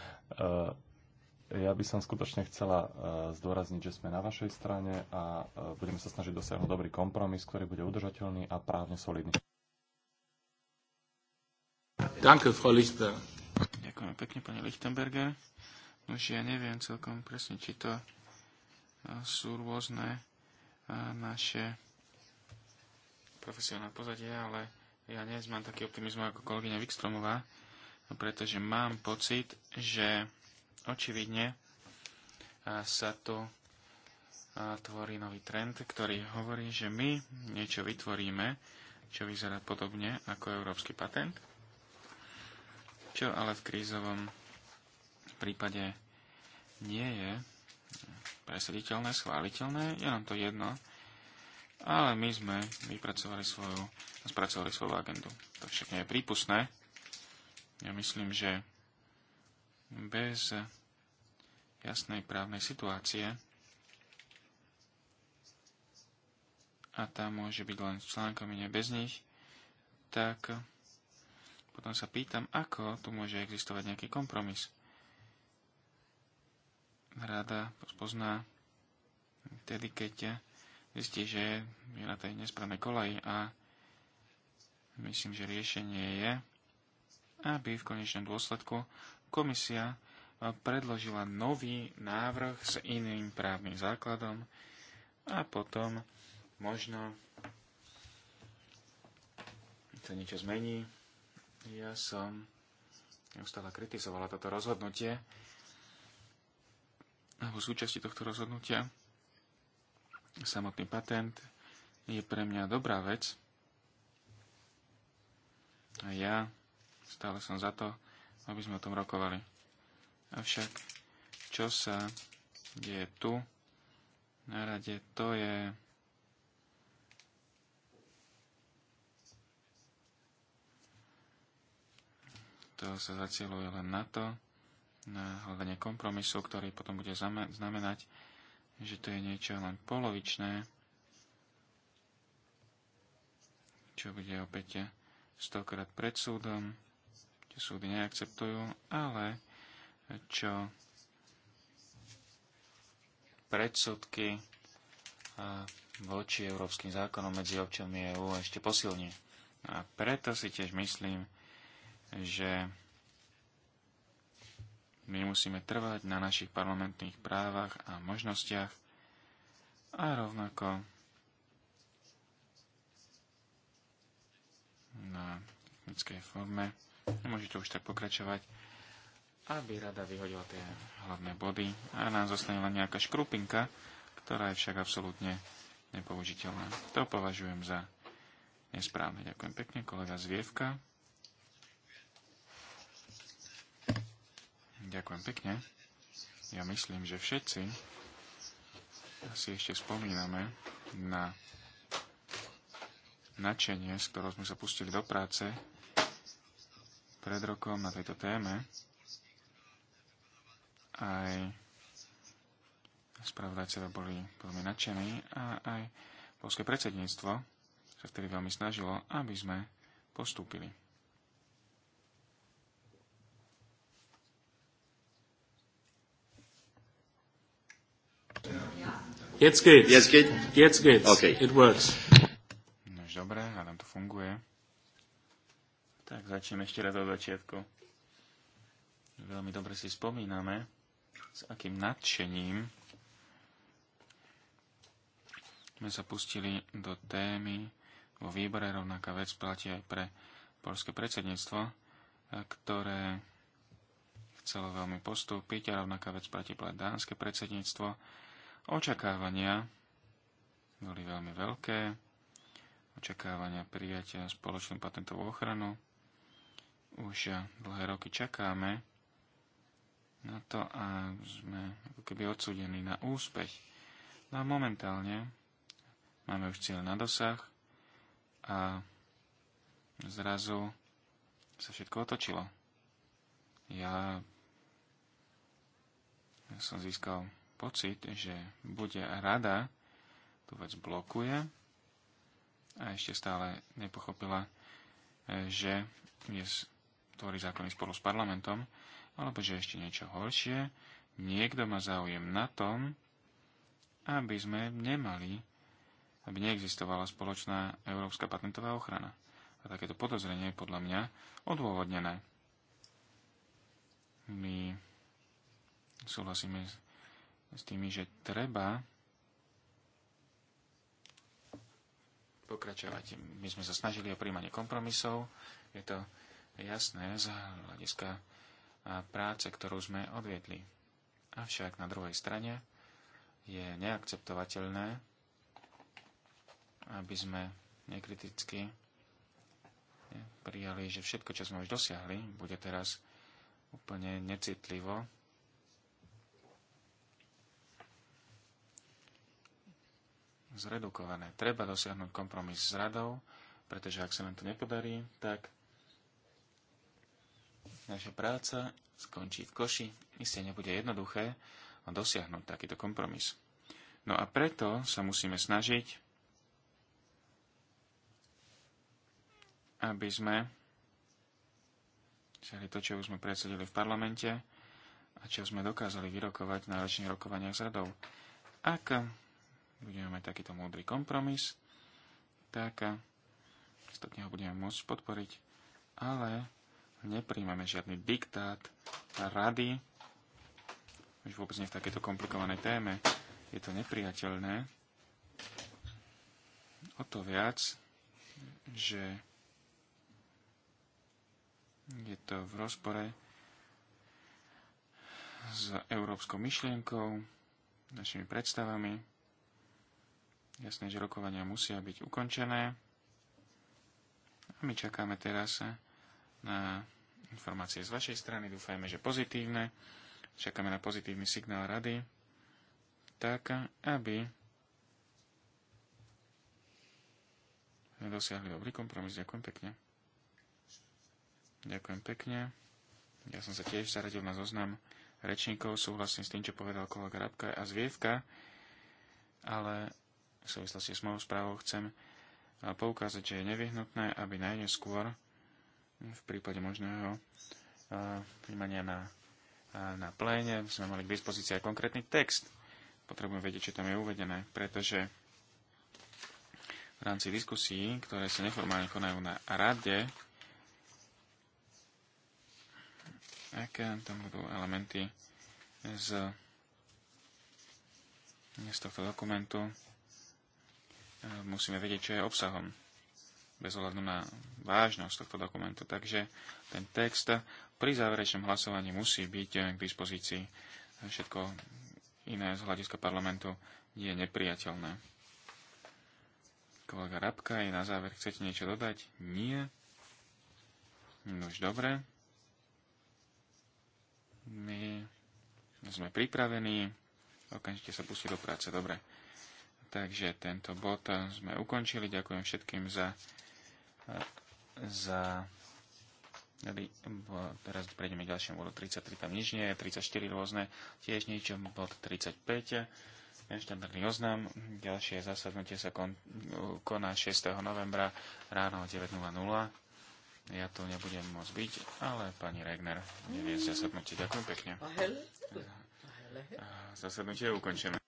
ja by som skutočne chcela zdôrazniť, že sme na vašej strane a budeme sa snažiť dosiahnuť dobrý kompromis, ktorý bude udržateľný a právne solidný. Danke, Frau Ďakujem pekne, pani Lichtenberger. Už ja neviem celkom presne, či to e, sú rôzne e, naše profesionálne pozadie, ale ja dnes mám taký optimizmus ako kolegyňa Vikstromová, pretože mám pocit, že očividne e, sa tu tvorí nový trend, ktorý hovorí, že my niečo vytvoríme, čo vyzerá podobne ako európsky patent, čo ale v krízovom prípade nie je presaditeľné, schváliteľné, je nám to jedno, ale my sme vypracovali svoju, spracovali svoju agendu. To však nie je prípustné. Ja myslím, že bez jasnej právnej situácie a tá môže byť len s článkami, nie bez nich, tak potom sa pýtam, ako tu môže existovať nejaký kompromis rada pozná vtedy, keď zistí, že je na tej nesprávnej koleji a myslím, že riešenie je, aby v konečnom dôsledku komisia predložila nový návrh s iným právnym základom a potom možno sa niečo zmení. Ja som neustále kritizovala toto rozhodnutie, alebo súčasti tohto rozhodnutia. Samotný patent je pre mňa dobrá vec a ja stále som za to, aby sme o tom rokovali. Avšak, čo sa deje tu na rade, to je to sa zacieluje len na to, na hľadanie kompromisu, ktorý potom bude znamenať, že to je niečo len polovičné, čo bude opäť stokrát pred súdom, čo súdy neakceptujú, ale čo predsudky voči európskym zákonom medzi občanmi EÚ ešte posilní. A preto si tiež myslím, že my musíme trvať na našich parlamentných právach a možnostiach a rovnako na technickej forme. Nemôžete už tak pokračovať, aby rada vyhodila tie hlavné body a nám zostane len nejaká škrupinka, ktorá je však absolútne nepoužiteľná. To považujem za nesprávne. Ďakujem pekne, kolega Zvievka. Ďakujem pekne. Ja myslím, že všetci si ešte spomíname na načenie, s ktorou sme sa pustili do práce pred rokom na tejto téme. Aj spravodajcevia boli veľmi nadšení a aj polské predsedníctvo sa vtedy veľmi snažilo, aby sme postúpili. Jetzt geht's. Jetzt geht's? Jetzt geht's. Okay. It works. No dobre, hádam to funguje. Tak začneme ešte raz od začiatku. Veľmi dobre si spomíname, s akým nadšením sme sa pustili do témy vo výbore rovnaká vec platí aj pre polské predsedníctvo, ktoré chcelo veľmi postúpiť a rovnaká vec platí pre dánske predsedníctvo, Očakávania boli veľmi veľké. Očakávania prijatia spoločnú patentovú ochranu. Už dlhé roky čakáme na to a sme ako keby odsudení na úspech. No a momentálne máme už cieľ na dosah a zrazu sa všetko otočilo. Ja, ja som získal pocit, že bude rada tú vec blokuje a ešte stále nepochopila, že je, tvorí zákony spolu s parlamentom, alebo že ešte niečo horšie, niekto má záujem na tom, aby sme nemali, aby neexistovala spoločná európska patentová ochrana. A takéto podozrenie je podľa mňa odôvodnené. My súhlasíme s s tými, že treba pokračovať. My sme sa snažili o príjmanie kompromisov. Je to jasné z hľadiska práce, ktorú sme odvietli. Avšak na druhej strane je neakceptovateľné, aby sme nekriticky prijali, že všetko, čo sme už dosiahli, bude teraz úplne necitlivo zredukované. Treba dosiahnuť kompromis s radou, pretože ak sa nám to nepodarí, tak naša práca skončí v koši. Isté nebude jednoduché dosiahnuť takýto kompromis. No a preto sa musíme snažiť, aby sme chceli to, čo už sme predsedili v parlamente a čo sme dokázali vyrokovať na ročných rokovaniach s radou. Ak budeme mať takýto múdry kompromis, tak istotne ho budeme môcť podporiť, ale nepríjmeme žiadny diktát a rady, už vôbec nie v takéto komplikovanej téme. Je to nepriateľné. O to viac, že je to v rozpore s európskou myšlienkou, našimi predstavami, Jasné, že rokovania musia byť ukončené. A my čakáme teraz na informácie z vašej strany. Dúfajme, že pozitívne. Čakáme na pozitívny signál rady, tak aby dosiahli dobrý kompromis. Ďakujem pekne. Ďakujem pekne. Ja som sa tiež zaradil na zoznam rečníkov, súhlasím s tým, čo povedal kolega Rabka a Zvievka, ale v súvislosti s mojou správou chcem eh, poukázať, že je nevyhnutné, aby najneskôr hm, v prípade možného eh, príjmania na, eh, na pléne sme mali k dispozícii aj konkrétny text. Potrebujem vedieť, čo tam je uvedené, pretože v rámci diskusí, ktoré sa neformálne konajú na rade, aké tam budú elementy z, z tohto dokumentu, musíme vedieť, čo je obsahom, bez ohľadu na vážnosť tohto dokumentu. Takže ten text pri záverečnom hlasovaní musí byť k dispozícii. Všetko iné z hľadiska parlamentu je nepriateľné. Kolega Rabka, je na záver, chcete niečo dodať? Nie. No už dobre. My sme pripravení. Okamžite sa pustí do práce. Dobre. Takže tento bod sme ukončili. Ďakujem všetkým za, za teraz prejdeme k ďalšiemu bodu 33, tam nič nie je, 34 rôzne, tiež nič, bod 35, štandardný oznam, ďalšie zasadnutie sa kon, koná 6. novembra ráno o 9.00. Ja tu nebudem môcť byť, ale pani Regner, nevie zasadnutie. Ďakujem pekne. Zasadnutie je ukončené.